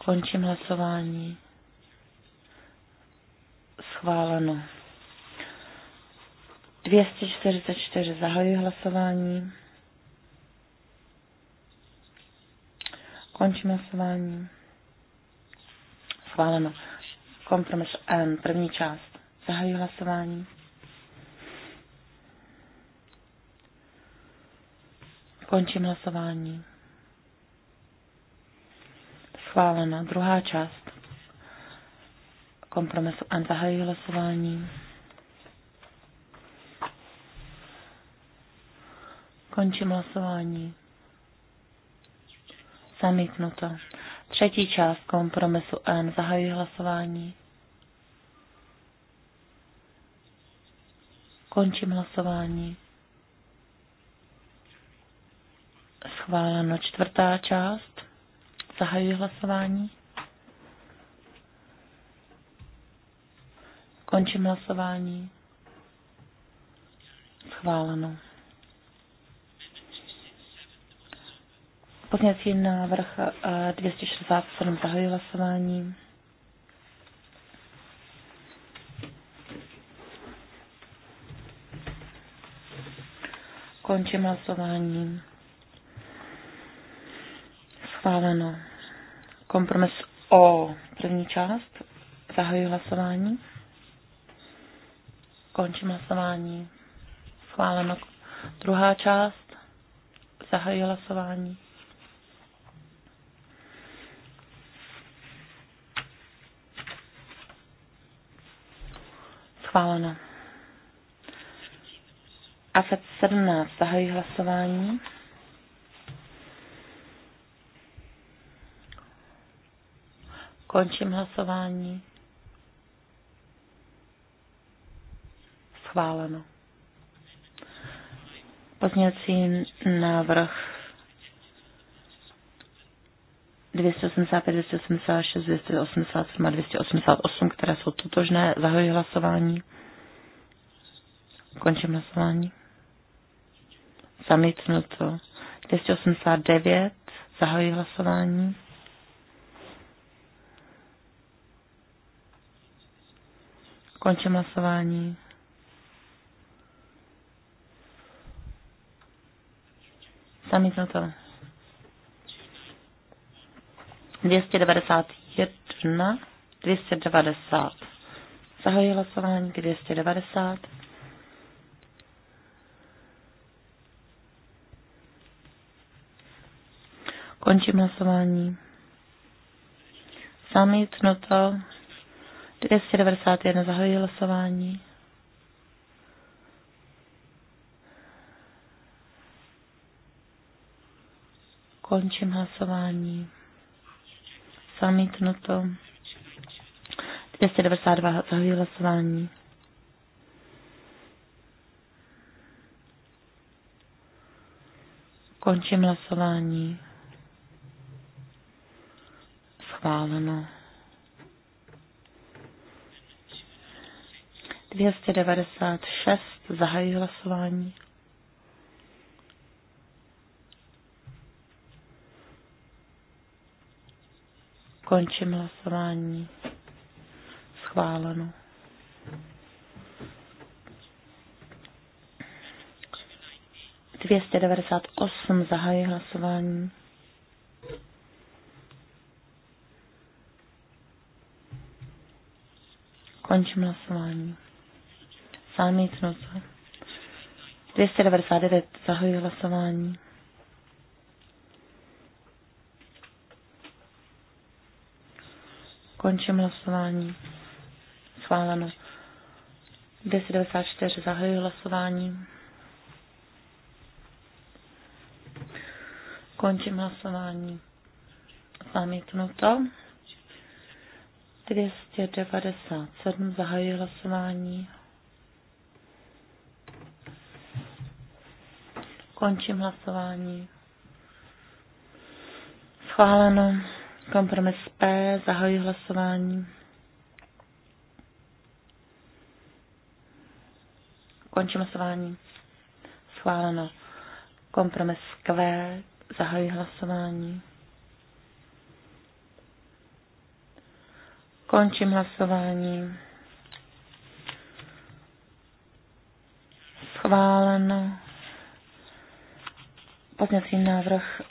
Končím hlasování. Schváleno. 244 zahajuji hlasování. Končím hlasování. Schváleno. Kompromis N, první část. Zahajuji hlasování. Končím hlasování. Schválena. Druhá část kompromisu a zahajuji hlasování. Končím hlasování. Zamítnuto. Třetí část kompromisu N. Zahajuji hlasování. Končím hlasování. Schváleno čtvrtá část. Zahajuji hlasování. Končím hlasování. Schváleno. Pozměňovací návrh 267 eh, zahajuji hlasování. Končím hlasování. Schváleno. Kompromis O. První část. Zahajuji hlasování. Končím hlasování. Schváleno. Druhá část. Zahajuji hlasování. Schváleno. AFED 17. Zahajuji hlasování. Končím hlasování. Schváleno. Pozměňovací návrh 285, 286, 287 a 288, které jsou totožné. Zahajuji hlasování. Končím hlasování. Zamítnuto. 289. Zahajuji hlasování. Končím hlasování. Zamítnuto. 291, 290. Zahajuji hlasování k 290. Končím hlasování. Zamítnuto. 291 zahajuji hlasování. Končím hlasování. Zamítnuto. 292 zahajuji hlasování. Končím hlasování. Schváleno. 296. zahají hlasování. Končím hlasování. Schváleno. Dvěstě devadesát osm zahají hlasování. Končím hlasování. Zamítnut. 299. Zahajuji hlasování. Končím hlasování. Schváleno. 294. Zahajuji hlasování. Končím hlasování. Zamítnuto. 297. Zahajuji hlasování. Končím hlasování. Schváleno. Kompromis P. Zahajuji hlasování. Končím hlasování. Schváleno. Kompromis Q. Zahajuji hlasování. Končím hlasování. Schváleno. Pozměňovací návrh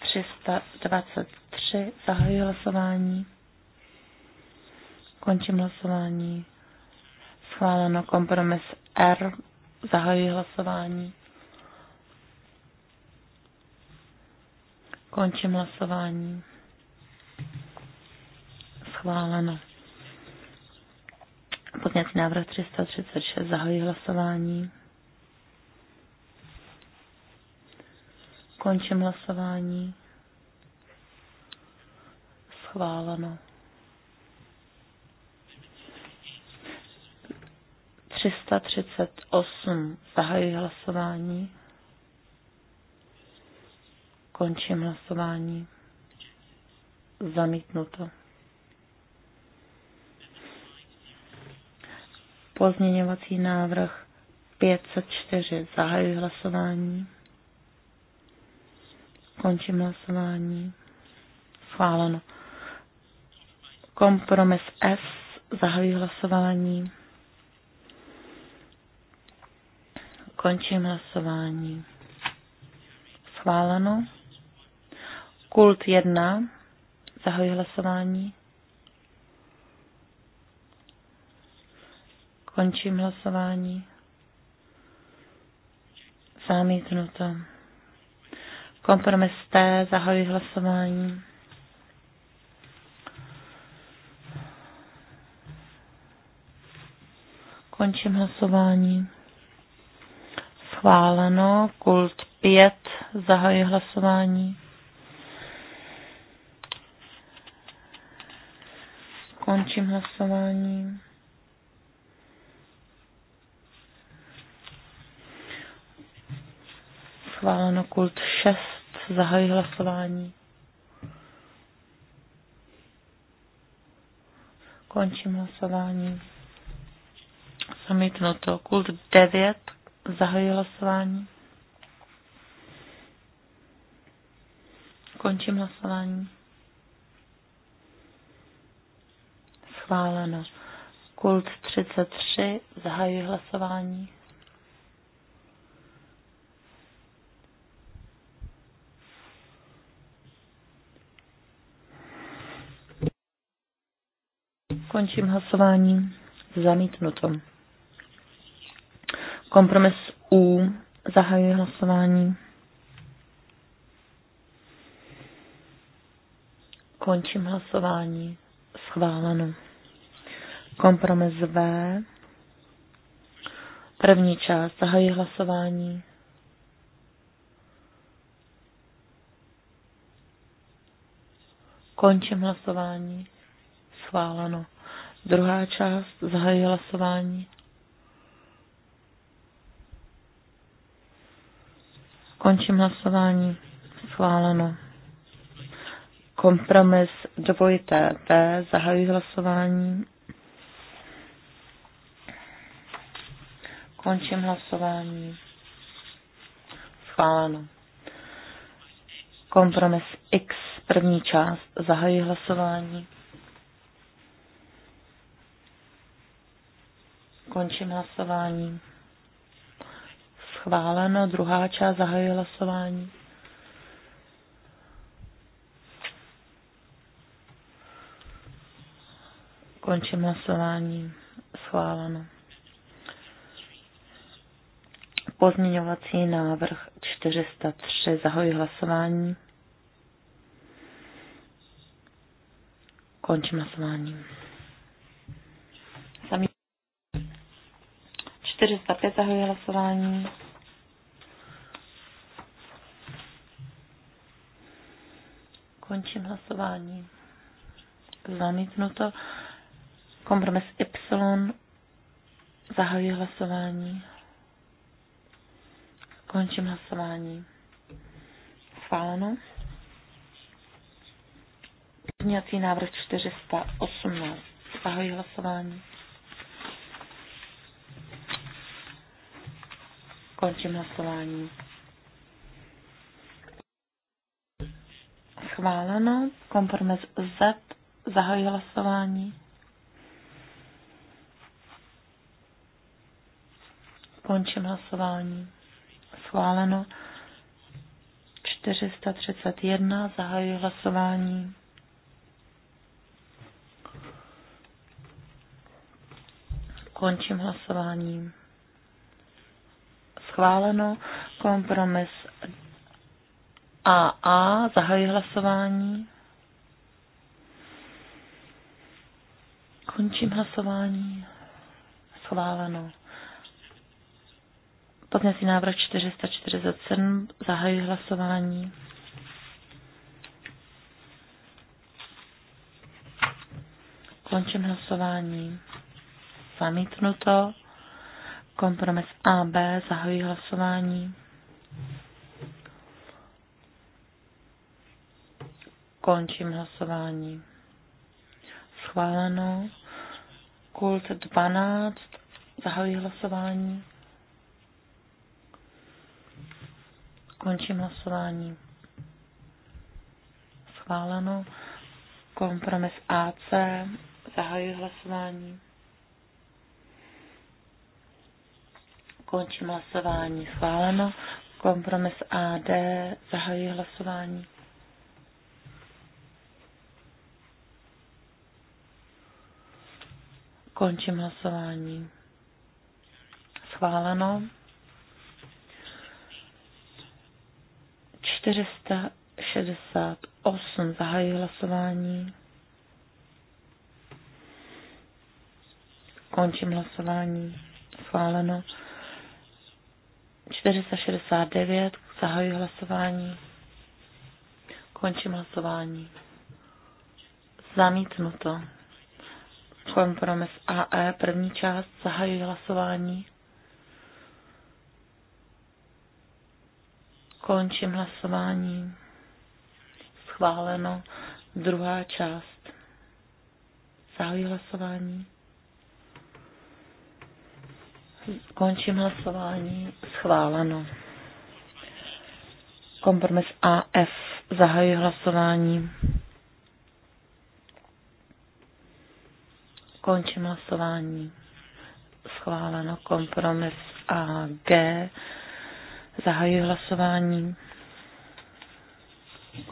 323. Zahajuji hlasování. Končím hlasování. Schváleno kompromis R. Zahajuji hlasování. Končím hlasování. Schváleno. Pozměňovací návrh 336. Zahajuji hlasování. Končím hlasování. Schváleno. 338. Zahajuji hlasování. Končím hlasování. Zamítnuto. Pozměňovací návrh 504. Zahajuji hlasování. Končím hlasování. Schváleno. Kompromis S. Zahajuji hlasování. Končím hlasování. Schváleno. Kult 1. Zahajuji hlasování. Končím hlasování. Zamítnuto. Kompromis T, zahajuji hlasování. Končím hlasování. Schváleno. Kult 5. Zahajuji hlasování. Končím hlasování. Schváleno kult 6. Zahajuji hlasování. Končím hlasování. Zamítnuto. Kult 9. Zahajuji hlasování. Končím hlasování. Schváleno. Kult 33. Zahajuji hlasování. Končím hlasování. Zamítnuto. Kompromis U. Zahajuji hlasování. Končím hlasování. Schváleno. Kompromis V. První část. Zahajuji hlasování. Končím hlasování. Schváleno. Druhá část, zahají hlasování. Končím hlasování. Schváleno. Kompromis dvojité T. Zahajuji hlasování. Končím hlasování. Schváleno. Kompromis X. První část. Zahajuji hlasování. Končím hlasování. Schváleno. Druhá část zahajuje hlasování. Končím hlasování. Schváleno. Pozměňovací návrh 403. Zahoji hlasování. Končím hlasování. 405 zahajuji hlasování. Končím hlasování. Zamítnuto. Kompromis Y. Zahajuji hlasování. Končím hlasování. Schváleno. Pozměňovací návrh 418. Zahajuji hlasování. Končím hlasování. Schváleno. Kompromis Z. Zahajuji hlasování. Končím hlasování. Schváleno. 431. Zahajuji hlasování. Končím hlasování schváleno. Kompromis AA, zahajuji hlasování. Končím hlasování. Schváleno. si návrh 447, zahajuji hlasování. Končím hlasování. Zamítnuto. Kompromis AB, zahajuji hlasování. Končím hlasování. Schváleno. Kult 12, zahajuji hlasování. Končím hlasování. Schváleno. Kompromis AC. Zahajuji hlasování. Končím hlasování. Schváleno. Kompromis AD. Zahajuji hlasování. Končím hlasování. Schváleno. 468 zahajuji hlasování. Končím hlasování. Schváleno. 469, zahajuji hlasování, končím hlasování. Zamítnuto. Kompromis AE, první část, zahajuji hlasování. Končím hlasování. Schváleno. Druhá část. Zahajuji hlasování. Končím hlasování. Schváleno. Kompromis AF. Zahajuji hlasování. Končím hlasování. Schváleno. Kompromis AG. Zahajuji hlasování.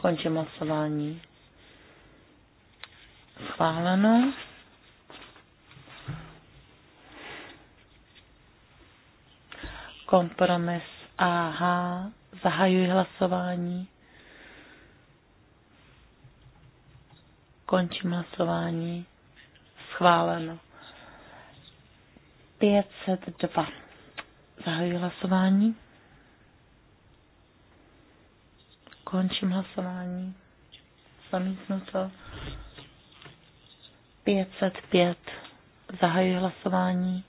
Končím hlasování. Schváleno. Kompromis AH. Zahajuji hlasování. Končím hlasování. Schváleno. 502. Zahajuji hlasování. Končím hlasování. Zamítnuto. 505. Zahajuji hlasování.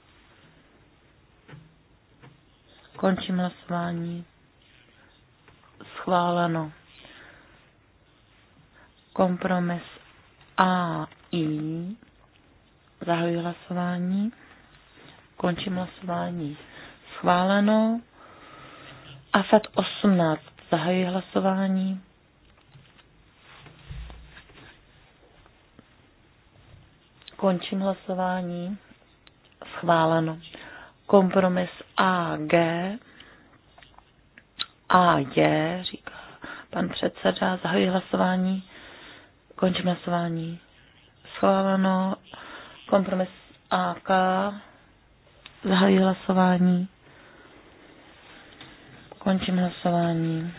Končím hlasování. Schváleno. Kompromis A, I. Zahajuji hlasování. Končím hlasování. Schváleno. AFAT 18. Zahajuji hlasování. Končím hlasování. Schváleno kompromis AG a je, říká pan předseda, zahajuji hlasování, končím hlasování. schváleno kompromis AK, zahajuji hlasování, končím hlasování.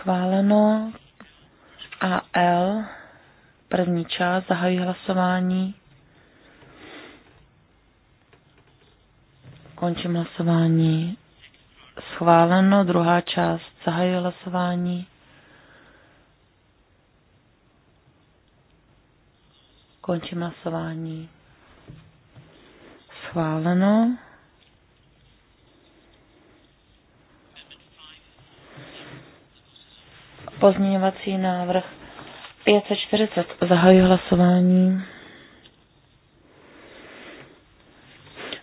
Schváleno AL, první část, zahajuji hlasování, Končím hlasování. Schváleno. Druhá část. Zahajuji hlasování. Končím hlasování. Schváleno. Pozměňovací návrh 540. Zahajuji hlasování.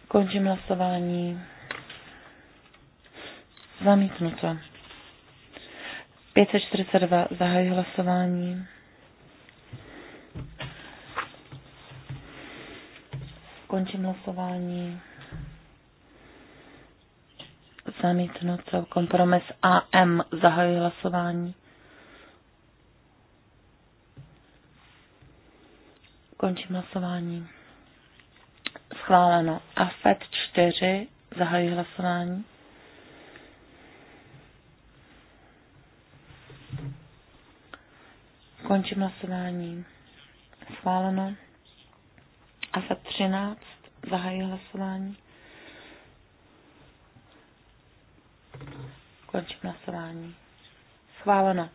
Končím hlasování. Zamítnuto. 542. Zahajuji hlasování. Končím hlasování. Zamítnuto. Kompromis AM. Zahajuji hlasování. Končím hlasování. Schváleno. AFET 4. Zahajuji hlasování. Končím hlasování. Schváleno. AFET 13. Zahajuji hlasování. Končím hlasování. Schváleno.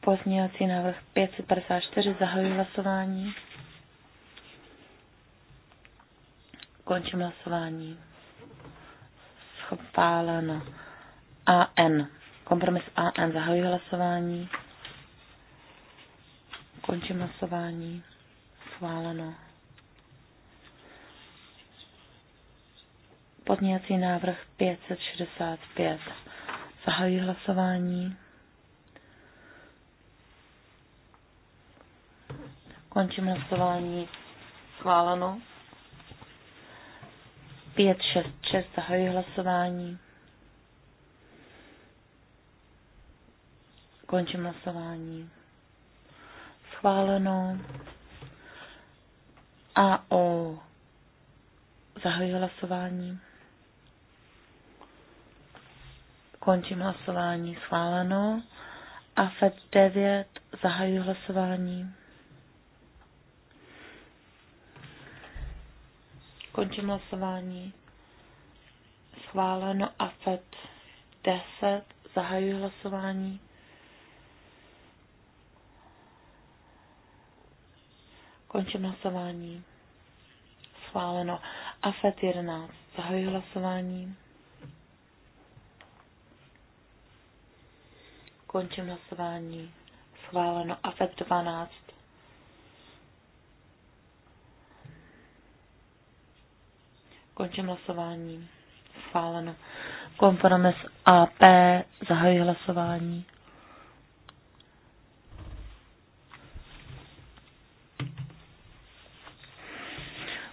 Pozměňovací návrh 554. Zahajuji hlasování. Končím hlasování. Schváleno. AN. Kompromis AN. Zahajuji hlasování. Končím hlasování. Schváleno. Podněcí návrh 565. Zahajuji hlasování. Končím hlasování. Schváleno. 5, 6, 6, zahajuji hlasování. Končím hlasování. Schváleno. A o zahajuji hlasování. Končím hlasování. Schváleno. A FED 9 zahajuji hlasování. Končím hlasování. Schváleno AFET 10. Zahajuji hlasování. Končím hlasování. Schváleno. AFET 11. Zahajuji hlasování. Končím hlasování. Schváleno. AFET 12. Končím hlasování. Schváleno. Kompromis AP. Zahajuji hlasování.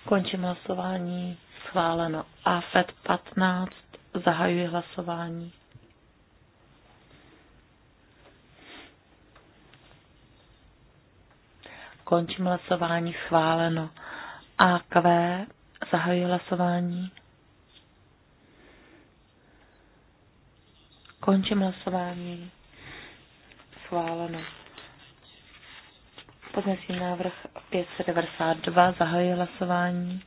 Končím hlasování. Schváleno. AFED 15. Zahajuji hlasování. Končím hlasování. Schváleno. AQ Zahajuji hlasování. Končím hlasování. Schváleno. Pozměňovací návrh 592. Zahajuji hlasování.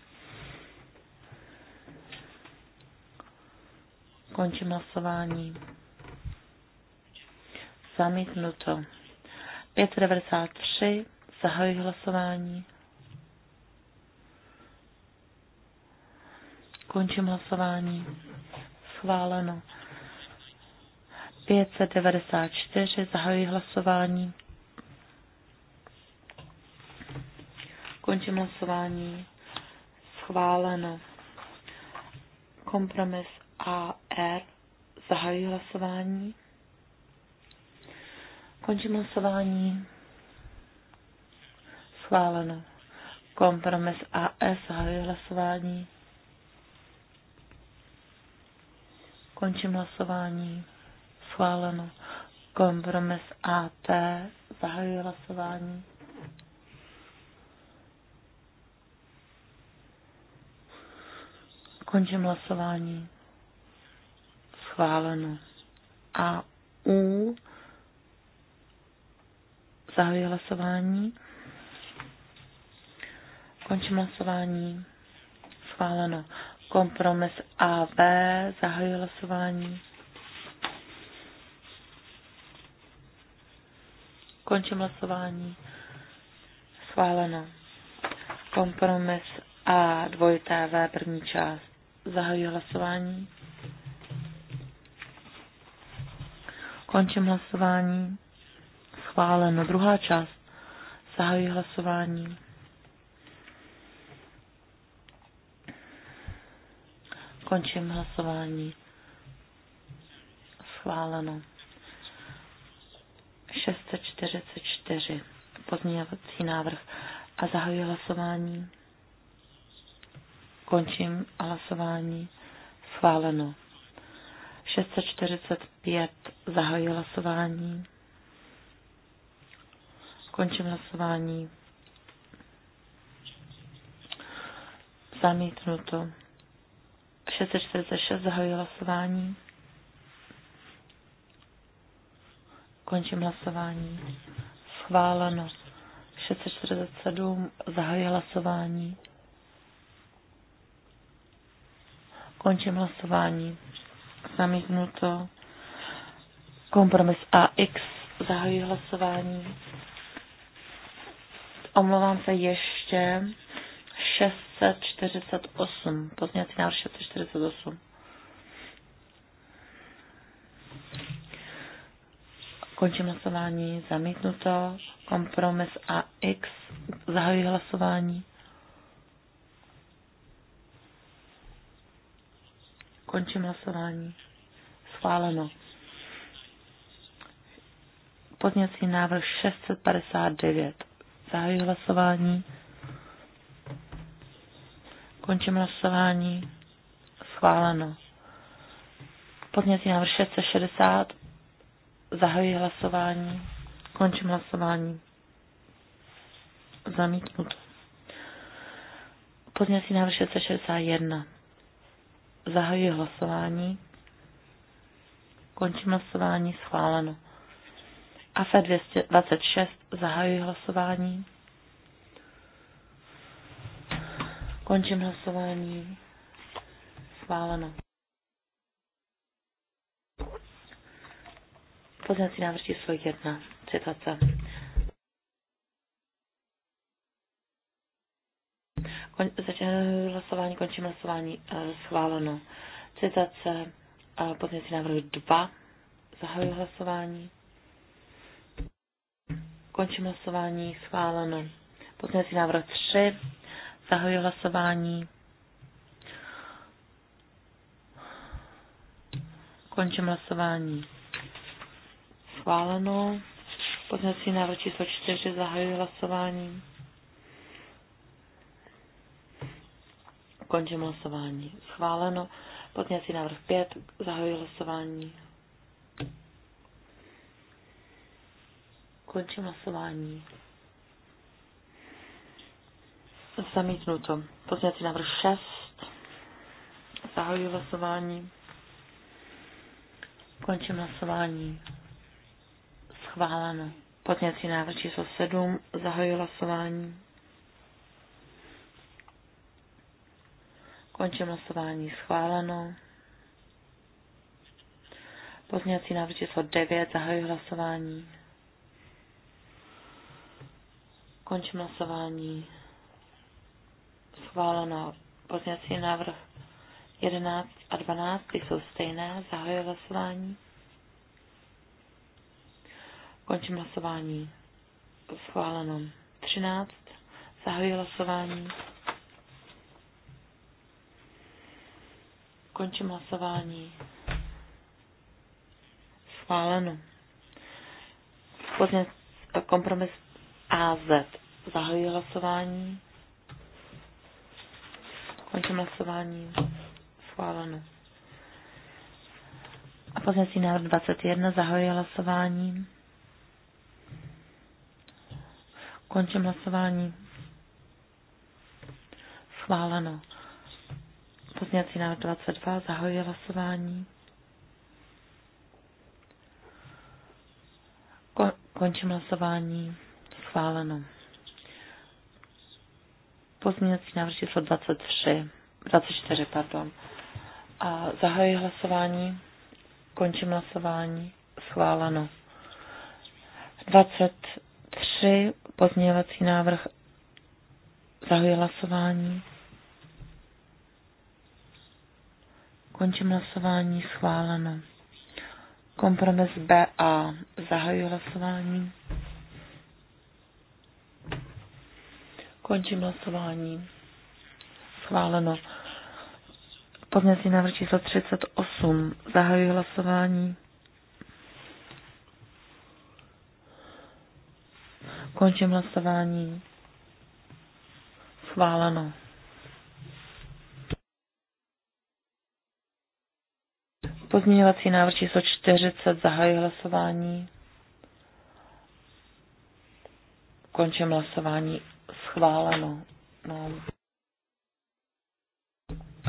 Končím hlasování. Zamítnuto. 593. Zahajuji hlasování. Končím hlasování. Schváleno. 594. Zahajuji hlasování. Končím hlasování. Schváleno. Kompromis AR. Zahajuji hlasování. Končím hlasování. Schváleno. Kompromis AS. Zahajuji hlasování. Končím hlasování. Schváleno. Kompromis AT. Zahajuji hlasování. Končím hlasování. Schváleno. A U. Zahajuji hlasování. Končím hlasování. Schváleno. Kompromis AV, zahajuji hlasování. Končím hlasování. Schváleno. Kompromis A, dvojité V, první část. Zahajuji hlasování. Končím hlasování. Schváleno. Druhá část. Zahajuji hlasování. Končím hlasování. Schváleno. 644 pozměňovací návrh a zahajuji hlasování. Končím hlasování. Schváleno. 645 zahajuji hlasování. Končím hlasování. Zamítnuto. 646 zahajuji hlasování. Končím hlasování. Schváleno. 647 zahajuji hlasování. Končím hlasování. Zamítnuto. Kompromis AX. Zahajuji hlasování. Omlouvám se ještě. 648. Pozměňovací návrh 648. Končím hlasování. Zamítnuto. Kompromis AX. Zahajuji hlasování. Končím hlasování. Schváleno. Pozměňovací návrh 659. Zahajuji hlasování. Končím hlasování. Schváleno. Podnětí návrh 660. Zahajuji hlasování. Končím hlasování. Zamítnuto. Pozměňovací návrh 661. Zahajuji hlasování. Končím hlasování. Schváleno. AFE 226. Zahajuji hlasování. Končím hlasování. Schváleno. Poznací návrh číslo 1. Citace. začíná eh, hlasování, končím hlasování. Eh, schváleno. Citace. Poznací návrh 2. Zahajuji hlasování. Končím hlasování. Schváleno. Poznací návrh 3 Zahajuji hlasování. Končím hlasování. Schváleno. Poznací návrh číslo 4. Zahajuji hlasování. Končím hlasování. Schváleno. Poznací návrh 5. Zahajuji hlasování. Končím hlasování. Zamítnuto. Pozměňovací návrh 6. Zahajuji hlasování. Končím hlasování. Schváleno. Pozměňovací návrh číslo 7. Zahajuji hlasování. Končím hlasování. Schváleno. Pozměňovací návrh číslo 9. Zahajuji hlasování. Končím hlasování schváleno. Pozměňovací návrh 11 a 12, ty jsou stejné, zahajuje hlasování. Končím hlasování. Schváleno. 13. zahajuje hlasování. Končím hlasování. Schváleno. Pozměn kompromis AZ. zahajuje hlasování. Končím hlasování. Schváleno. A pozměnací návrh 21. Zahajuji hlasování. Končím hlasování. Schváleno. Pozměnací návrh 22. Zahajuji hlasování. Končím hlasování. Schváleno. Pozměňovací návrh číslo 23, 24, pardon. A zahajuji hlasování, končím hlasování, schváleno. 23, pozměňovací návrh, zahajuji hlasování, končím hlasování, schváleno. Kompromis BA, zahajuji hlasování. Končím hlasování. Schváleno. Pozměňovací návrh číslo 38. Zahajuji hlasování. Končím hlasování. Schváleno. Pozměňovací návrh číslo 40. Zahajuji hlasování. Končím hlasování schváleno. No.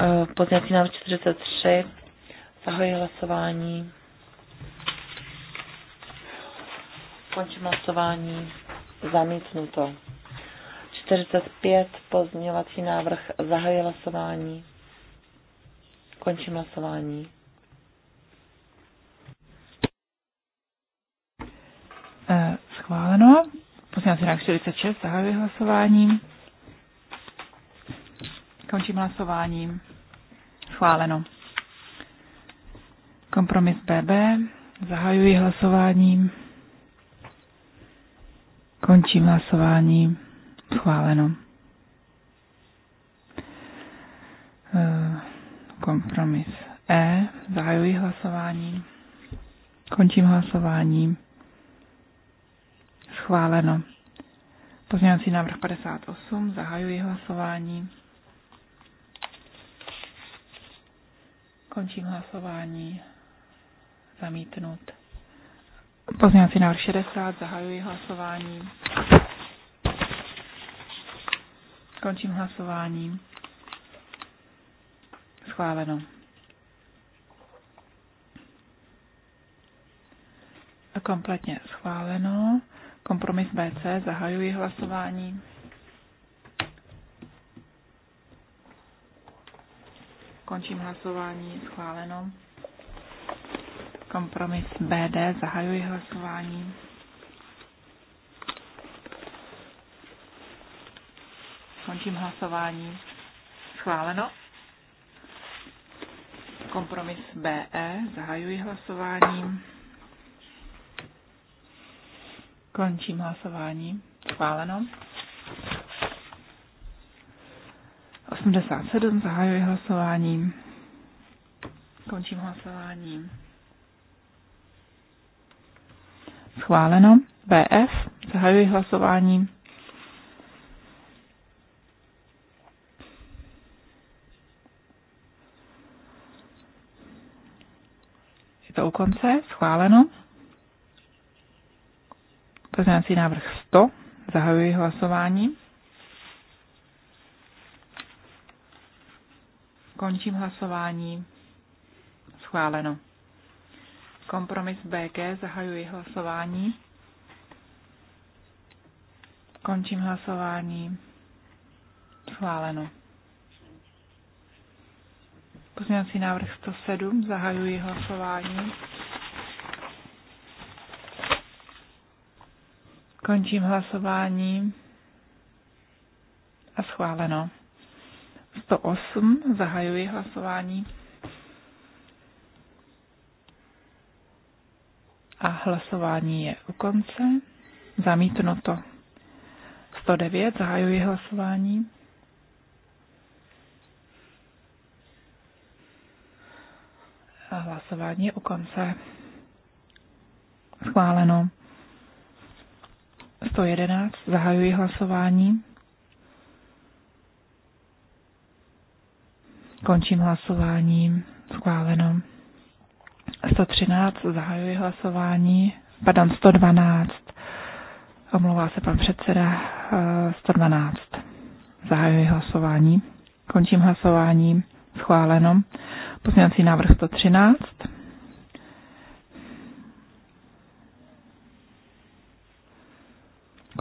E, Pozněcí návrh 43. Zahoji hlasování. Končím hlasování. Zamítnuto. 45. Pozměňovací návrh. Zahoji hlasování. Končím hlasování. E, schváleno. Pozměňovací návrh 46, zahajuji hlasování. Končím hlasování. Schváleno. Kompromis BB. Zahajuji hlasováním. Končím hlasování. Schváleno. Eh, kompromis E. Zahajuji hlasováním. Končím hlasování. Schváleno. Pozměňovací návrh 58, zahajuji hlasování. Končím hlasování. Zamítnut. Pozměňovací návrh 60, zahajuji hlasování. Končím hlasování. Schváleno. Kompletně schváleno. Kompromis BC, zahajuji hlasování. Končím hlasování, schváleno. Kompromis BD, zahajuji hlasování. Končím hlasování. Schváleno. Kompromis BE, zahajuji hlasování. Končím hlasování. Schváleno. 87. Zahajuji hlasování. Končím hlasování. Schváleno. BF. Zahajuji hlasování. Je to u konce. Schváleno. Pozměňovací návrh 100. Zahajuji hlasování. Končím hlasování. Schváleno. Kompromis BG. Zahajuji hlasování. Končím hlasování. Schváleno. Pozměňovací návrh 107. Zahajuji hlasování. Končím hlasování. A schváleno. 108. Zahajuji hlasování. A hlasování je u konce. Zamítnuto. 109. Zahajuji hlasování. A hlasování je u konce. Schváleno. 111. Zahajuji hlasování. Končím hlasování. Schváleno. 113. Zahajuji hlasování. Pardon, 112. Omlouvá se pan předseda. 112. Eh, zahajuji hlasování. Končím hlasování. Schváleno. Pozměňovací návrh 113.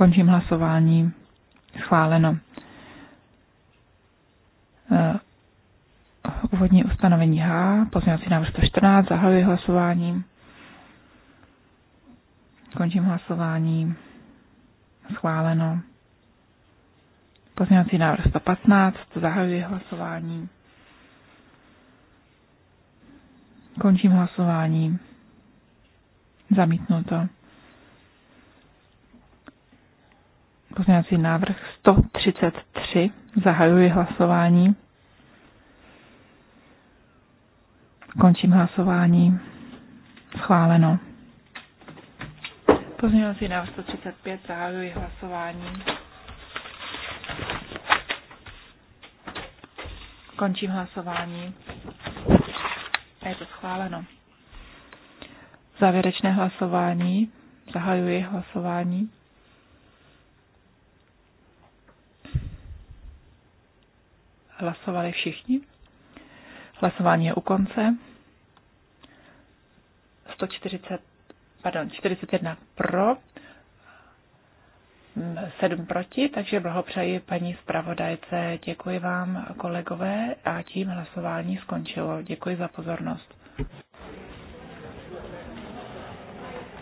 Končím hlasování. Schváleno. Eh, úvodní ustanovení H, pozměňovací návrh 114, zahajuji hlasování. Končím hlasování. Schváleno. Pozměňovací návrh 115, zahajuji hlasování. Končím hlasování. Zamítnuto. Pozměňovací návrh 133. Zahajuji hlasování. Končím hlasování. Schváleno. Pozměňovací návrh 135. Zahajuji hlasování. Končím hlasování. A je to schváleno. Závěrečné hlasování. Zahajuji hlasování. Hlasovali všichni. Hlasování je u konce. 140, pardon, 41 pro, 7 proti, takže blahopřeji paní zpravodajce. Děkuji vám, kolegové, a tím hlasování skončilo. Děkuji za pozornost.